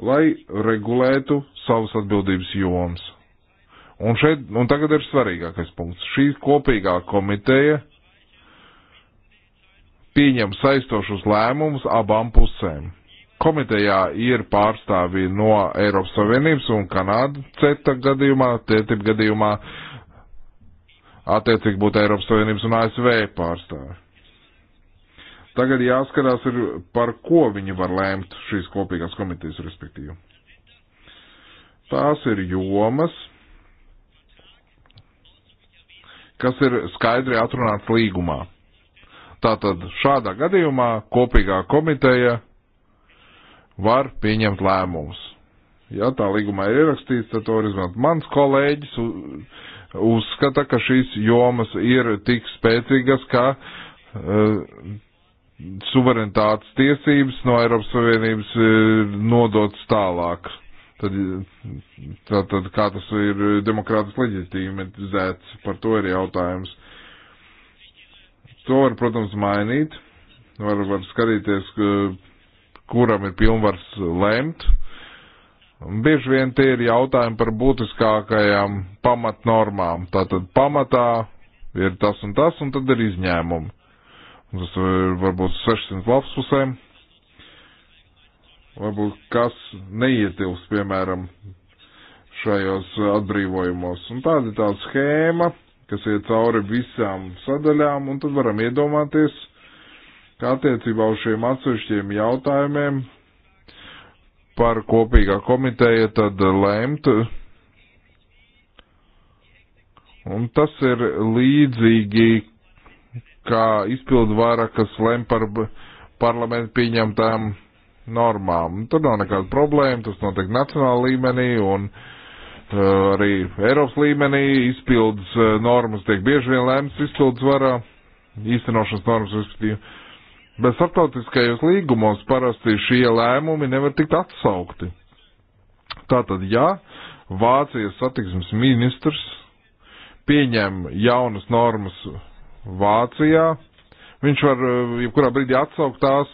lai regulētu savas atbildības jomas. Un šeit, un tagad ir svarīgākais punkts. Šī kopīgā komiteja pieņem saistošus lēmumus abām pusēm komitejā ir pārstāvji no Eiropas Savienības un Kanāda CETA gadījumā, TTIP gadījumā, attiecīgi būtu Eiropas Savienības un ASV pārstāvji. Tagad jāskatās, ir, par ko viņi var lēmt šīs kopīgās komitejas, respektīvi. Tās ir jomas, kas ir skaidri atrunāts līgumā. Tātad šādā gadījumā kopīgā komiteja var pieņemt lēmumus. Ja tā līgumā ir ierakstīts, tad to var izmantot. Mans kolēģis uzskata, ka šīs jomas ir tik spēcīgas, ka uh, suverenitātes tiesības no Eiropas Savienības ir e, nodotas tālāk. Tad, tad, tad kā tas ir demokrātas leģitimizēts, par to ir jautājums. To var, protams, mainīt. Var, var skatīties, ka kuram ir pilnvars lemt. Bieži vien tie ir jautājumi par būtiskākajām pamatnormām. Tātad pamatā ir tas un tas, un tad ir izņēmumi. Tas ir varbūt 600 lapspusēm. Varbūt kas neietilps, piemēram, šajos atbrīvojumos. Un tāda ir tā schēma, kas iet cauri visām sadaļām, un tad varam iedomāties, ka attiecībā uz šiem atsevišķiem jautājumiem par kopīgā komiteja tad lemt. Un tas ir līdzīgi, kā izpildu vara, kas lem par parlamentu pieņemtām normām. Tur nav nekāda problēma, tas notiek nacionāla līmenī un uh, arī Eiropas līmenī izpildes uh, normas tiek bieži vien lemts izpildes varā, īstenošanas normas, respektīvi. Uh, Bet starptautiskajos līgumos parasti šie lēmumi nevar tikt atsaukti. Tātad, ja Vācijas satiksmes ministrs pieņem jaunas normas Vācijā, viņš var e, jebkurā brīdī atsaukt tās.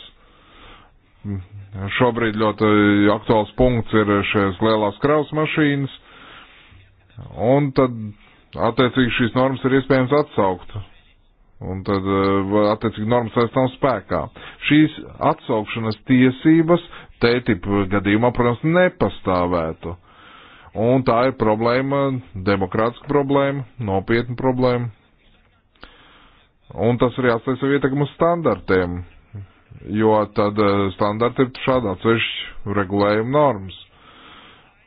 Šobrīd ļoti aktuāls punkts ir šīs lielās kraus mašīnas, un tad attiecīgi šīs normas ir iespējams atsaukt. Un tad, eh, attiecīgi, normas vairs nav spēkā. Šīs atsaukšanas tiesības tētipu gadījumā, protams, nepastāvētu. Un tā ir problēma, demokrātiska problēma, nopietna problēma. Un tas arī atstāja savu ietekmu standartiem, jo tad eh, standarti ir šādā ceļš regulējuma normas.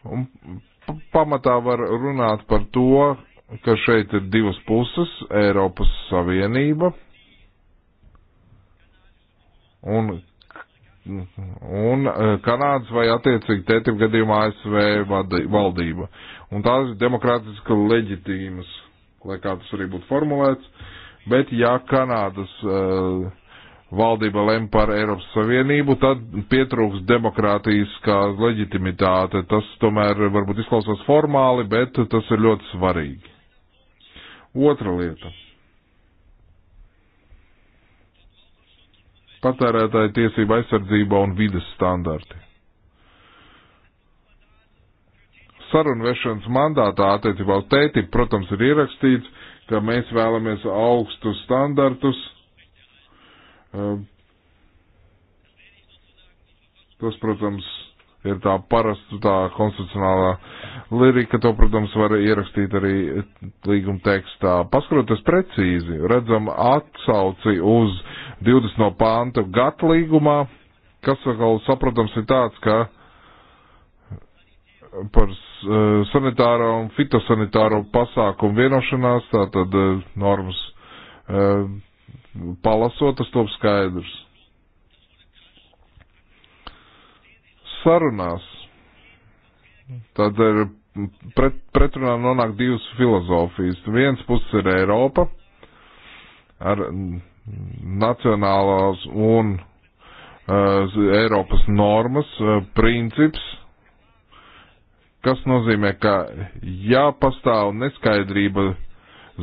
Un pamatā var runāt par to, ka šeit ir divas puses - Eiropas Savienība un, un eh, Kanādas vai attiecīgi tētim gadījumā ASV valdība. Un tās ir demokrātiski leģitīmas, lai kā tas arī būtu formulēts, bet ja Kanādas uh, valdība lem par Eiropas Savienību, tad pietrūks demokrātijas kā leģitimitāte. Tas tomēr varbūt izklausās formāli, bet tas ir ļoti svarīgi. Otra lieta. Patērētāja tiesība aizsardzība un vidas standarti. Sarunvešanas mandātā attiecībā uz tēti, protams, ir ierakstīts, ka mēs vēlamies augstus standartus. Eh, tas, protams, ir tā parasta tā konstitucionālā lirika, to, protams, var ierakstīt arī līguma tekstā. Paskatoties precīzi, redzam atsauci uz 20. No pānta GATT līgumā, kas vēl saprotams ir tāds, ka par e, sanitāro un fitosanitāro pasākumu vienošanās, tātad e, normas e, palasot, tas top skaidrs sarunās, tad ir pret, pretrunā nonāk divas filozofijas. Viens puses ir Eiropa ar nacionālās un uh, Eiropas normas, uh, princips, kas nozīmē, ka ja pastāv neskaidrība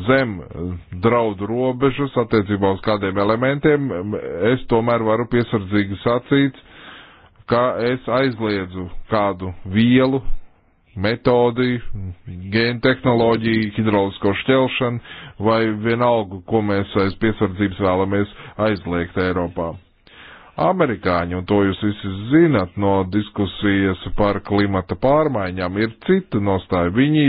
zem eh, draudu robežas attiecībā uz kādiem elementiem, es tomēr varu piesardzīgi sacīt, ka es aizliedzu kādu vielu, metodi, gēntehnoloģiju, hidraulisko šķelšanu vai vienalga, ko mēs aiz piesardzības vēlamies aizliegt Eiropā. Amerikāņi, un to jūs visi zinat no diskusijas par klimata pārmaiņām, ir cita nostāja. Viņi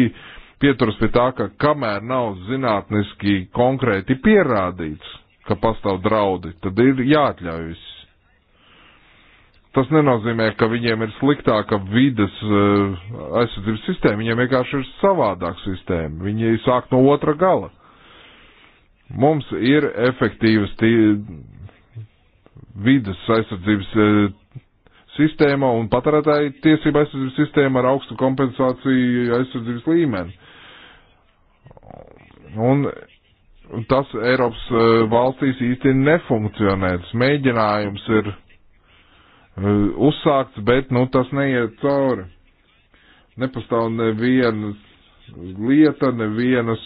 pieturas pie tā, ka kamēr nav zinātniski konkrēti pierādīts, ka pastāv draudi, tad ir jāatļaujas Tas nenozīmē, ka viņiem ir sliktāka vidas eh, aizsardzības sistēma, viņiem vienkārši ir savādāk sistēma, viņi sāk no otra gala. Mums ir efektīvas vidas aizsardzības eh, sistēma un patērētāji tiesība aizsardzības sistēma ar augstu kompensāciju aizsardzības līmeni. Un tas Eiropas eh, valstīs īsti nefunkcionē. Tas mēģinājums ir Eh, uzsākts, bet nu, tas neiet cauri. Nepastāv nevienas lieta, nevienas,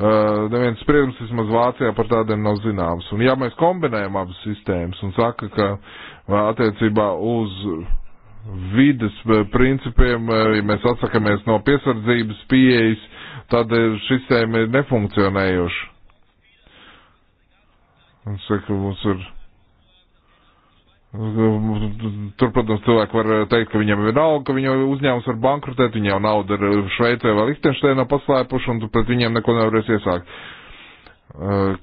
uh, neviens spriedums vismaz Vācijā par tādiem nav zināms. Un ja mēs kombinējam abas sistēmas un saka, ka eh, attiecībā uz vides principiem, ja mēs atsakamies no piesardzības pieejas, tad šis sistēma ir nefunkcionējoša. Un saka, mums ir Tur, protams, cilvēki var teikt, ka viņam ir nauda, ka viņu uzņēmums var bankrotēt, viņam jau nauda ir Šveicē vai Lichtensteinā paslēpuši, un pret viņiem neko nevarēs iesākt. Eh,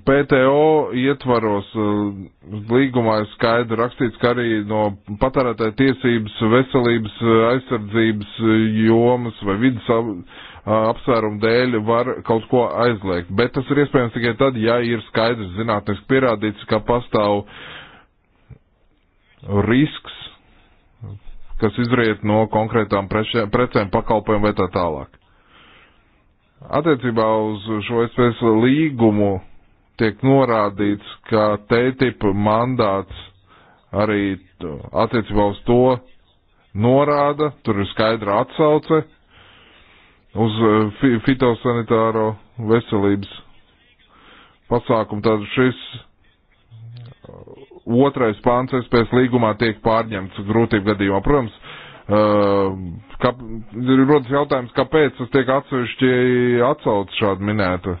PTO ietvaros eh, līgumā ir skaidri rakstīts, ka arī no patērētāja tiesības, veselības, aizsardzības eh, jomas vai vidas apsvērumu dēļ var kaut ko aizliegt. Bet tas ir iespējams tikai tad, ja ir skaidrs zinātniski pierādīts, ka pastāv risks, kas izriet no konkrētām prečēm, precēm, pakalpojumiem vai tā tālāk. Attiecībā uz šo SPS līgumu tiek norādīts, ka TTIP mandāts arī attiecībā uz to norāda, tur ir skaidra atsauce, uz eh, fitosanitāro veselības pasākumu. Tad šis eh, otrais pāns SPS līgumā tiek pārņemts grūtību gadījumā. Protams, eh, kā, ir rodas jautājums, kāpēc tas tiek atsevišķi atsauc šādi minēta.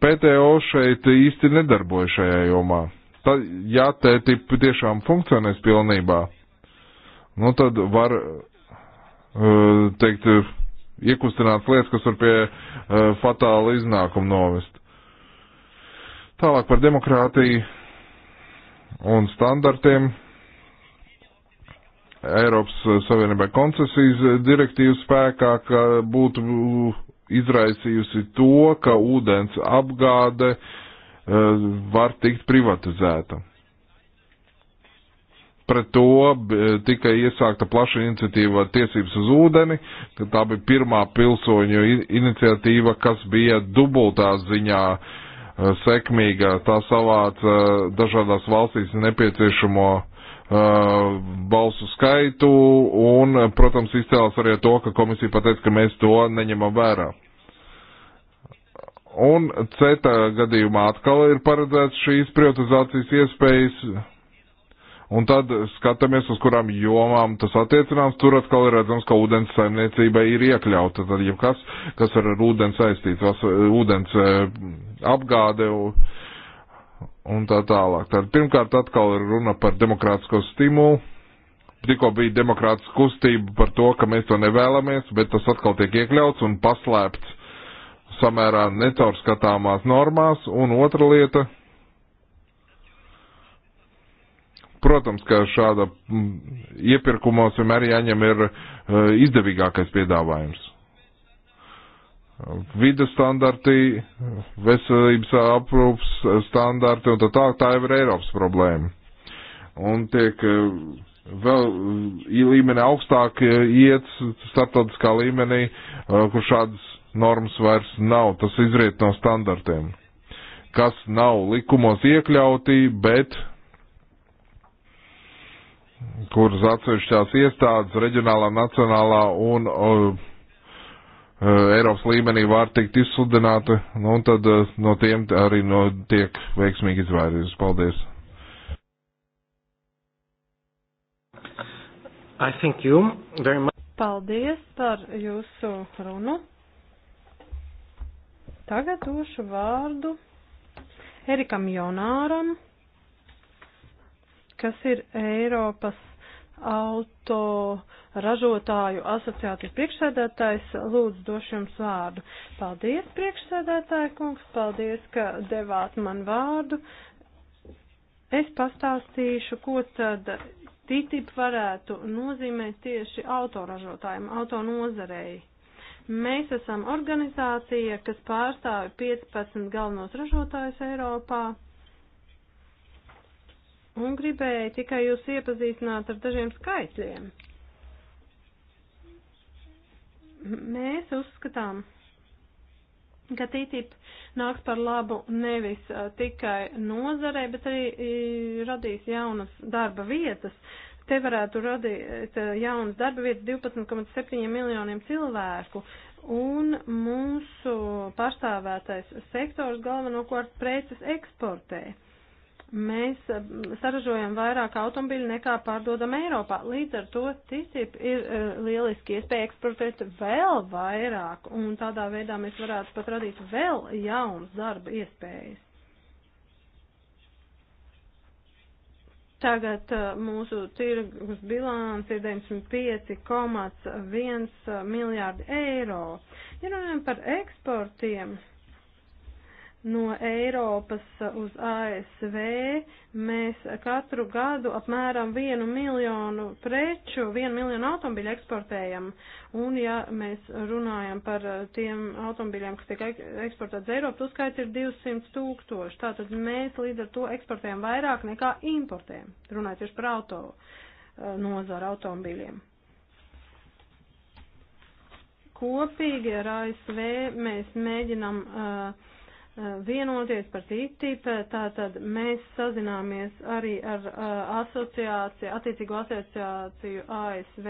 PTO šeit īsti nedarbojas šajā jomā. Tad, ja te tip tiešām funkcionēs pilnībā, nu tad var teikt, iekustināts lietas, kas var pie uh, fatāla iznākuma novest. Tālāk par demokrātiju un standartiem. Eiropas Savienībai koncesijas direktīvas spēkā, ka būtu izraisījusi to, ka ūdens apgāde uh, var tikt privatizēta pret to tika iesākta plaša iniciatīva Tiesības uz ūdeni, ka tā bija pirmā pilsoņu iniciatīva, kas bija dubultā ziņā e, sekmīga. Tā savāca dažādās valstīs nepieciešamo uh, balsu skaitu un, protams, izcēlās arī to, ka komisija pateica, ka mēs to neņemam vērā. Un CETA gadījumā atkal ir paredzēts šīs privatizācijas iespējas Un tad skatāmies, uz kurām jomām tas attiecināms. Tur atkal ir redzams, ka ūdens saimniecība ir iekļauta. Tad jau kas, kas ar ūdens saistīts, vas, ūdens e, apgāde un tā tālāk. Tad pirmkārt atkal ir runa par demokrātisko stimulu. Tikko bija demokrātiska kustība par to, ka mēs to nevēlamies, bet tas atkal tiek iekļauts un paslēpts samērā necaurskatāmās normās. Un otra lieta Protams, ka šāda mm, iepirkumos vienmēr jāņem ir eh, izdevīgākais piedāvājums. Vides standarti, veselības aprūps standarti un tā tā, tā jau ir Eiropas problēma. Un tiek eh, vēl eh, līmeni augstāk iet starptautiskā līmenī, kur šādas normas vairs nav. Tas izriet no standartiem, kas nav likumos iekļauti, bet kuras atsevišķās iestādes reģionālā, nacionālā un uh, Eiropas līmenī var tikt izsludināta, nu, un tad e, no tiem arī no tiek veiksmīgi izvairījusi. Paldies! Paldies par jūsu runu. Tagad došu vārdu Erikam Jonāram kas ir Eiropas auto ražotāju asociācijas priekšsēdētājs. Lūdzu, došu jums vārdu. Paldies, priekšsēdētāja kungs, paldies, ka devāt man vārdu. Es pastāstīšu, ko tad TTIP varētu nozīmēt tieši autoražotājiem, autonozarei. Mēs esam organizācija, kas pārstāv 15 galvenos ražotājus Eiropā. Un gribēju tikai jūs iepazīstināt ar dažiem skaitļiem. Mēs uzskatām, ka TTIP nāks par labu nevis tikai nozarei, bet arī radīs jaunas darba vietas. Te varētu radīt jaunas darba vietas 12,7 miljoniem cilvēku, un mūsu pārstāvētais sektors galvenokārt preces eksportē. Uh, Mēs eh, saražojam vairāk automobiļu nekā pārdodam Eiropā. Līdz ar to TISIP ir eh, lieliski iespēja eksportēt vēl vairāk, un tādā veidā mēs varētu pat radīt vēl jaunas darba iespējas. Tagad eh, mūsu tirgus bilāns ir 95,1 miljārdi eiro. Ja runājam par eksportiem, no Eiropas uz ASV mēs katru gadu apmēram vienu miljonu preču, vienu miljonu automobiļu eksportējam. Un ja mēs runājam par tiem automobiļiem, kas tiek eksportēts Eiropas, uzskaits ir 200 tūkstoši. Tātad mēs līdz ar to eksportējam vairāk nekā importējam, runājot tieši par auto eh, nozaru automobīļiem. Kopīgi ar ASV mēs mēģinam uh, vienoties par TTIP, tātad mēs sazināmies arī ar asociāciju, attiecīgo asociāciju ASV,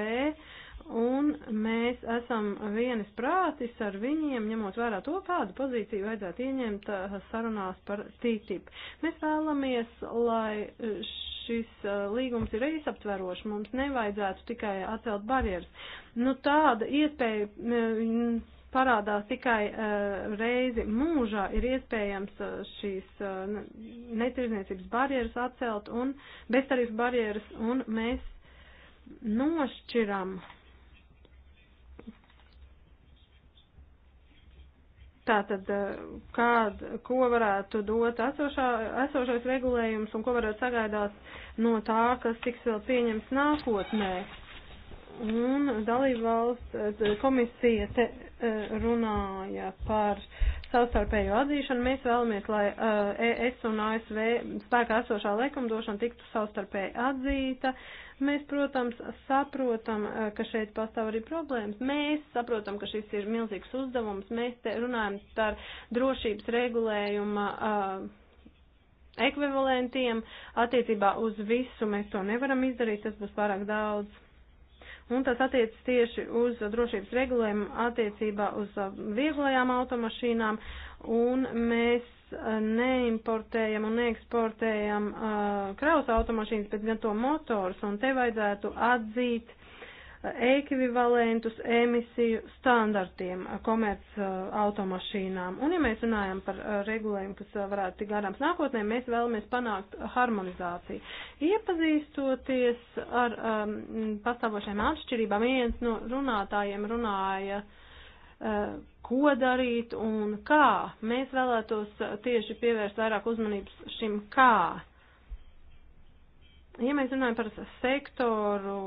un mēs esam vienas prātis ar viņiem, ņemot vērā to, kādu pozīciju vajadzētu ieņemt sarunās par TTIP. Mēs vēlamies, lai šis līgums ir īsaptverošs, mums nevajadzētu tikai atcelt barjeras. Nu, tāda iespēja parādās tikai uh, reizi mūžā, ir iespējams uh, šīs uh, netirdzniecības barjeras atcelt un beztarīfu barjeras, un mēs nošķiram. Tātad, kād, ko varētu dot esošā, esošais regulējums un ko varētu sagaidāt no tā, kas tiks vēl pieņems nākotnē. Un dalībvalsts komisija te E, runāja par savstarpēju atzīšanu. Mēs vēlamies, lai ES e un ASV spēkā esošā likumdošana tiktu savstarpēji atzīta. Mēs, protams, saprotam, e, ka šeit pastāv arī problēmas. Mēs saprotam, ka šis ir milzīgs uzdevums. Mēs te runājam par drošības regulējuma uh, ekvivalentiem. Attiecībā uz visu mēs to nevaram izdarīt, tas būs pārāk daudz un tas attiec tieši uz drošības regulējumu attiecībā uz uh, vieglajām automašīnām, un mēs uh, neimportējam un neeksportējam uh, kraus automašīnas, bet gan to motors, un te vajadzētu atzīt ekvivalentus emisiju standartiem komerc uh, automašīnām. Un ja mēs runājam par uh, regulējumu, kas uh, varētu tik garāms nākotnē, mēs vēlamies panākt harmonizāciju. Iepazīstoties ar um, pastāvošajām atšķirībām, viens no runātājiem runāja, uh, ko darīt un kā. Mēs vēlētos tieši pievērst vairāk uzmanības šim kā. Ja mēs runājam par sektoru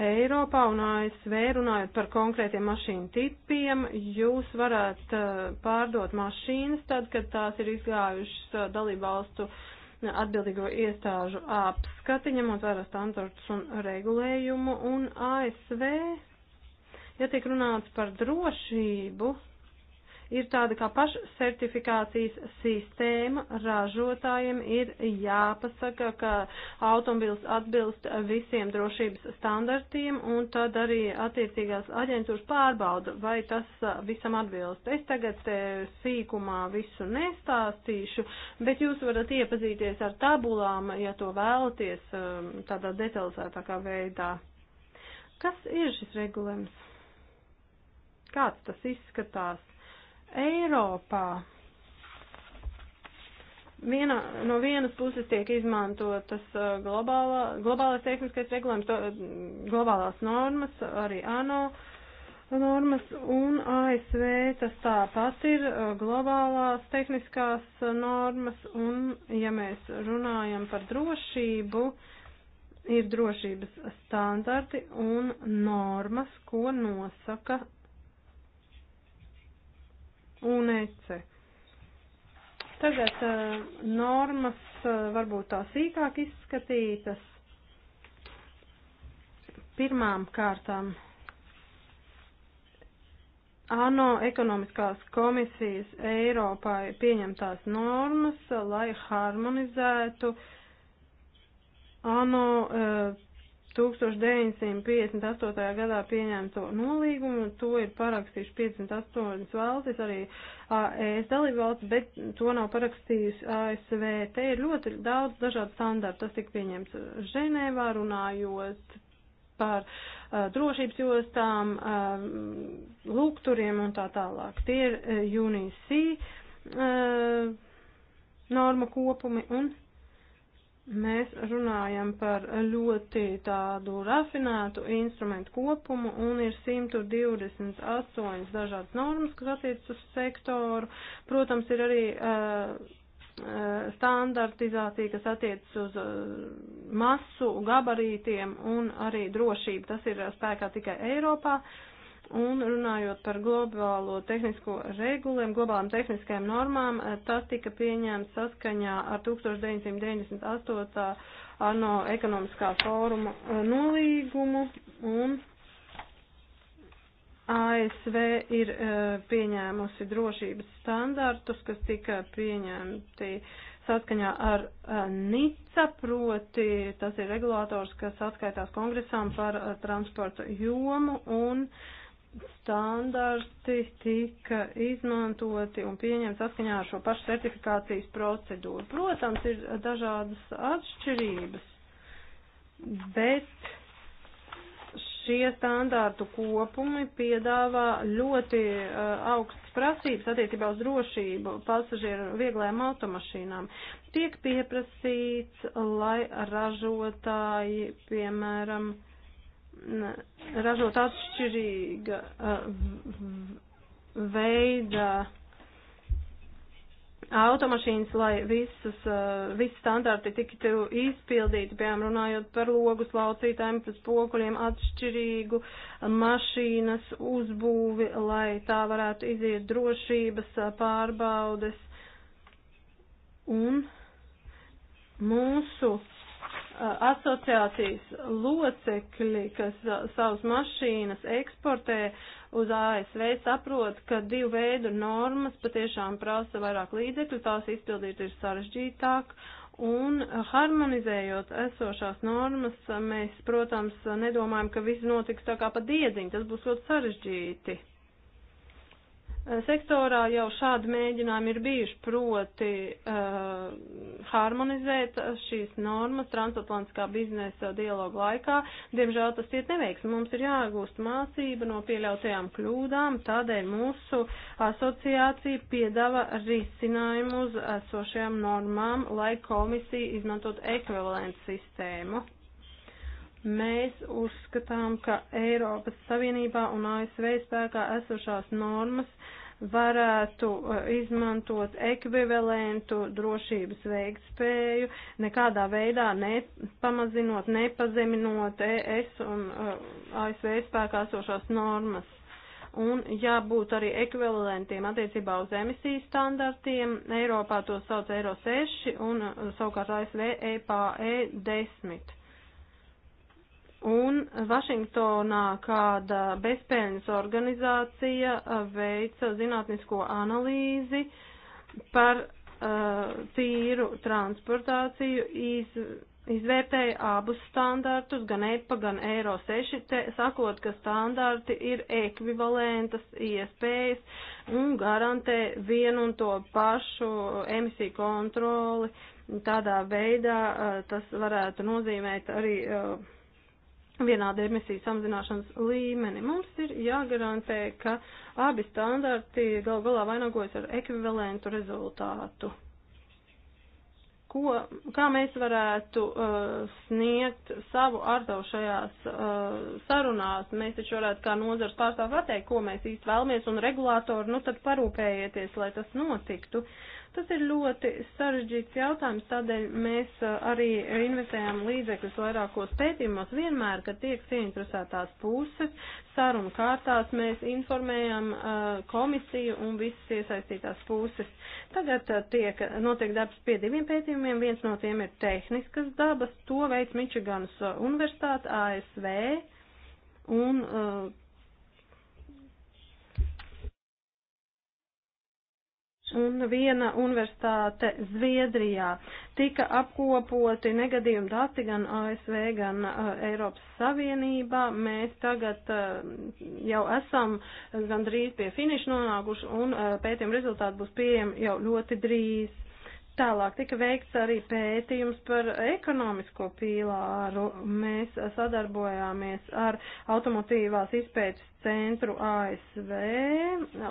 Eiropā un ASV runājot par konkrētiem mašīnu tipiem, jūs varat eh, pārdot mašīnas tad, kad tās ir izgājušas eh, dalībvalstu atbildīgo iestāžu apskati, ņemot vērā standartus un regulējumu, un ASV, ja tiek runāts par drošību, ir tāda kā pašsertifikācijas sistēma. Ražotājiem ir jāpasaka, ka automobils atbilst visiem drošības standartiem, un tad arī attiecīgās aģentūras pārbauda, vai tas visam atbilst. Es tagad sīkumā visu nestāstīšu, bet jūs varat iepazīties ar tabulām, ja to vēlaties, tādā detalizētākā veidā. Kas ir šis regulējums? Kāds tas izskatās? Eiropā. Vienā, no vienas puses tiek izmantotas uh, globālā, globālais tehniskais regulējums, to, uh, globālās normas, arī ANO normas, un ASV tas tāpat ir uh, globālās tehniskās normas, un ja mēs runājam par drošību, ir drošības standarti un normas, ko nosaka un ECE. Tagad uh, normas uh, varbūt tā sīkāk izskatītas. Pirmām kārtām ANO ekonomiskās komisijas Eiropai pieņemtās normas, lai harmonizētu ANO uh, 1958. gadā pieņemto nolīgumu, to ir parakstījuši 58 valstis, arī AS e dalībvalsts, bet to nav parakstījusi ASV. Te ir ļoti daudz dažādu standartu, tas tika pieņemts Ženēvā runājot par uh, drošības jostām, uh, lūgturiem un tā tālāk. Tie ir uh, UNIC uh, norma kopumi un Mēs runājam par ļoti tādu rafinētu instrumentu kopumu un ir 128 dažādas normas, kas attiecas uz sektoru. Protams, ir arī uh, standartizācija, kas attiecas uz eh, masu, gabarītiem un arī drošību. Tas ir spēkā tikai Eiropā. Uh, Un runājot par globālo tehnisko regulēm, globālām tehniskajām normām, eh, tas tika pieņēmts saskaņā ar 1998. ANO ekonomiskā fóruma eh, nolīgumu un ASV ir eh, pieņēmusi drošības standartus, kas tika pieņemti saskaņā ar NICA, proti tas ir regulators, kas atskaitās kongresām par transporta jomu un uh, standarti tika izmantoti un pieņemti saskaņā ar šo pašu certifikācijas procedūru. Protams, ir dažādas atšķirības, bet šie standārtu kopumi piedāvā ļoti uh, augstas prasības attiecībā uz drošību pasažieru vieglajām automašīnām. Tiek pieprasīts, lai ražotāji, piemēram, uh, ražot atšķirīga veida automašīnas, lai visas, visi standarti tiktu izpildīti, piemēram, runājot par logus laucītājiem, par spokuļiem, atšķirīgu mašīnas uzbūvi, lai tā varētu iziet drošības pārbaudes. Un mūsu Uh, asociācijas locekļi, kas uh, savas mašīnas eksportē uz ASV, saprot, ka divu veidu normas patiešām prasa vairāk līdzekļu, tās izpildīt ir sarežģītāk. Un uh, harmonizējot esošās normas, mēs, protams, nedomājam, ka viss notiks tā kā pa diedziņu, tas būs ļoti sarežģīti. Eh, sektorā jau šādi mēģinājumi ir bijuši proti uh, harmonizēt šīs normas transatlantiskā biznesa dialogu laikā. Diemžēl tas iet neveiks. Mums ir jāgūst mācība no pieļautajām kļūdām, tādēļ mūsu asociācija piedāva risinājumu uz esošajām normām, lai komisija izmantot ekvivalents sistēmu. Mēs uzskatām, ka Eiropas Savienībā un ASV spēkā esošās normas varētu uh, izmantot ekvivalentu drošības veiktspēju, nekādā veidā nepamazinot, nepazeminot ES un uh, ASV spēkā esošās normas un jābūt arī ekvivalentiem attiecībā uz emisiju standartiem. Eiropā to sauc Eiro 6 un uh, savukārt ASV EPA E10. Un Vašingtonā kāda bezpēļņas organizācija uh, veica zinātnisko analīzi par uh, tīru transportāciju, iz, izvērtēja abus standartus, gan EPA, gan Eiro 6, te, sakot, ka standarti ir ekvivalentas iespējas un garantē vienu un to pašu emisiju kontroli. Tādā veidā uh, tas varētu nozīmēt arī. Uh, vienādu emisiju samazināšanas līmeni. Mums ir jāgarantē, ka abi standarti gal galā vainagojas ar ekvivalentu rezultātu. Ko, kā mēs varētu uh, sniegt savu artavu šajās uh, sarunās? Mēs taču varētu kā nozars pārstāv pateikt, ko mēs īsti vēlamies, un regulātori, nu tad parūpējieties, lai tas notiktu. Uh, Tas ir ļoti sarežģīts jautājums, tādēļ mēs uh, arī investējam līdzekļus vairākos pētījumos. Vienmēr, kad tiek ieinteresētās puses, sarunu kārtās mēs informējam uh, komisiju un visas iesaistītās puses. Tagad uh, tiek notiek darbs pie diviem pētījumiem. Viens no tiem ir tehniskas dabas, to veids Mičiganas Universitāte ASV. Un uh, un viena universitāte Zviedrijā. Tika apkopoti negadījumi dati gan ASV, gan uh, Eiropas Savienībā. Mēs tagad uh, jau esam gandrīz pie finiša nonākuši un uh, pētījuma rezultāti būs pieejami jau ļoti drīz. Tālāk tika veikts arī pētījums par ekonomisko pīlāru. Mēs sadarbojāmies ar automotīvās izpētes centru ASV,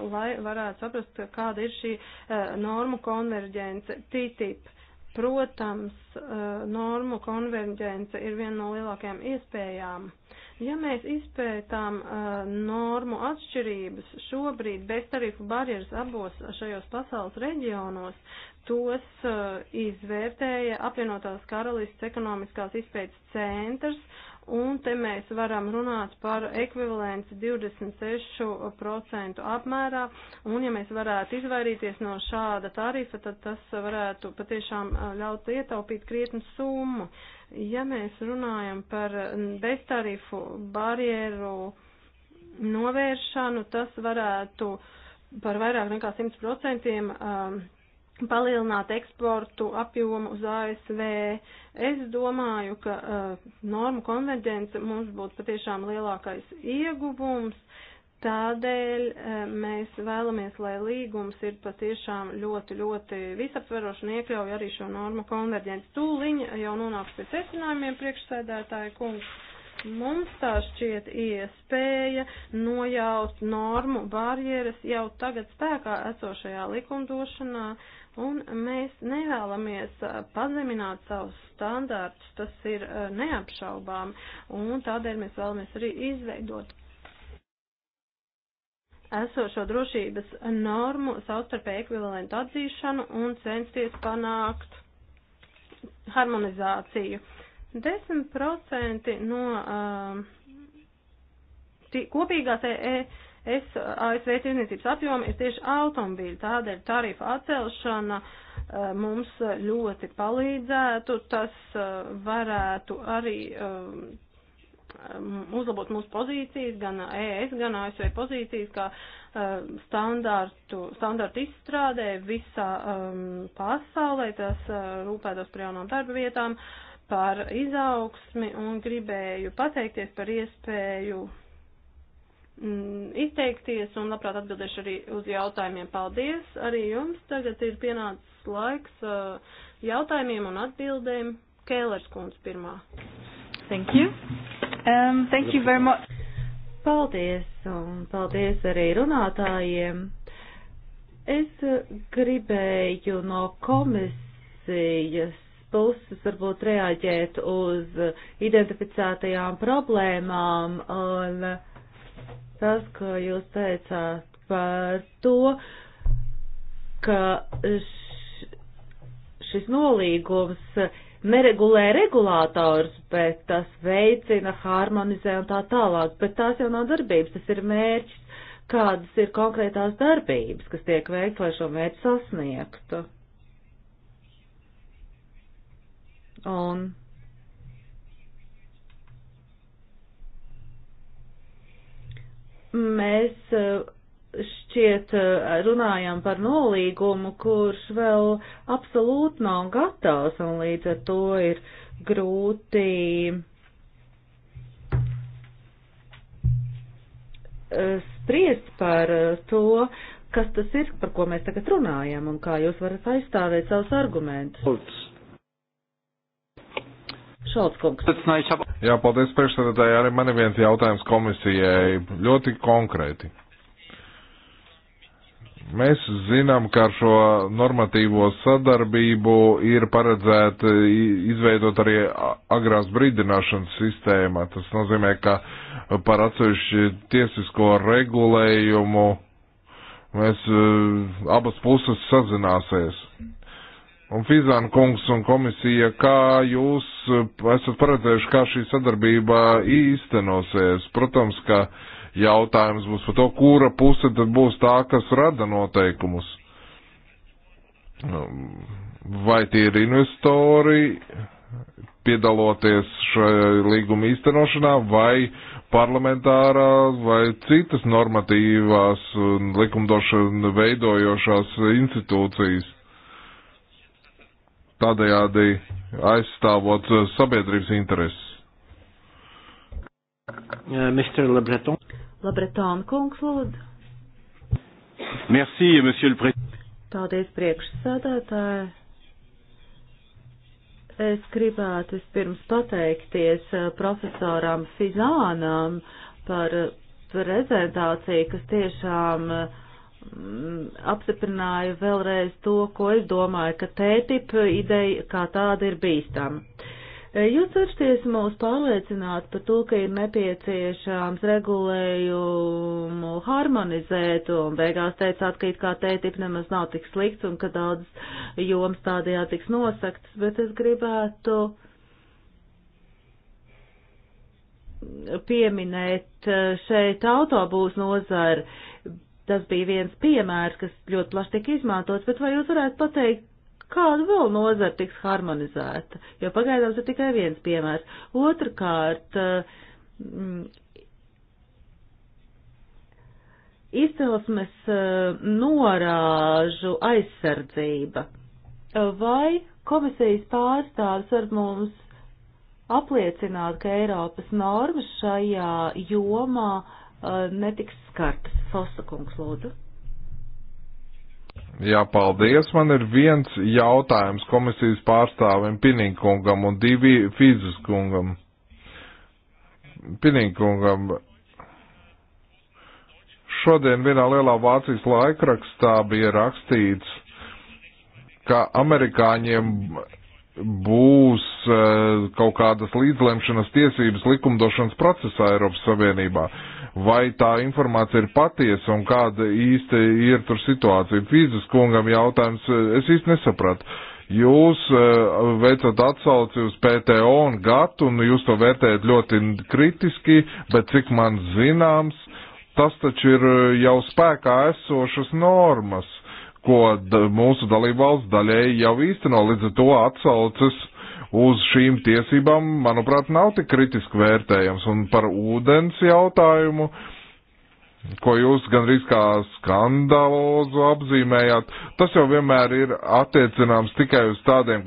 lai varētu saprast, kāda ir šī eh, normu konverģence TTIP. Protams, eh, normu konverģence ir viena no lielākajām iespējām. Ja mēs izpētām uh, normu atšķirības šobrīd bez tarifu barjeras abos šajos pasaules reģionos, Tos uh, izvērtēja apvienotās karalistas ekonomiskās izpētes centrs, un te mēs varam runāt par ekvivalenci 26% apmērā, un ja mēs varētu izvairīties no šāda tarifa, tad tas varētu patiešām eh, ļaut ietaupīt krietnu summu. Ja mēs runājam par beztarifu barjeru novēršanu, tas varētu par vairāk nekā 100% um, palielināt eksportu apjomu uz ASV. Es domāju, ka uh, normu konverģence mums būtu patiešām lielākais ieguvums. Tādēļ uh, mēs vēlamies, lai līgums ir patiešām ļoti, ļoti visaptveroši un iekļauj arī šo normu konverģenci. Tūliņ jau nonāks pie secinājumiem priekšsēdētāja kungs. Mums tā šķiet iespēja nojaust normu barjeras jau tagad spēkā esošajā likumdošanā. Uh, un mēs nevēlamies uh, pazemināt savus standārtus, tas ir uh, neapšaubām, un tādēļ mēs vēlamies arī izveidot esošo drošības normu savstarpēji ekvivalentu atzīšanu un censties panākt harmonizāciju. 10% no uh, kopīgās EE e es, ASV tirniecības apjoma ir tieši automobīļi, tādēļ tarifa atcelšana eh, mums ļoti palīdzētu, tas eh, varētu arī eh, uzlabot mūsu pozīcijas, gan ES, gan ASV pozīcijas, kā standartu, standartu izstrādē visā pasaulē, tas rūpētos par jaunām darba vietām, par izaugsmi un gribēju pateikties par iespēju Mm, izteikties un labprāt atbildēšu arī uz jautājumiem. Paldies arī jums. Tagad ir pienācis laiks uh, jautājumiem un atbildēm. Kēlers kundze pirmā. Thank you. Um, thank you very much. Paldies un paldies arī runātājiem. Es uh, gribēju no komisijas puses varbūt reaģēt uz uh, identificētajām problēmām un uh, tas, ko jūs teicāt par to, ka šis nolīgums neregulē regulātors, bet tas veicina, harmonizē un tā tālāk, bet tās jau nav darbības, tas ir mērķis, kādas ir konkrētās darbības, kas tiek veikts, lai šo mērķi sasniegtu. Un mēs e, šķiet e, runājam par nolīgumu, kurš vēl absolūti nav gatavs, un līdz ar to ir grūti e, spriest par to, kas tas ir, par ko mēs tagad runājam, un kā jūs varat aizstāvēt savus argumentus. Lūdzu. Šaltskungs. Jā, paldies priekšsēdētāji. Arī man ir viens jautājums komisijai. Ļoti konkrēti. Mēs zinām, ka ar šo normatīvo sadarbību ir paredzēta izveidot arī agrās brīdināšanas sistēmā. Tas nozīmē, ka par atsevišķu tiesisko regulējumu mēs eh, abas puses sazināsies. Mm Un Fizāna kungs un komisija, kā jūs eh, esat paredzējuši, kā šī sadarbība īstenosies? Protams, ka jautājums būs par to, kura puse tad būs tā, kas rada noteikumus. Um, vai tie ir investori piedaloties šajā līguma īstenošanā, vai parlamentārā, vai citas normatīvās un likumdošana veidojošās institūcijas? tādējādi aizstāvot eh, sabiedrības intereses. Eh, Mr. Lebreton. Lebreton kungs, lūdzu. Merci, monsieur le président. Paldies, priekšsādātāji. Es gribētu vispirms pateikties eh, profesoram Fizānam par prezentāciju, kas tiešām uh, Mm, apstiprināja vēlreiz to, ko es domāju, ka tētip ideja kā tāda ir bīstama. E, jūs cenšaties mūs pārliecināt par to, ka ir nepieciešams regulējumu harmonizēt, un beigās teicāt, ka it kā tētip nemaz nav tik slikts un ka daudz joms tādajā tiks nosaktas, bet es gribētu pieminēt e, šeit autobūs nozari Tas bija viens piemērs, kas ļoti plaši tiek izmantots, bet vai jūs varētu pateikt, kāda vēl nozara tiks harmonizēta? Jo pagaidām tas ir tikai viens piemērs. Otrakārt, eh, izcelsmes eh, norāžu aizsardzība. Vai komisijas pārstāvis var mums apliecināt, ka Eiropas normas šajā jomā eh, netiks skartas? Fosa kungs, lūdzu. Jā, paldies. Man ir viens jautājums komisijas pārstāvim Pinīkungam un divi Fīzes kungam. Pinīkungam. Šodien vienā lielā Vācijas laikrakstā bija rakstīts, ka amerikāņiem būs eh, kaut kādas līdzlemšanas tiesības likumdošanas procesā Eiropas Savienībā. Uh, vai tā informācija ir patiesa un kāda īsti ir tur situācija. Fīzes kungam jautājums, eh, es īsti nesapratu. Jūs eh, veicat atsauci uz PTO un GATT, un jūs to vērtējat ļoti kritiski, bet cik man zināms, tas taču ir eh, jau spēkā esošas normas, ko da, mūsu dalībvalsts daļēji jau īsteno, līdz ar to atsaucas uz šīm tiesībām, manuprāt, nav tik kritiski vērtējams. Un par ūdens jautājumu, ko jūs gandrīz kā skandalozu apzīmējāt, tas jau vienmēr ir attiecināms tikai uz tādiem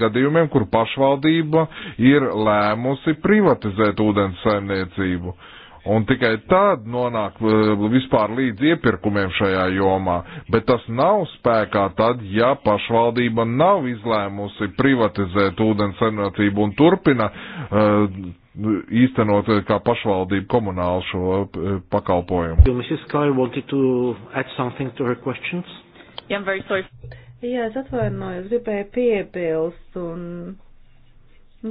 gadījumiem, kur pašvaldība ir lēmusi privatizēt ūdens saimniecību. Uh, Un tikai tad nonāk e, vispār līdz iepirkumiem šajā jomā, bet tas nav spēkā tad, ja pašvaldība nav izlēmusi privatizēt ūdens saimniecību un turpina uh, īstenot e, kā pašvaldība komunālu šo uh, pakalpojumu. Yeah, Jā, es atvainojos, gribēju piebilst un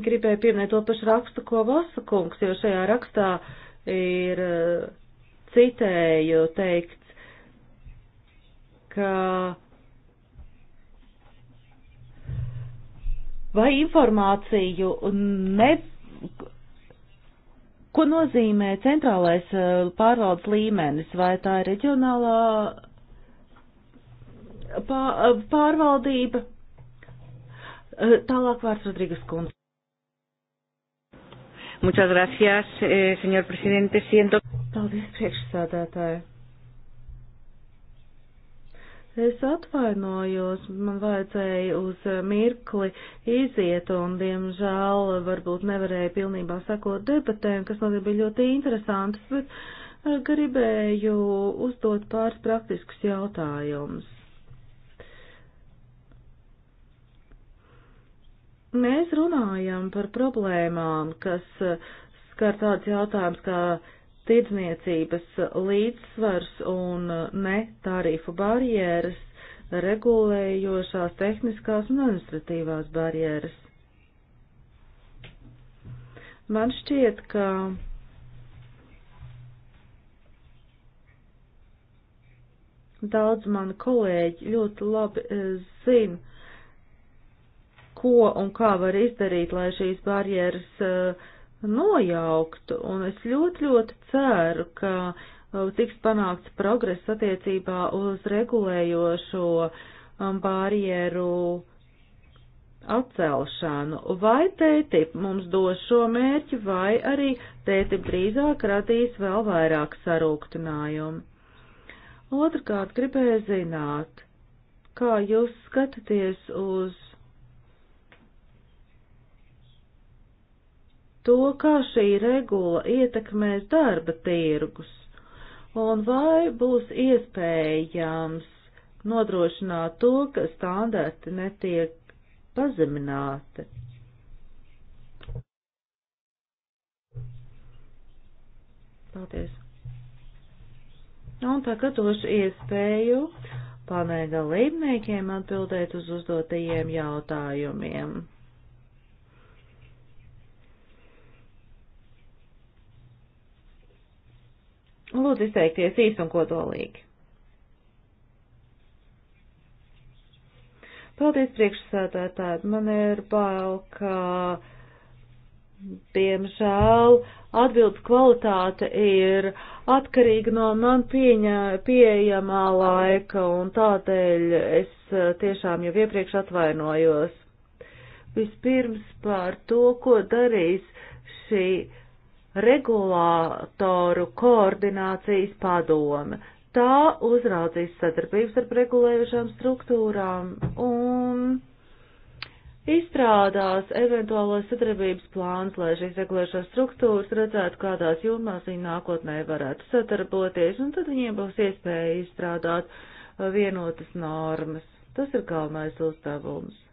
gribēju pieminēt to pašu rakstu, ko Vasa kungs, jo šajā rakstā uh, ir eh, citēju teikt, ka vai informāciju ne, ko nozīmē centrālais eh, pārvaldes līmenis, vai tā ir reģionālā eh, pārvaldība. Tālāk vārds Rodrīgas kundze. Muchas gracias, eh, señor presidente. Siento... Paldies, priekšsādātāji. Es atvainojos, man vajadzēja uz mirkli iziet un, diemžēl, varbūt nevarēju pilnībā sakot debatēm, kas man bija ļoti interesantas, bet eh, gribēju uzdot pāris praktiskus jautājumus. Mēs runājam par problēmām, kas eh, skar tāds jautājums kā tirdzniecības līdzsvars un eh, netarifu barjeras, regulējošās tehniskās un administratīvās barjeras. Man šķiet, ka daudz mani kolēģi ļoti labi eh, zina, ko un kā var izdarīt, lai šīs barjeras uh, nojauktu. Un es ļoti, ļoti ceru, ka uh, tiks panākts progress attiecībā uz regulējošo um, barjeru atcelšanu. Vai tētip mums dos šo mērķi, vai arī tētip drīzāk radīs vēl vairāk sarūktinājumu. Otrkārt, gribēju zināt, kā jūs skatāties uz to, kā šī regula ietekmēs darba tirgus un vai būs iespējams nodrošināt to, ka standarti netiek pazemināti. Paldies. Un tagad došu iespēju panēga līdniekiem atbildēt uz uzdotajiem jautājumiem. Lūdzu izteikties īsi un kodolīgi. Paldies priekšsēdētāji, man ir bail, ka, diemžēl, atbildes kvalitāte ir atkarīga no man pieņa, pieejamā laika, un tādēļ es eh, tiešām jau iepriekš atvainojos. Vispirms par to, ko darīs šī regulātoru koordinācijas padome. Tā uzraudzīs sadarbības ar regulējušām struktūrām un izstrādās eventuālos sadarbības plāns, lai šīs regulējušās struktūras redzētu, kādās jomās viņi nākotnē varētu sadarboties, un tad viņiem būs iespēja izstrādāt vienotas normas. Tas ir galvenais uzdevums.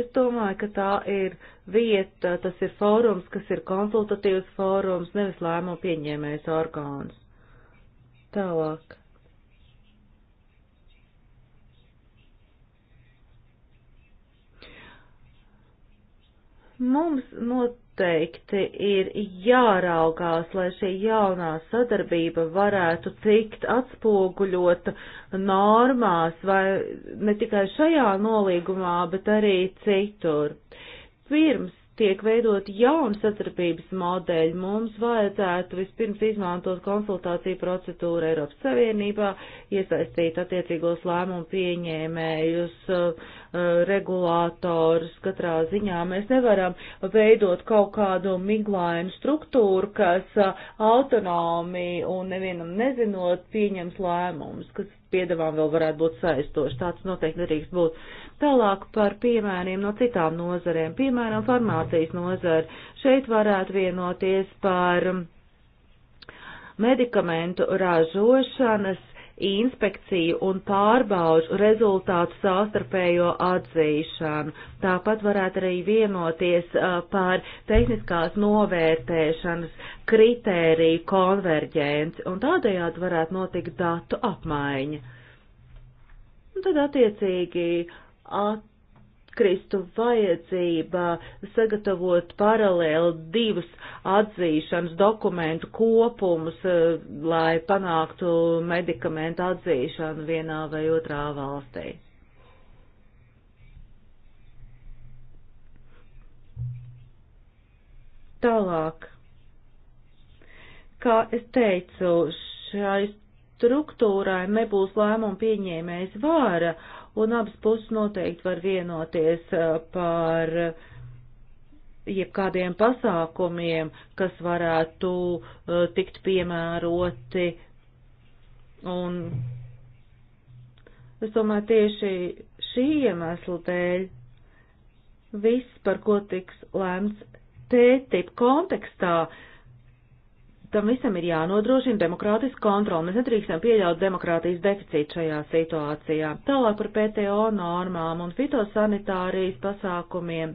Es domāju, ka tā ir vieta, tas ir fórums, kas ir konsultatīvs fórums, nevis lēmumu pieņēmējs orgāns. Tālāk. Mums not noteikti ir jāraugās, lai šī jaunā sadarbība varētu tikt atspoguļota normās vai ne tikai šajā nolīgumā, bet arī citur. Pirms tiek veidot jaunu sadarbības modeļu, mums vajadzētu vispirms izmantot konsultāciju procedūru Eiropas Savienībā, iesaistīt attiecīgos lēmumu pieņēmējus, uh, Uh, regulātors katrā ziņā. Mēs nevaram veidot kaut kādu miglainu struktūru, kas uh, autonomi un nevienam nezinot pieņems lēmumus, kas piedevām vēl varētu būt saistoši. Tāds noteikti nedrīkst būt. Tālāk par piemēriem no citām nozarēm, piemēram, farmācijas nozara. Šeit varētu vienoties par medikamentu ražošanas inspekciju un pārbaužu rezultātu sāstarpējo atzīšanu. Tāpat varētu arī vienoties uh, par tehniskās novērtēšanas kritēriju konverģenci un tādējādi varētu notikt datu apmaiņa. Un tad attiecīgi at atkristu vajadzība sagatavot paralēli divus atzīšanas dokumentu kopumus, eh, lai panāktu medikamentu atzīšanu vienā vai otrā valstī. Tālāk, kā es teicu, šai struktūrai nebūs lēmumu pieņēmējs vāra, uh, un abas puses noteikti var vienoties eh, par eh, jebkādiem pasākumiem, kas varētu eh, tikt piemēroti. Un es domāju, tieši šī iemesla dēļ viss, par ko tiks lēmts tētip kontekstā, uh, tam visam ir jānodrošina demokrātiska kontrola. Mēs nedrīkstam pieļaut demokrātijas deficītu šajā situācijā. Tālāk par PTO normām un fitosanitārijas pasākumiem.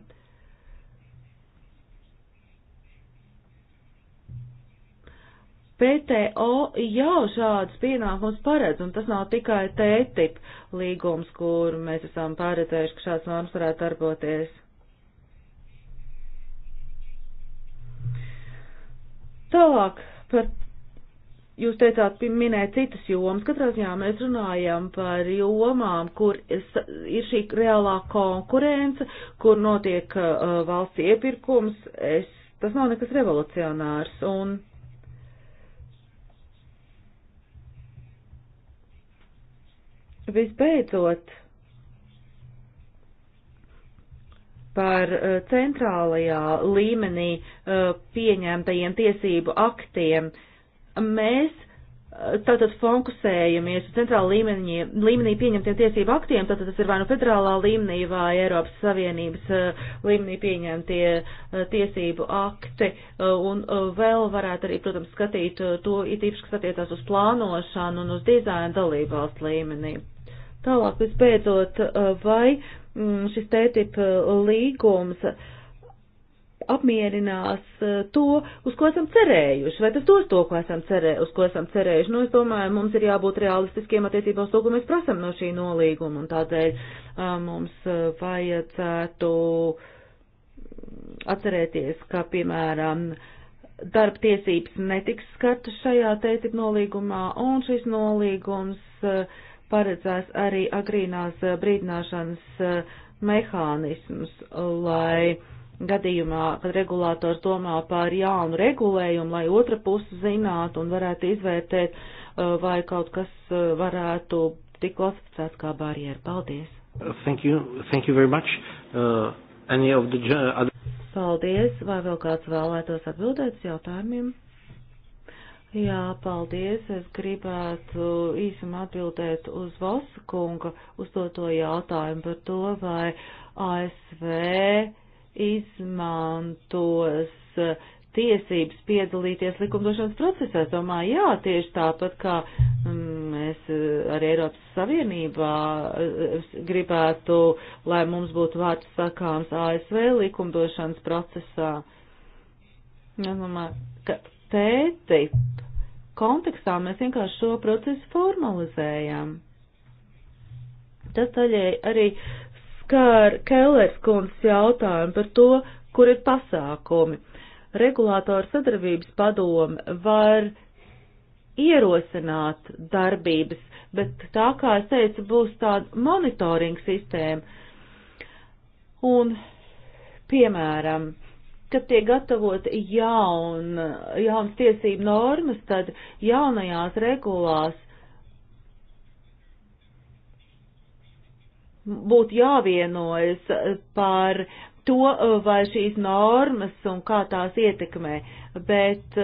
PTO jau šādas pienākums paredz, un tas nav tikai TTIP līgums, kur mēs esam paredzējuši, ka šāds normas varētu darboties. Tālāk Par, jūs teicāt, minēt citas jomas. Katrā ziņā mēs runājam par jomām, kur ir šī reālā konkurence, kur notiek uh, valsts iepirkums. Es, tas nav nekas revolucionārs. Un, visbeidzot, par eh, centrālajā līmenī eh, pieņemtajiem tiesību aktiem. Mēs eh, tātad fokusējamies uz centrāla līmenī, līmenī pieņemtiem tiesību aktiem, tātad tas ir vai nu no federālā līmenī vai Eiropas Savienības līmenī pieņemtie tiesību akti, un vēl varētu arī, protams, skatīt to it īpaši, kas attiecās uz plānošanu un uz dizainu dalībvalstu līmenī. Tālāk, visbeidzot, vai Mm, šis TTIP eh, līgums apmierinās eh, to, uz ko esam cerējuši, vai tas dos to, ko esam cerē, uz ko esam cerējuši. Nu, es domāju, mums ir jābūt realistiskiem attiecībā uz to, ko mēs prasam no šī nolīguma, un tādēļ eh, mums vajadzētu atcerēties, ka, piemēram, darba tiesības netiks skartas šajā tētip nolīgumā, un šis nolīgums uh, paredzēts arī agrīnās eh, brīdināšanas eh, mehānisms, lai gadījumā, kad regulātors domā par jaunu regulējumu, lai otra puse zinātu un varētu izvērtēt, eh, vai kaut kas varētu tik klasificēts kā barjera. Paldies! Thank you, thank you very much. Uh, any of the other... Paldies! Vai vēl kāds vēlētos atbildēt uz jautājumiem? Jā, paldies. Es gribētu īsumā atbildēt uz Voskunga uzdoto jautājumu par to, vai ASV izmantos eh, tiesības piedalīties likumdošanas procesā. Es domāju, jā, tieši tāpat kā mm, mēs eh, arī Eiropas Savienībā eh, gribētu, lai mums būtu vārds sakāms ASV likumdošanas procesā. Es domāju, ka TTIP kontekstā mēs vienkārši šo procesu formalizējam. Tas daļai arī skar Kellers kundzes jautājumu par to, kur ir pasākumi. Regulātora sadarbības padome var ierosināt darbības, bet tā kā es teicu, būs tāda monitoringa sistēma. Un, piemēram, uh, kad tiek gatavot jaun, jaunas tiesību normas, tad jaunajās regulās būtu jāvienojas par to, vai šīs normas un kā tās ietekmē, bet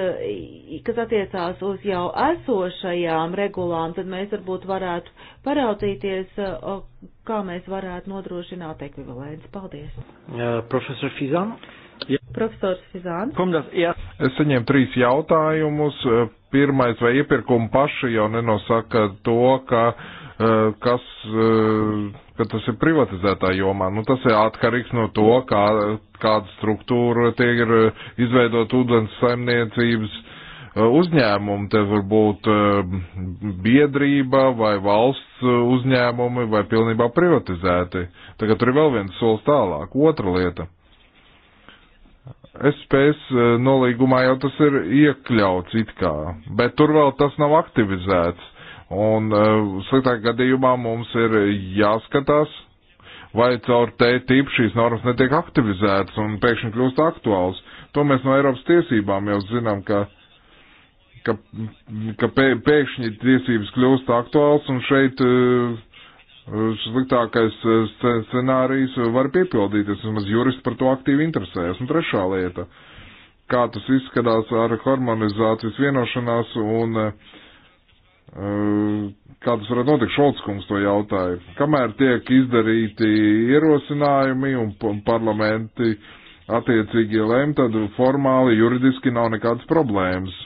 kas attiecās uz jau esošajām regulām, tad mēs varbūt varētu paraudzīties, kā mēs varētu nodrošināt ekvivalents. Paldies. Uh, profesor Fizan. Ja. Profesors Fizāns. Es saņēmu trīs jautājumus. Pirmais, vai iepirkumi paši jau nenosaka to, ka, e, kas, e, ka tas ir privatizētā jomā. Nu, tas ir atkarīgs no to, kā, kāda struktūra tie ir izveidot ūdens saimniecības e, uzņēmumi, te var būt biedrība vai valsts uzņēmumi vai pilnībā privatizēti. Tagad tur ir vēl viens solis tālāk. Otra lieta. SPS eh, nolīgumā jau tas ir iekļauts it kā, bet tur vēl tas nav aktivizēts. Un eh, sliktāk gadījumā mums ir jāskatās, vai caur T-tipu šīs normas netiek aktivizētas un pēkšņi kļūst aktuāls. To mēs no Eiropas tiesībām jau zinām, ka, ka, ka pēkšņi tiesības kļūst aktuāls un šeit uh, sliktākais eh, scenārijs var piepildīties, vismaz juristi par to aktīvi interesējas. Un trešā lieta, kā tas izskatās ar harmonizācijas vienošanās un eh, eh, kā tas varētu notikt, Šolckungs to jautāja. Kamēr tiek izdarīti ierosinājumi un parlamenti attiecīgi lem, tad formāli juridiski nav nekādas problēmas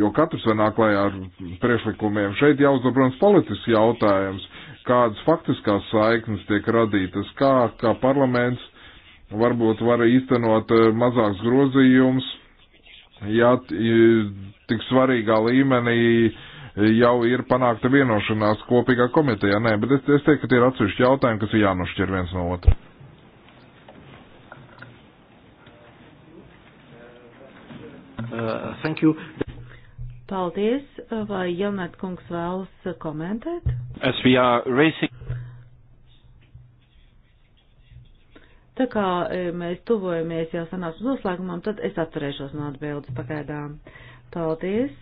jo katrs var nāk klajā ar priekšlikumiem. Šeit jāuzdod, protams, politisks jautājums, kādas faktiskās saiknes tiek radītas, kā, kā parlaments varbūt var īstenot eh, mazāks grozījums, ja tik svarīgā līmenī jau ir panākta vienošanās kopīgā komitejā. Nē, bet es, es teiktu, ka tie ir atsevišķi jautājumi, kas ir jānošķir viens no otra. Uh, thank you. Paldies, vai Jelmet kungs vēlas komentēt? As we are racing. Tā kā e, mēs tuvojamies jau sanāksmes noslēgumam, tad es atturēšos no atbildes pagaidām. Paldies!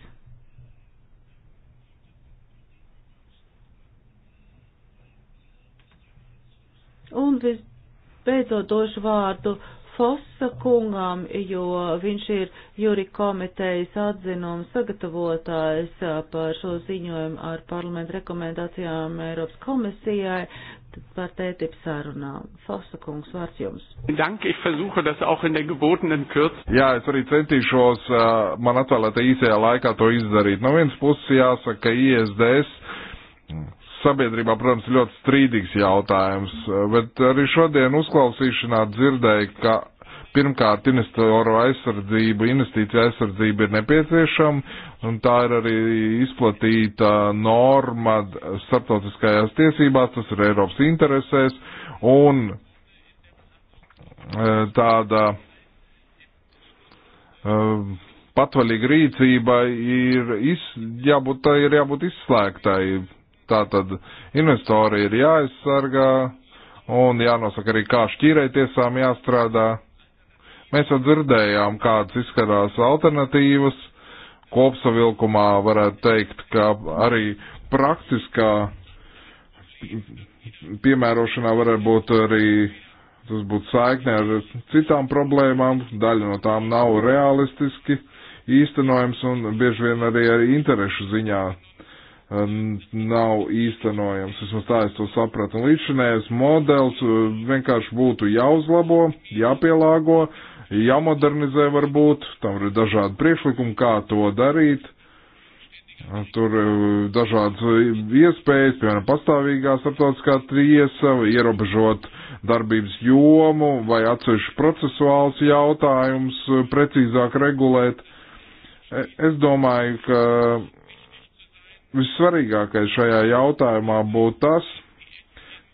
Un visbeidzot došu vārdu Fossa kungam, jo viņš ir jūri komitejas atzinuma sagatavotājs par šo ziņojumu ar parlamentu rekomendācijām Eiropas komisijai par tētip sarunām. Fossa kungs, vārds jums. Dank, ich versuche das auch in der gebotenen Kürze. Jā, es arī centīšos man atvēlētā īsajā laikā to izdarīt. No vienas puses jāsaka, ka ISDS hm, sabiedrībā, protams, ļoti strīdīgs jautājums, bet arī šodien uzklausīšanā dzirdēju, ka Pirmkārt, investoru aizsardzība, investīcija aizsardzība ir nepieciešama, un tā ir arī izplatīta norma starptautiskajās tiesībās, tas ir Eiropas interesēs, un e, tāda e, patvaļīga rīcība ir iz, jābūt, tā ir jābūt izslēgtai. Tātad investori ir jāaizsargā un jānosaka arī, kā šķīrētiesām jāstrādā. Mēs jau dzirdējām, kādas izskatās alternatīvas. Kopsavilkumā varētu teikt, ka arī praktiskā piemērošanā varētu būt arī tas būtu saikne ar citām problēmām, daļa no tām nav realistiski īstenojams un bieži vien arī ar interešu ziņā nav īstenojams. Vismaz tā es to sapratu. Un līdzinējais modelis vienkārši būtu jāuzlabo, jāpielāgo, jāmodernizē varbūt, tam ir dažādi priekšlikumi, kā to darīt. Tur eh, dažādas iespējas, piemēram, pastāvīgā starptautiskā tiesa, ierobežot darbības jomu vai atsevišķu procesuāls jautājums eh, precīzāk regulēt. E, es domāju, ka vissvarīgākais šajā jautājumā būtu tas,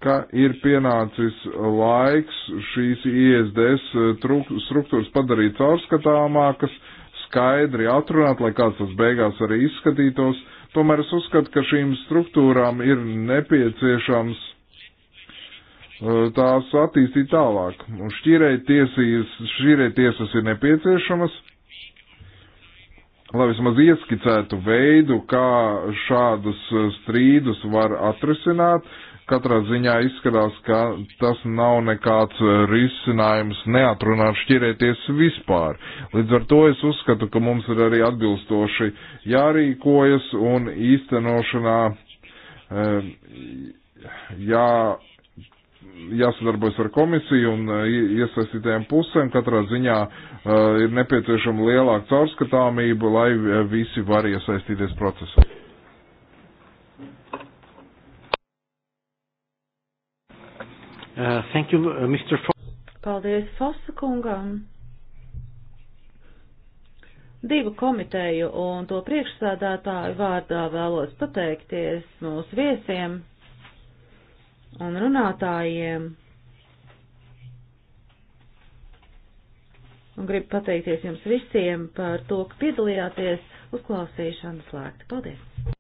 ka ir pienācis laiks šīs ISDS eh, struktūras padarīt caurskatāmākas, skaidri atrunāt, lai kāds tas beigās arī izskatītos. Tomēr es uzskatu, ka šīm struktūrām ir nepieciešams eh, tās attīstīt tālāk. Šķīrēji tiesas, tiesas ir nepieciešamas, lai vismaz ieskicētu veidu, kā šādus eh, strīdus var atrisināt, katrā ziņā izskatās, ka tas nav nekāds eh, risinājums neatrunāt šķirēties vispār. Līdz ar to es uzskatu, ka mums ir arī atbilstoši jārīkojas un īstenošanā eh, jā, jāsadarbojas ar komisiju un eh, iesaistītajām pusēm. Katrā ziņā ir nepieciešama lielāka caurskatāmība, lai visi var iesaistīties procesā. Uh, thank you, uh, Mr. Foss. Paldies Fosa kungam. Divu komiteju un to priekšsādātāju vārdā vēlos pateikties mūsu viesiem un runātājiem. Un gribu pateikties jums visiem par to, ka piedalījāties uzklausīšanas lēkti. Paldies!